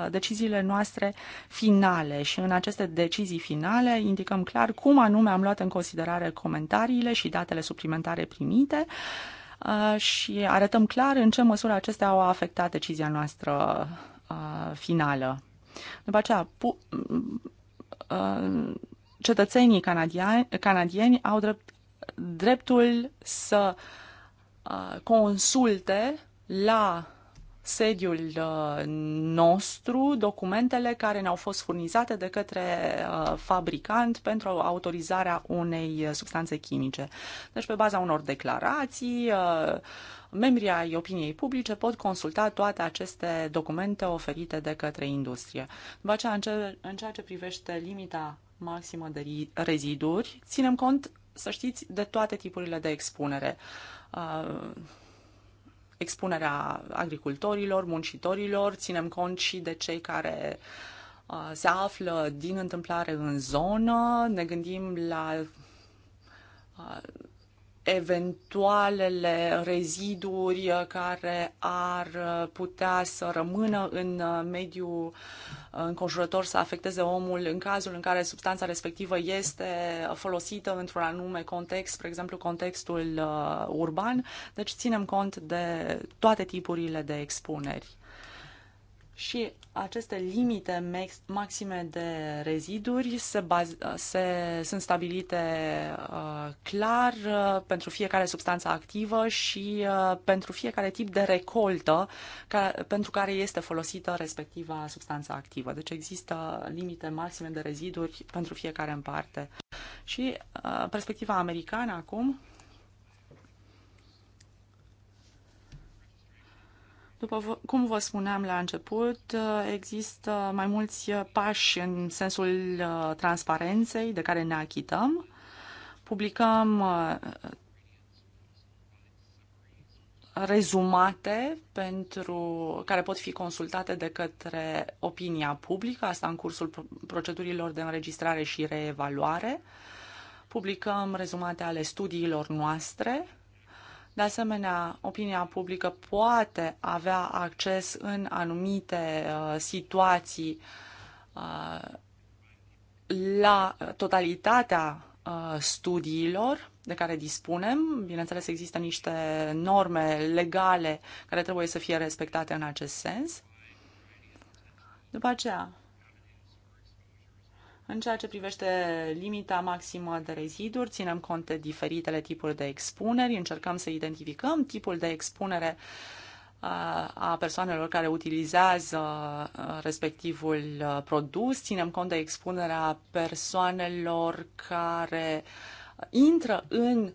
deciziile noastre finale și în aceste decizii finale indicăm clar cum anume am luat în considerare comentariile și datele suplimentare primite și arătăm clar în ce măsură acestea au afectat decizia noastră finală. După aceea, Uh, cetățenii canadieni, canadieni au drept, dreptul să uh, consulte la sediul uh, nostru documentele care ne-au fost furnizate de către fabricant pentru autorizarea unei substanțe chimice. Deci pe baza unor declarații, membrii ai opiniei publice pot consulta toate aceste documente oferite de către industrie. După aceea, în ceea ce privește limita maximă de reziduri, ținem cont, să știți, de toate tipurile de expunere. Uh, expunerea agricultorilor, muncitorilor, ținem cont și de cei care uh, se află din întâmplare în zonă, ne gândim la uh, eventualele reziduri care ar putea să rămână în mediul înconjurător să afecteze omul în cazul în care substanța respectivă este folosită într-un anume context, spre exemplu contextul uh, urban. Deci ținem cont de toate tipurile de expuneri și aceste limite maxime de reziduri se baz- se, sunt stabilite uh, clar uh, pentru fiecare substanță activă și uh, pentru fiecare tip de recoltă ca, pentru care este folosită respectiva substanță activă. Deci există limite maxime de reziduri pentru fiecare în parte. Și uh, perspectiva americană acum După cum vă spuneam la început, uh, există mai mulți pași în sensul uh, transparenței de care ne achităm. Publicăm uh, rezumate pentru, care pot fi consultate de către opinia publică, asta în cursul procedurilor de înregistrare și reevaluare. Publicăm rezumate ale studiilor noastre de asemenea, opinia publică poate avea acces în anumite uh, situații uh, la totalitatea uh, studiilor de care dispunem. Bineînțeles, există niște norme legale care trebuie să fie respectate în acest sens. După aceea, în ceea ce privește limita maximă de reziduri, ținem cont de diferitele tipuri de expuneri, încercăm să identificăm tipul de expunere uh, a persoanelor care utilizează uh, respectivul uh, produs, ținem cont de expunerea persoanelor care intră în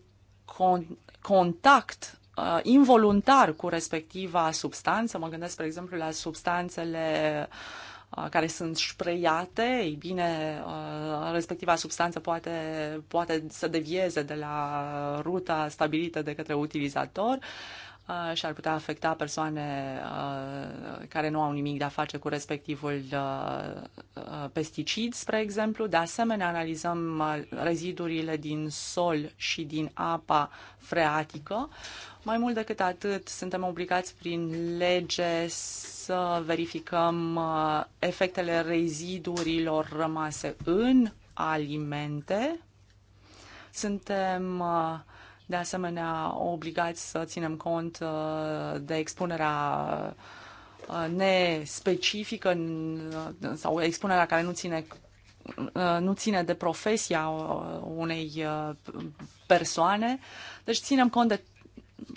con- contact involuntar cu respectiva substanță. Mă gândesc, spre exemplu, la substanțele uh, Uh, care sunt spreiate, ei bine, uh, respectiva substanță poate, poate să devieze de la ruta stabilită de către utilizator. Uh, și ar putea afecta persoane uh, care nu au nimic de a face cu respectivul uh, pesticid, spre exemplu. De asemenea, analizăm rezidurile din sol și din apa freatică. Mai mult decât atât, suntem obligați prin lege să verificăm efectele rezidurilor rămase în alimente. Suntem uh, de asemenea obligați să ținem cont uh, de expunerea uh, nespecifică uh, sau expunerea care nu ține nu ține de profesia unei persoane, deci ținem cont de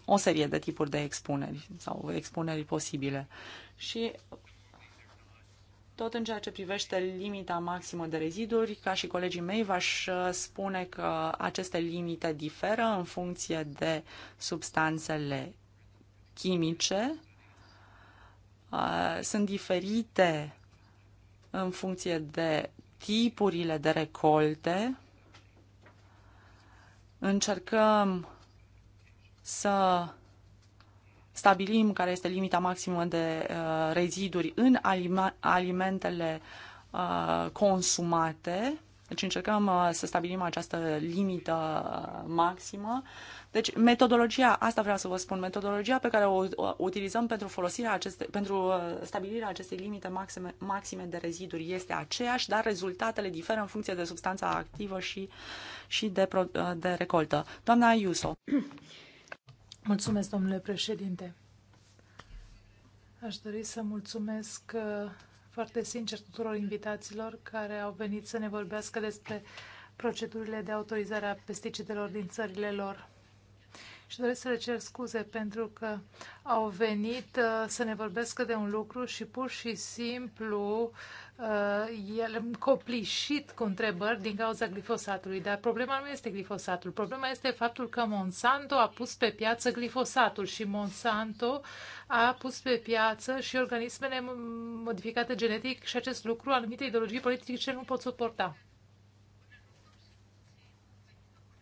o serie de tipuri de expuneri sau expuneri posibile. Și tot în ceea ce privește limita maximă de reziduri, ca și colegii mei, v-aș uh, spune că aceste limite diferă în funcție de substanțele chimice, uh, sunt diferite în funcție de tipurile de recolte. Încercăm să stabilim care este limita maximă de uh, reziduri în alimentele uh, consumate. Deci încercăm uh, să stabilim această limită maximă. Deci metodologia, asta vreau să vă spun, metodologia pe care o, utilizăm pentru folosirea aceste, pentru stabilirea acestei limite maxime, maxime de reziduri este aceeași, dar rezultatele diferă în funcție de substanța activă și, și de, de recoltă. Doamna Iuso. Mulțumesc, domnule președinte. Aș dori să mulțumesc uh, foarte sincer tuturor invitaților care au venit să ne vorbească despre procedurile de autorizare a pesticidelor din țările lor și doresc să le cer scuze pentru că au venit uh, să ne vorbesc de un lucru și pur și simplu uh, el copleșit cu întrebări din cauza glifosatului. Dar problema nu este glifosatul. Problema este faptul că Monsanto a pus pe piață glifosatul și Monsanto a pus pe piață și organismele modificate genetic și acest lucru anumite ideologii politice nu pot suporta.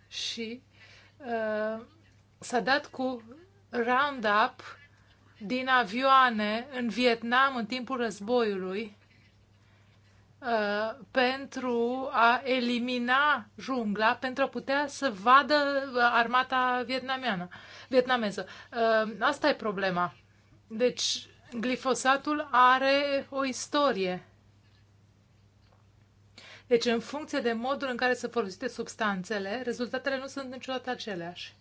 Și uh, s-a dat cu Roundup din avioane în Vietnam în timpul războiului uh, pentru a elimina jungla, pentru a putea să vadă uh, armata vietnameană vietnameză. Uh, asta e problema. Deci, glifosatul are o istorie. Deci, în funcție de modul în care se folosite substanțele, rezultatele nu sunt niciodată aceleași.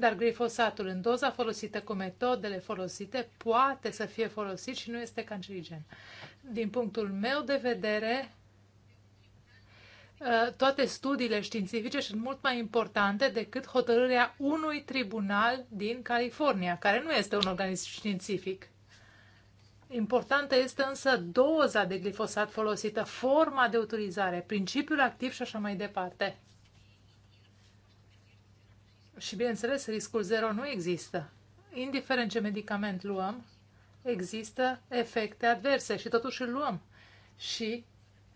Dar glifosatul în doza folosită cu metodele folosite poate să fie folosit și nu este cancerigen. Din punctul meu de vedere, ă, toate studiile științifice sunt mult mai importante decât hotărârea unui tribunal din California, care nu este un organism științific. Importantă este însă doza de glifosat folosită, forma de utilizare, principiul activ și așa mai departe. Și bineînțeles, riscul zero nu există. Indiferent ce medicament luăm, există efecte adverse și totuși îl luăm. Și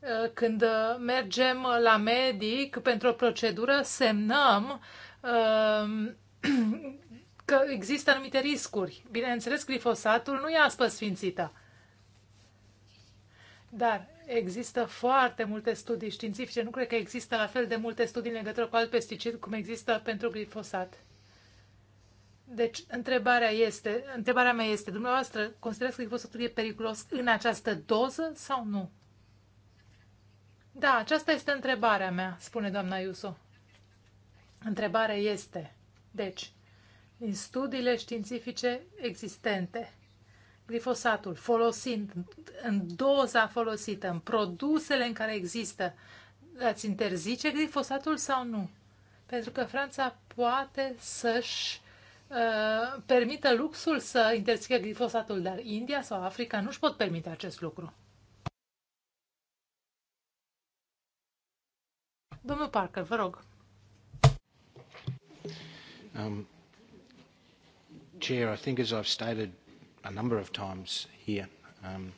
uh, când uh, mergem la medic pentru o procedură, semnăm uh, că există anumite riscuri. Bineînțeles, glifosatul nu e aspă sfințită. Dar Există foarte multe studii științifice. Nu cred că există la fel de multe studii în legătură cu alt pesticid cum există pentru glifosat. Deci, întrebarea, este, întrebarea mea este, dumneavoastră, considerați că glifosatul e periculos în această doză sau nu? Da, aceasta este întrebarea mea, spune doamna Iuso. Întrebarea este, deci, din studiile științifice existente, glifosatul folosind în doza folosită, în produsele în care există, ați interzice glifosatul sau nu? Pentru că Franța poate să-și uh, permită luxul să interzică glifosatul, dar India sau Africa nu-și pot permite acest lucru. Domnul Parker, vă rog. Um, chair, I think as I've stated a number of times here. Um...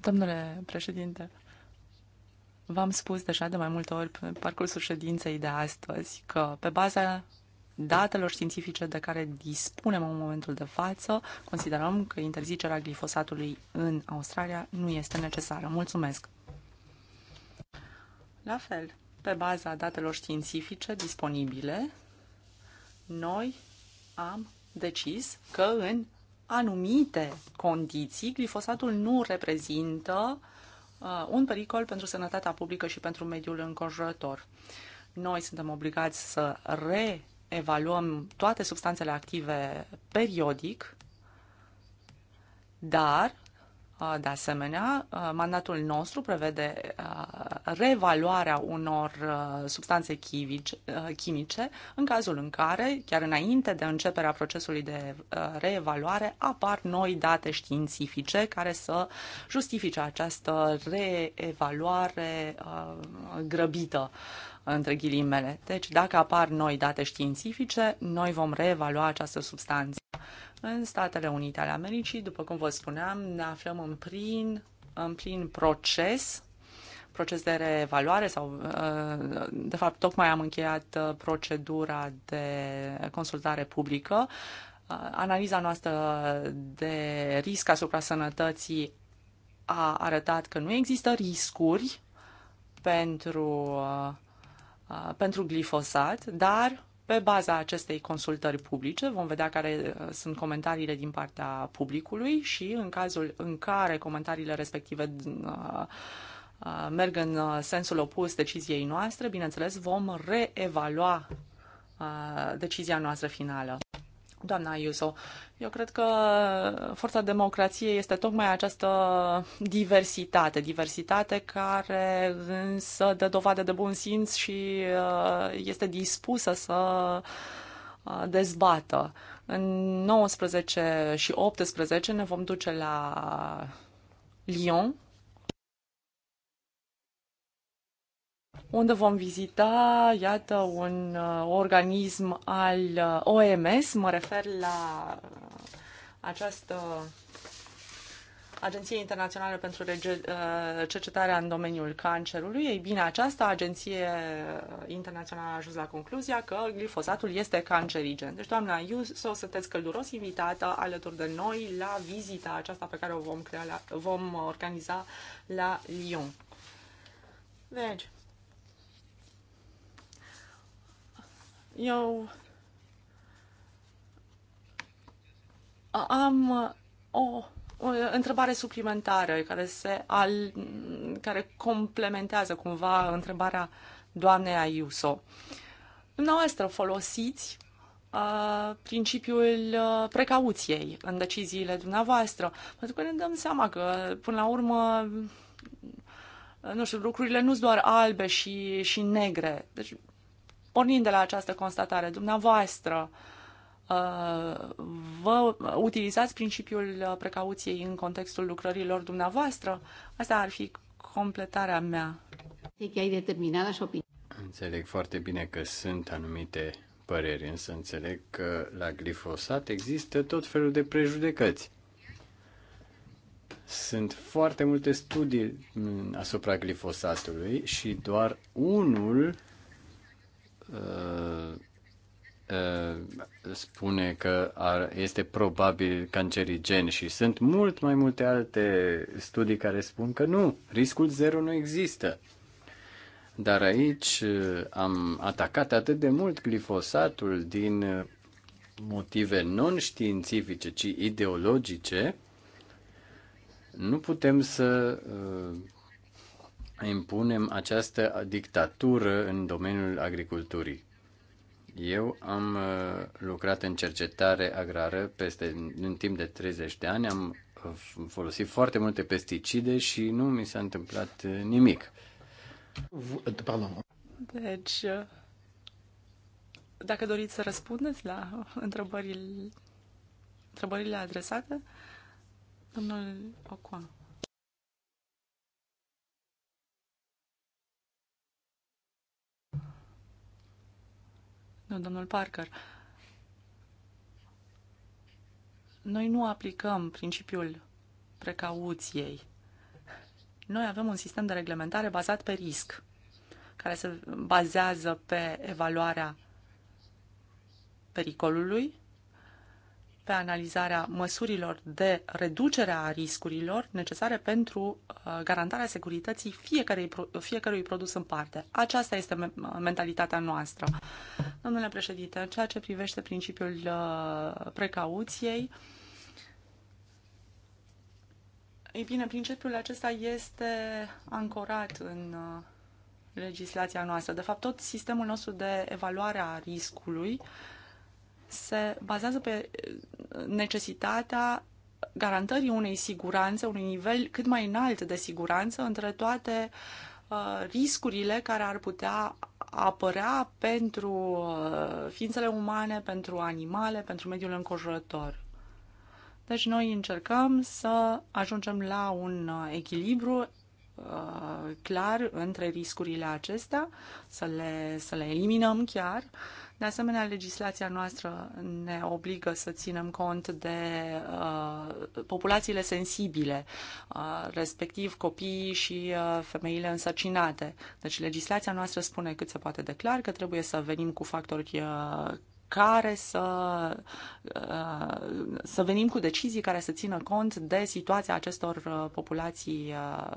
Domnule președinte, v-am spus deja de mai multe ori pe parcursul ședinței de astăzi că pe baza datelor științifice de care dispunem în momentul de față, considerăm că interzicerea glifosatului în Australia nu este necesară. Mulțumesc! La fel, pe baza datelor științifice disponibile, noi am decis că în anumite condiții glifosatul nu reprezintă uh, un pericol pentru sănătatea publică și pentru mediul înconjurător. Noi suntem obligați să reevaluăm toate substanțele active periodic, dar de asemenea, mandatul nostru prevede reevaluarea unor substanțe chimice în cazul în care, chiar înainte de începerea procesului de reevaluare, apar noi date științifice care să justifice această reevaluare grăbită între ghilimele. Deci, dacă apar noi date științifice, noi vom reevalua această substanță. În Statele Unite ale Americii, după cum vă spuneam, ne aflăm în plin, în plin proces proces de reevaluare sau, uh, de fapt, tocmai am încheiat uh, procedura de consultare publică. Uh, analiza noastră de risc asupra sănătății a arătat că nu există riscuri pentru, pentru glifosat, dar pe baza acestei consultări publice vom vedea care uh, sunt comentariile din partea publicului și în cazul în care comentariile respective uh, uh, merg în sensul opus deciziei noastre, bineînțeles, vom reevalua decizia noastră finală doamna Iuso. Eu cred că forța democrației este tocmai această diversitate, diversitate care însă dă dovadă de bun simț și uh, este dispusă să uh, dezbată. În 19 și 18 ne vom duce la Lyon, unde vom vizita, iată, un uh, organism al uh, OMS, mă refer la această Agenție Internațională pentru uh, Cercetarea în domeniul cancerului. Ei bine, această agenție internațională a ajuns la concluzia că glifosatul este cancerigen. Deci, doamna Iuso, sunteți călduros invitată alături de noi la vizita aceasta pe care o vom, crea la, vom organiza la Lyon. Deci, Eu am o, o întrebare suplimentară care, se al, care complementează cumva întrebarea doamnei Ayuso. Dumneavoastră folosiți uh, principiul uh, precauției în deciziile dumneavoastră. Pentru că ne dăm seama că, până la urmă, nu știu, lucrurile nu sunt doar albe și, și negre. Deci Pornind de la această constatare, dumneavoastră uh, vă utilizați principiul uh, precauției în contextul lucrărilor dumneavoastră? Asta ar fi completarea mea. ai Înțeleg foarte bine că sunt anumite păreri, însă înțeleg că la glifosat există tot felul de prejudecăți. Sunt foarte multe studii asupra glifosatului și doar unul Uh, uh, spune că este probabil cancerigen și sunt mult mai multe alte studii care spun că nu, riscul zero nu există. Dar aici uh, am atacat atât de mult glifosatul din motive non-științifice, ci ideologice, nu putem să impunem această dictatură în domeniul agriculturii. Eu am uh, lucrat în cercetare agrară peste, în timp de 30 de ani, am uh, folosit foarte multe pesticide și nu mi s-a întâmplat uh, nimic. Pardon. Deci, dacă doriți să răspundeți la întrebările, întrebările adresate, domnul Ocoa. Nu, domnul Parker. Noi nu aplicăm principiul precauției. Noi avem un sistem de reglementare bazat pe risc, care se bazează pe evaluarea pericolului pe analizarea măsurilor de reducere a riscurilor necesare pentru uh, garantarea securității fiecărui, fiecărui produs în parte. Aceasta este mentalitatea noastră. Domnule președinte, în ceea ce privește principiul uh, precauției, ei bine, principiul acesta este ancorat în uh, legislația noastră. De fapt, tot sistemul nostru de evaluare a riscului uh, se bazează pe eh, necesitatea garantării unei siguranțe, unui nivel cât mai înalt de siguranță între toate uh, riscurile care ar putea apărea pentru uh, ființele umane, pentru animale, pentru mediul înconjurător. Deci noi încercăm să ajungem la un echilibru uh, clar între riscurile acestea, să le, să le eliminăm chiar, uh, de asemenea, legislația noastră ne obligă să ținem cont de uh, populațiile sensibile, uh, respectiv copiii și uh, femeile însărcinate. Deci legislația noastră spune cât se poate declar că trebuie să venim cu factori uh, care să, uh, să venim cu decizii care să țină cont de situația acestor uh, populații uh,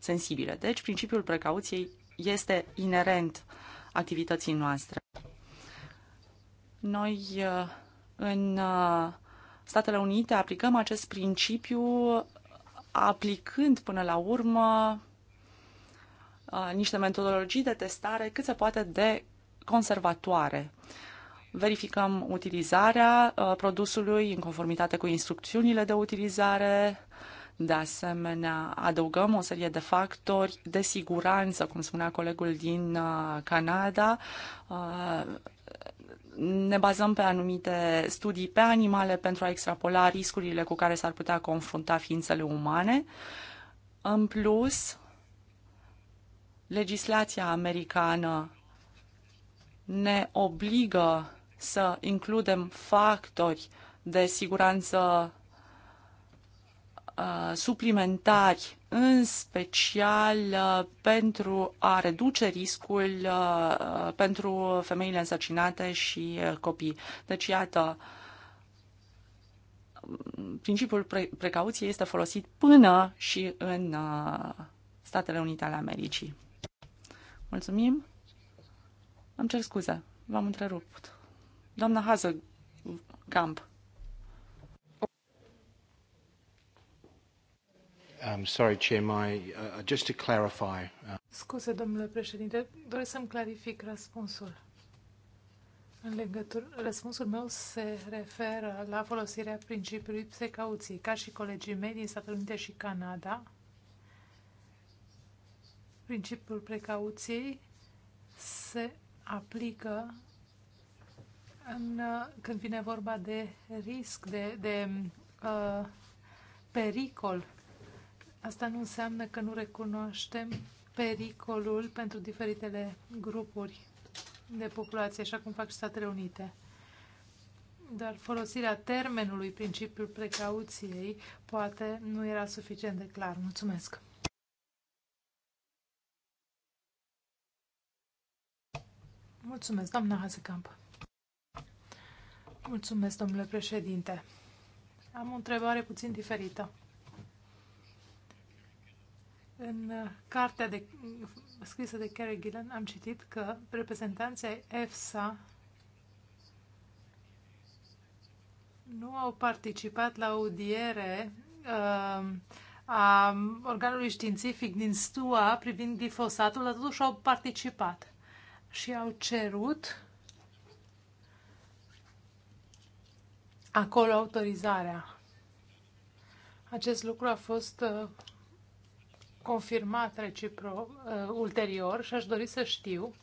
sensibile. Deci principiul precauției este inerent activității noastre. Noi uh, în uh, Statele Unite aplicăm acest principiu aplicând până la urmă uh, niște metodologii de testare cât se poate de conservatoare. Verificăm utilizarea produsului în conformitate cu instrucțiunile de utilizare. De asemenea, adăugăm o serie de factori de siguranță, cum spunea colegul din Canada, ne bazăm pe anumite studii pe animale pentru a extrapola riscurile cu care s-ar putea confrunta ființele umane. În plus, legislația americană ne obligă să includem factori de siguranță Uh, suplimentari, în special uh, pentru a reduce riscul uh, pentru femeile însărcinate și copii. Deci, iată, principiul precauției este folosit până și în Statele Unite ale Americii. Mulțumim. Am cer scuze, v-am întrerupt. Doamna Hazegamp. Um, sorry, Chair, my, uh, just to clarify. Uh... Scuze, domnule președinte, doresc să-mi clarific răspunsul. În legătură, răspunsul meu se referă la folosirea principiului precauției, ca și colegii mei din Statele Unite și Canada. Principiul precauției se aplică în, când vine vorba de risc, de, de uh, pericol Asta nu înseamnă că nu recunoaștem pericolul pentru diferitele grupuri de populație, așa cum fac și Statele Unite. Dar folosirea termenului principiul precauției poate nu era suficient de clar. Mulțumesc! Mulțumesc, doamna Hazekamp. Mulțumesc, domnule președinte. Am o întrebare puțin diferită. În uh, cartea de, scrisă de Kerry Gillen am citit că reprezentanții EFSA nu au participat la audiere uh, a organului științific din STUA privind glifosatul, dar totuși au participat și au cerut acolo autorizarea. Acest lucru a fost uh, confirmat reciproc uh, ulterior și aș dori să știu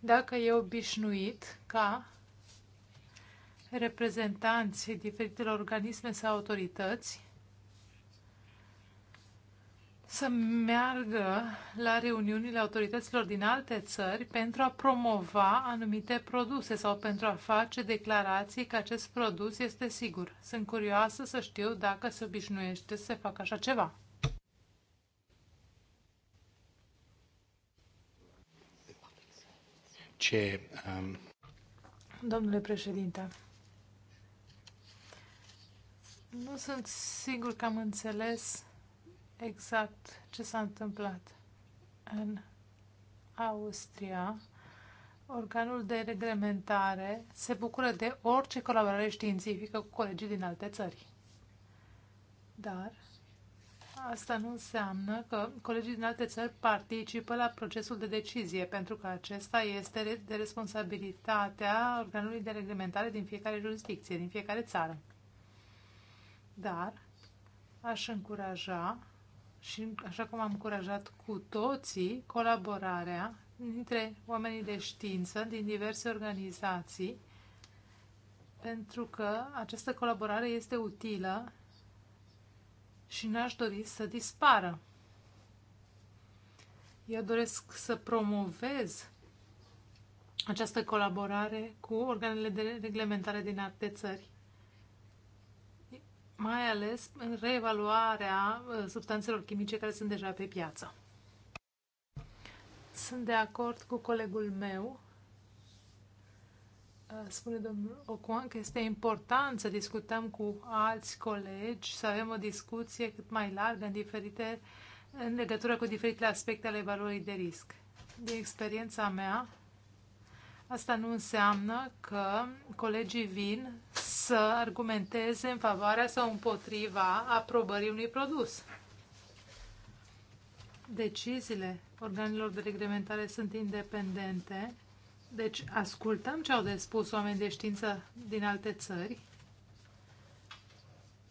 dacă e obișnuit ca reprezentanții diferitelor organisme sau autorități să meargă la reuniunile autorităților din alte țări pentru a promova anumite produse sau pentru a face declarații că acest produs este sigur. Sunt curioasă să știu dacă se obișnuiește să se facă așa ceva. ce... Um... Domnule președinte, nu sunt sigur că am înțeles exact ce s-a întâmplat. În Austria, organul de reglementare se bucură de orice colaborare științifică cu colegii din alte țări. Dar asta nu înseamnă că colegii din alte țări participă la procesul de decizie, pentru că acesta este de responsabilitatea organului de reglementare din fiecare jurisdicție, din fiecare țară. Dar aș încuraja și așa cum am încurajat cu toții colaborarea între oamenii de știință din diverse organizații, pentru că această colaborare este utilă și n-aș dori să dispară. Eu doresc să promovez această colaborare cu organele de reglementare din alte țări, mai ales în reevaluarea uh, substanțelor chimice care sunt deja pe piață. Sunt de acord cu colegul meu Eh, spune domnul Ocoan că este important să discutăm cu alți colegi, să avem o discuție cât mai largă în, diferite, în legătură cu diferitele aspecte ale valorii de risc. Din experiența mea, asta nu înseamnă că colegii vin să argumenteze în favoarea sau împotriva aprobării unui produs. Deciziile organelor de reglementare sunt independente deci ascultăm ce au de spus oameni de știință din alte țări,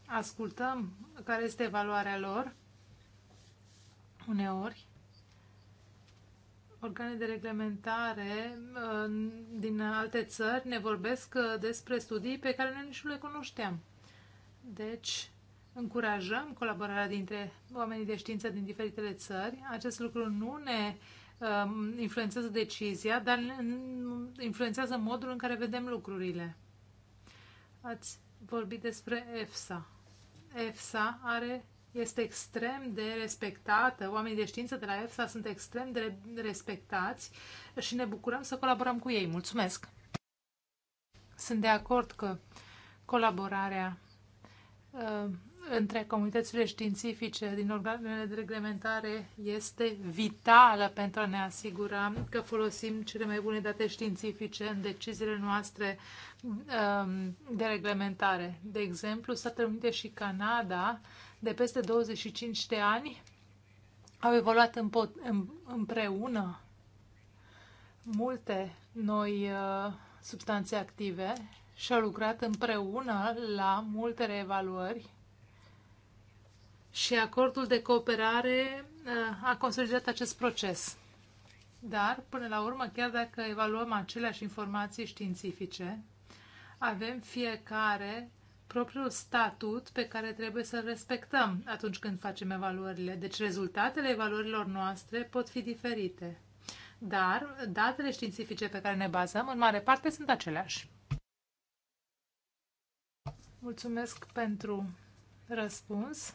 ascultăm care este valoarea lor, uneori, organe de reglementare uh, din alte țări ne vorbesc uh, despre studii pe care noi nici nu le cunoșteam. Deci, încurajăm colaborarea dintre oamenii de știință din diferitele țări. Acest lucru nu ne Um, influențează decizia, dar influențează modul în care vedem lucrurile. Ați vorbit despre EFSA. EFSA are, este extrem de respectată, oamenii de știință de la EFSA sunt extrem de respectați și ne bucurăm să colaborăm cu ei. Mulțumesc! Sunt de acord că colaborarea uh, între comunitățile științifice din organele de reglementare este vitală pentru a ne asigura că folosim cele mai bune date științifice în deciziile noastre um, de reglementare. De exemplu, Statele Unite și Canada, de peste 25 de ani, au evoluat împreună multe noi uh, substanțe active și au lucrat împreună la multe reevaluări și acordul de cooperare uh, a consolidat acest proces. Dar, până la urmă, chiar dacă evaluăm aceleași informații științifice, avem fiecare propriul statut pe care trebuie să-l respectăm atunci când facem evaluările. Deci rezultatele evaluărilor noastre pot fi diferite. Dar datele științifice pe care ne bazăm, în mare parte, sunt aceleași. Mulțumesc pentru răspuns.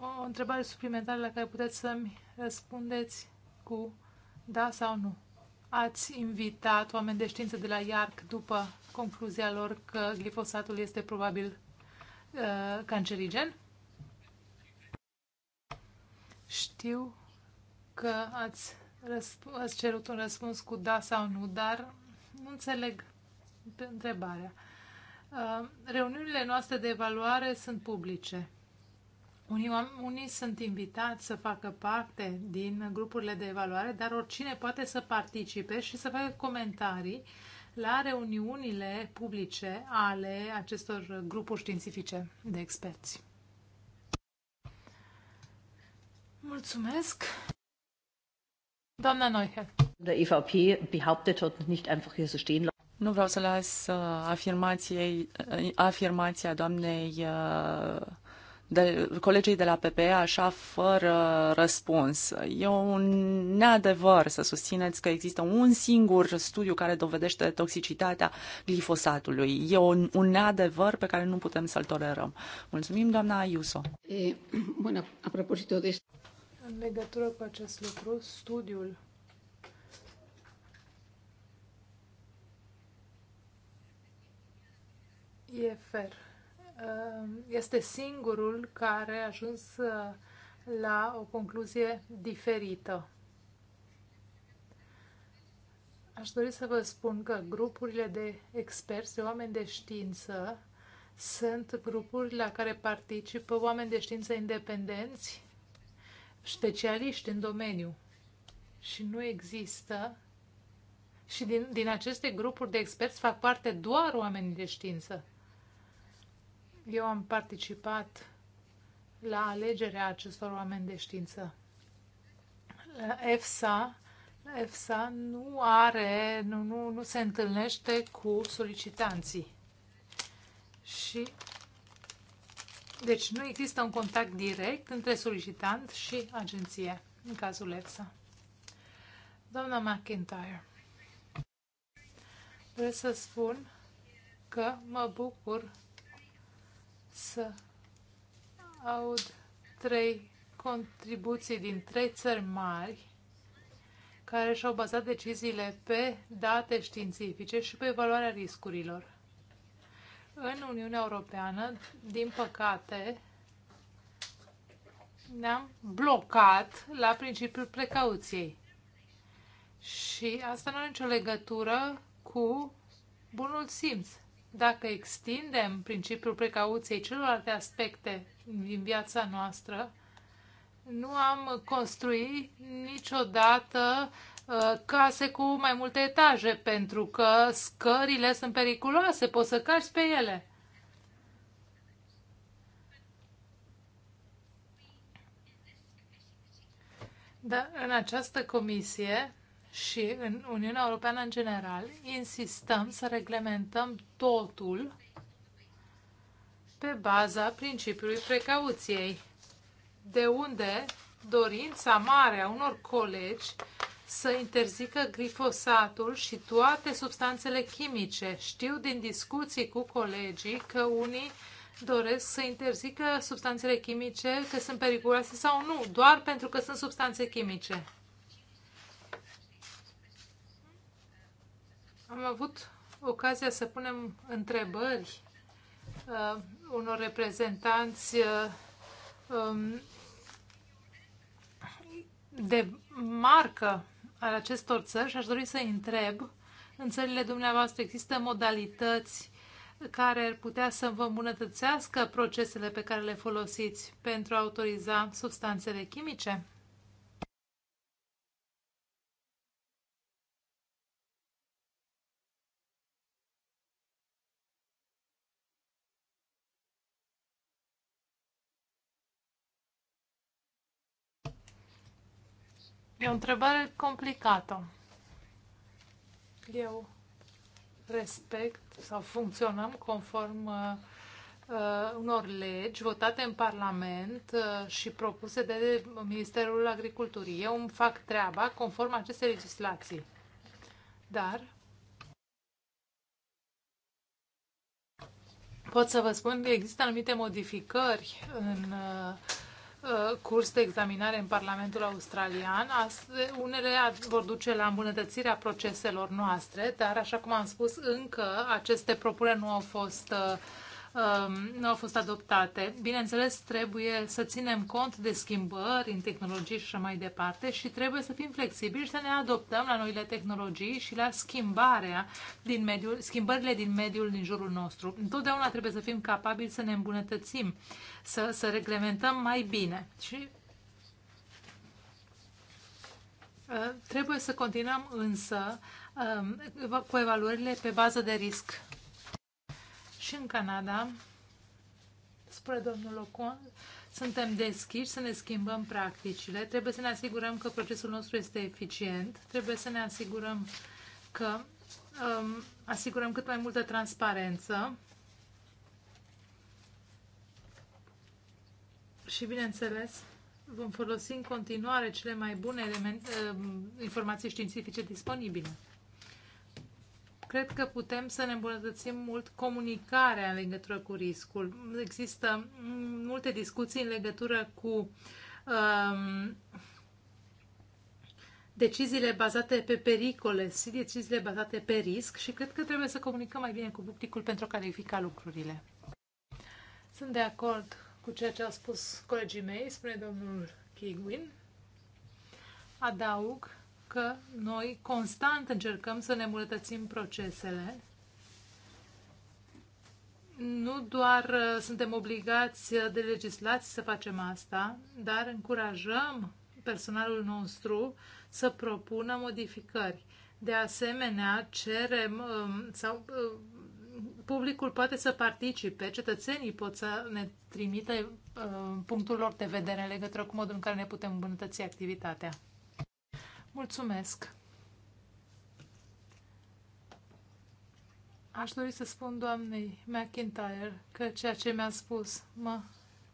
o întrebare suplimentară la care puteți să-mi răspundeți cu da sau nu. Ați invitat oameni de știință de la IARC după concluzia lor că glifosatul este probabil uh, cancerigen? Știu că ați, ați cerut un răspuns cu da sau nu, dar nu înțeleg întrebarea. Uh, reuniunile noastre de evaluare sunt publice unii, unii sunt invitați să facă parte din grupurile de evaluare, dar oricine poate să participe și să facă comentarii la reuniunile publice ale acestor grupuri științifice de experți. Mulțumesc! Doamna Neuchel. Der EVP behauptet hat nicht einfach hier so stehen Nu vreau să las uh, uh, afirmația doamnei uh, de colegii de la PPE așa fără răspuns. E un neadevăr să susțineți că există un singur studiu care dovedește toxicitatea glifosatului. E un, un neadevăr pe care nu putem să-l tolerăm. Mulțumim, doamna Iuso. bună, apropo de... În legătură cu acest lucru, studiul e fer Ehm, este singurul care a ajuns uh, la o concluzie diferită. Aș dori să vă spun că grupurile de experți, de oameni de știință, sunt grupuri la care participă oameni de știință independenți, specialiști în domeniu. Și nu există. Și din, din aceste grupuri de experți fac parte doar oameni de știință. Eu am participat la alegerea acestor oameni de știință. EFSA, EFSA nu are, nu, nu, nu se întâlnește cu solicitanții. Și deci nu există un contact direct între solicitant și agenție în cazul EFSA. Doamna McIntyre, vreau să spun că mă bucur să aud trei contribuții din trei țări mari care și-au bazat deciziile pe date științifice și pe evaluarea riscurilor. În Uniunea Europeană, din păcate, ne-am blocat la principiul precauției. Și asta nu are nicio legătură cu bunul simț. Dacă extindem principiul precauției celorlalte aspecte din viața noastră, nu am construit niciodată uh, case cu mai multe etaje, pentru că scările sunt periculoase, poți să cași pe ele. Dar în această comisie și în Uniunea Europeană în general insistăm să reglementăm totul pe baza principiului precauției. De unde dorința mare a unor colegi să interzică glifosatul și toate substanțele chimice. Știu din discuții cu colegii că unii doresc să interzică substanțele chimice, că sunt periculoase sau nu, doar pentru că sunt substanțe chimice. Am avut ocazia să punem întrebări uh, unor reprezentanți uh, um, de marcă al acestor țări și aș dori să întreb, în țările dumneavoastră există modalități care ar putea să vă îmbunătățească procesele pe care le folosiți pentru a autoriza substanțele chimice? E o întrebare complicată. Eu respect sau funcționăm conform uh, uh, unor legi votate în Parlament uh, și propuse de Ministerul Agriculturii. Eu îmi fac treaba conform acestei legislații. Dar pot să vă spun că există anumite modificări în uh, Uh, curs de examinare în Parlamentul Australian. Unele vor duce la îmbunătățirea proceselor noastre, dar, așa cum am spus, încă aceste propuneri nu au fost uh, Um, nu au fost adoptate. Bineînțeles, trebuie să ținem cont de schimbări în tehnologii și așa mai departe și trebuie să fim flexibili și să ne adoptăm la noile tehnologii și la schimbarea din mediul, schimbările din mediul din jurul nostru. Întotdeauna trebuie să fim capabili să ne îmbunătățim, să, să reglementăm mai bine. Și uh, Trebuie să continuăm însă um, cu evaluările pe bază de risc și în Canada, spre domnul Locon, suntem deschiși să ne schimbăm practicile, trebuie să ne asigurăm că procesul nostru este eficient, trebuie să ne asigurăm că um, asigurăm cât mai multă transparență și, bineînțeles, vom folosi în continuare cele mai bune element, uh, informații științifice disponibile. Cred că putem să ne îmbunătățim mult comunicarea în legătură cu riscul. Există multe discuții în legătură cu um, deciziile bazate pe pericole și deciziile bazate pe risc și cred că trebuie să comunicăm mai bine cu publicul pentru a clarifica lucrurile. Sunt de acord cu ceea ce au spus colegii mei, spune domnul Kigwin. Adaug că noi constant încercăm să ne îmbunătățim procesele. Nu doar uh, suntem obligați de legislație să facem asta, dar încurajăm personalul nostru să propună modificări. De asemenea, cerem um, sau uh, publicul poate să participe, cetățenii pot să ne trimită uh, punctul lor de vedere în legătură cu modul în care ne putem îmbunătăți activitatea. Mulțumesc! Aș dori să spun doamnei McIntyre că ceea ce mi-a spus mă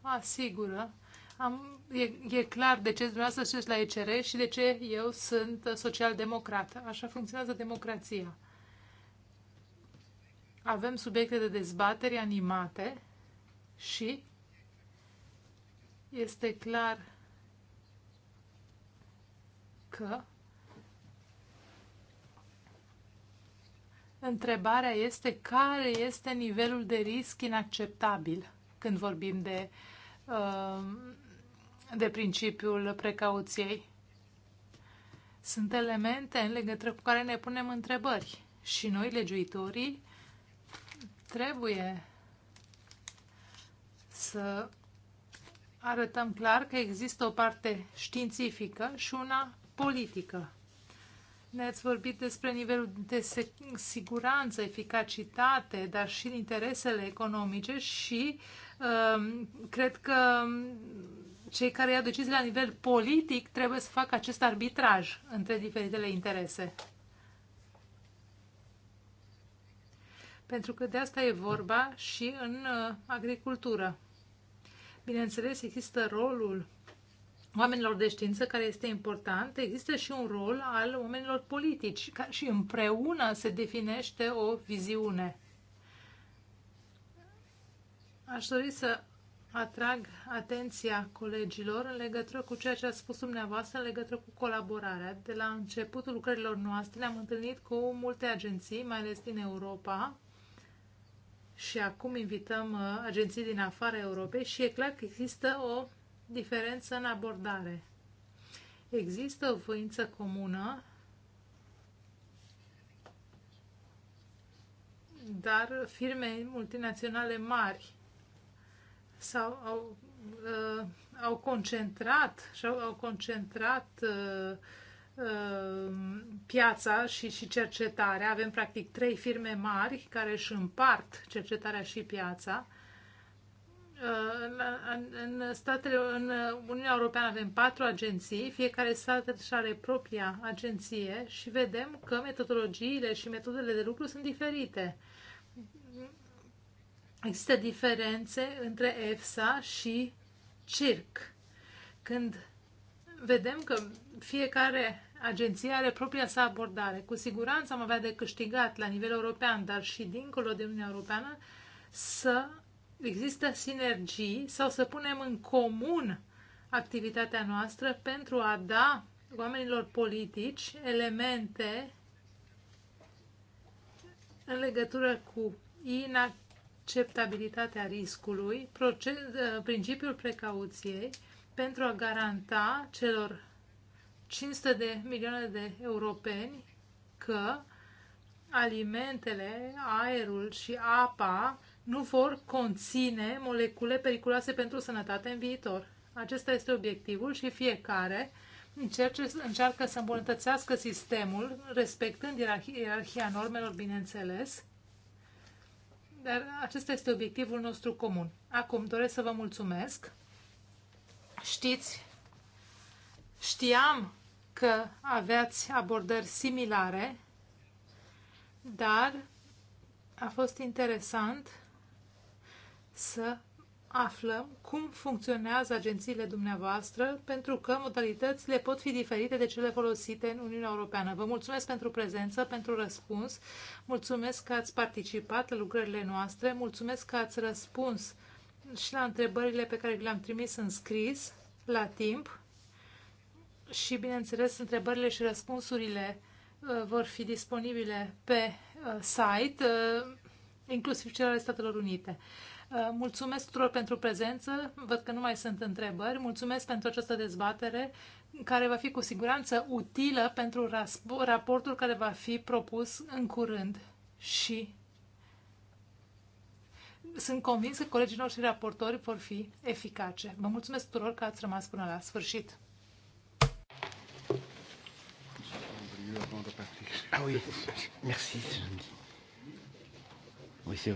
asigură. Am, e, e clar de ce dumneavoastră sunteți la ECR și de ce eu sunt social-democrată. Așa funcționează democrația. Avem subiecte de dezbatere animate și este clar că Întrebarea este care este nivelul de risc inacceptabil când vorbim de, uh, de principiul precauției. Sunt elemente în legătură cu care ne punem întrebări și noi, legiuitorii, trebuie să arătăm clar că există o parte științifică și una politică ne-ați vorbit despre nivelul de siguranță, eficacitate, dar și interesele economice și um, cred că cei care iau decizii la nivel politic trebuie să facă acest arbitraj între diferitele interese. Pentru că de asta e vorba și în uh, agricultură. Bineînțeles, există rolul oamenilor de știință, care este important, există și un rol al oamenilor politici ca și împreună se definește o viziune. Aș dori să atrag atenția colegilor în legătură cu ceea ce a spus dumneavoastră în legătură cu colaborarea. De la începutul lucrărilor noastre ne-am întâlnit cu multe agenții, mai ales din Europa, și acum invităm uh, agenții din afara Europei și e clar că există o diferență în abordare. Există o voință comună, dar firme multinaționale mari sau au, uh, au concentrat și au, au concentrat uh, uh piața și, și cercetarea. Avem practic trei firme mari care își împart cercetarea și piața Uh, în, statele, în Uniunea Europeană avem patru agenții, fiecare stat își are propria agenție și vedem că metodologiile și metodele de lucru sunt diferite. Există diferențe între EFSA și CIRC. Când vedem că fiecare agenție are propria sa abordare. Cu siguranță am avea de câștigat la nivel european, dar și dincolo de Uniunea Europeană, să există sinergii sau să punem în comun activitatea noastră pentru a da oamenilor politici elemente în legătură cu inacceptabilitatea riscului, eh, principiul precauției, pentru a garanta celor 500 de milioane de europeni că alimentele, aerul și apa nu vor conține molecule periculoase pentru sănătate în viitor. Acesta este obiectivul și fiecare încerce, încearcă să îmbunătățească sistemul, respectând ierarhia normelor, bineînțeles, dar acesta este obiectivul nostru comun. Acum doresc să vă mulțumesc. Știți, știam că aveați abordări similare, dar a fost interesant să aflăm cum funcționează agențiile dumneavoastră, pentru că modalitățile pot fi diferite de cele folosite în Uniunea Europeană. Vă mulțumesc pentru prezență, pentru răspuns, mulțumesc că ați participat la lucrările noastre, mulțumesc că ați răspuns și la întrebările pe care le-am trimis în scris, la timp, și, bineînțeles, întrebările și răspunsurile uh, vor fi disponibile pe uh, site, uh, inclusiv cele ale Statelor Unite. Uh, mulțumesc tuturor pentru prezență. Văd că nu mai sunt întrebări. Mulțumesc pentru această dezbatere care va fi cu siguranță utilă pentru raportul care va fi propus în curând și sunt convins că colegii noștri raportori vor fi eficace. Vă mulțumesc tuturor că ați rămas până la sfârșit. Ah oui, merci. Oui, c'est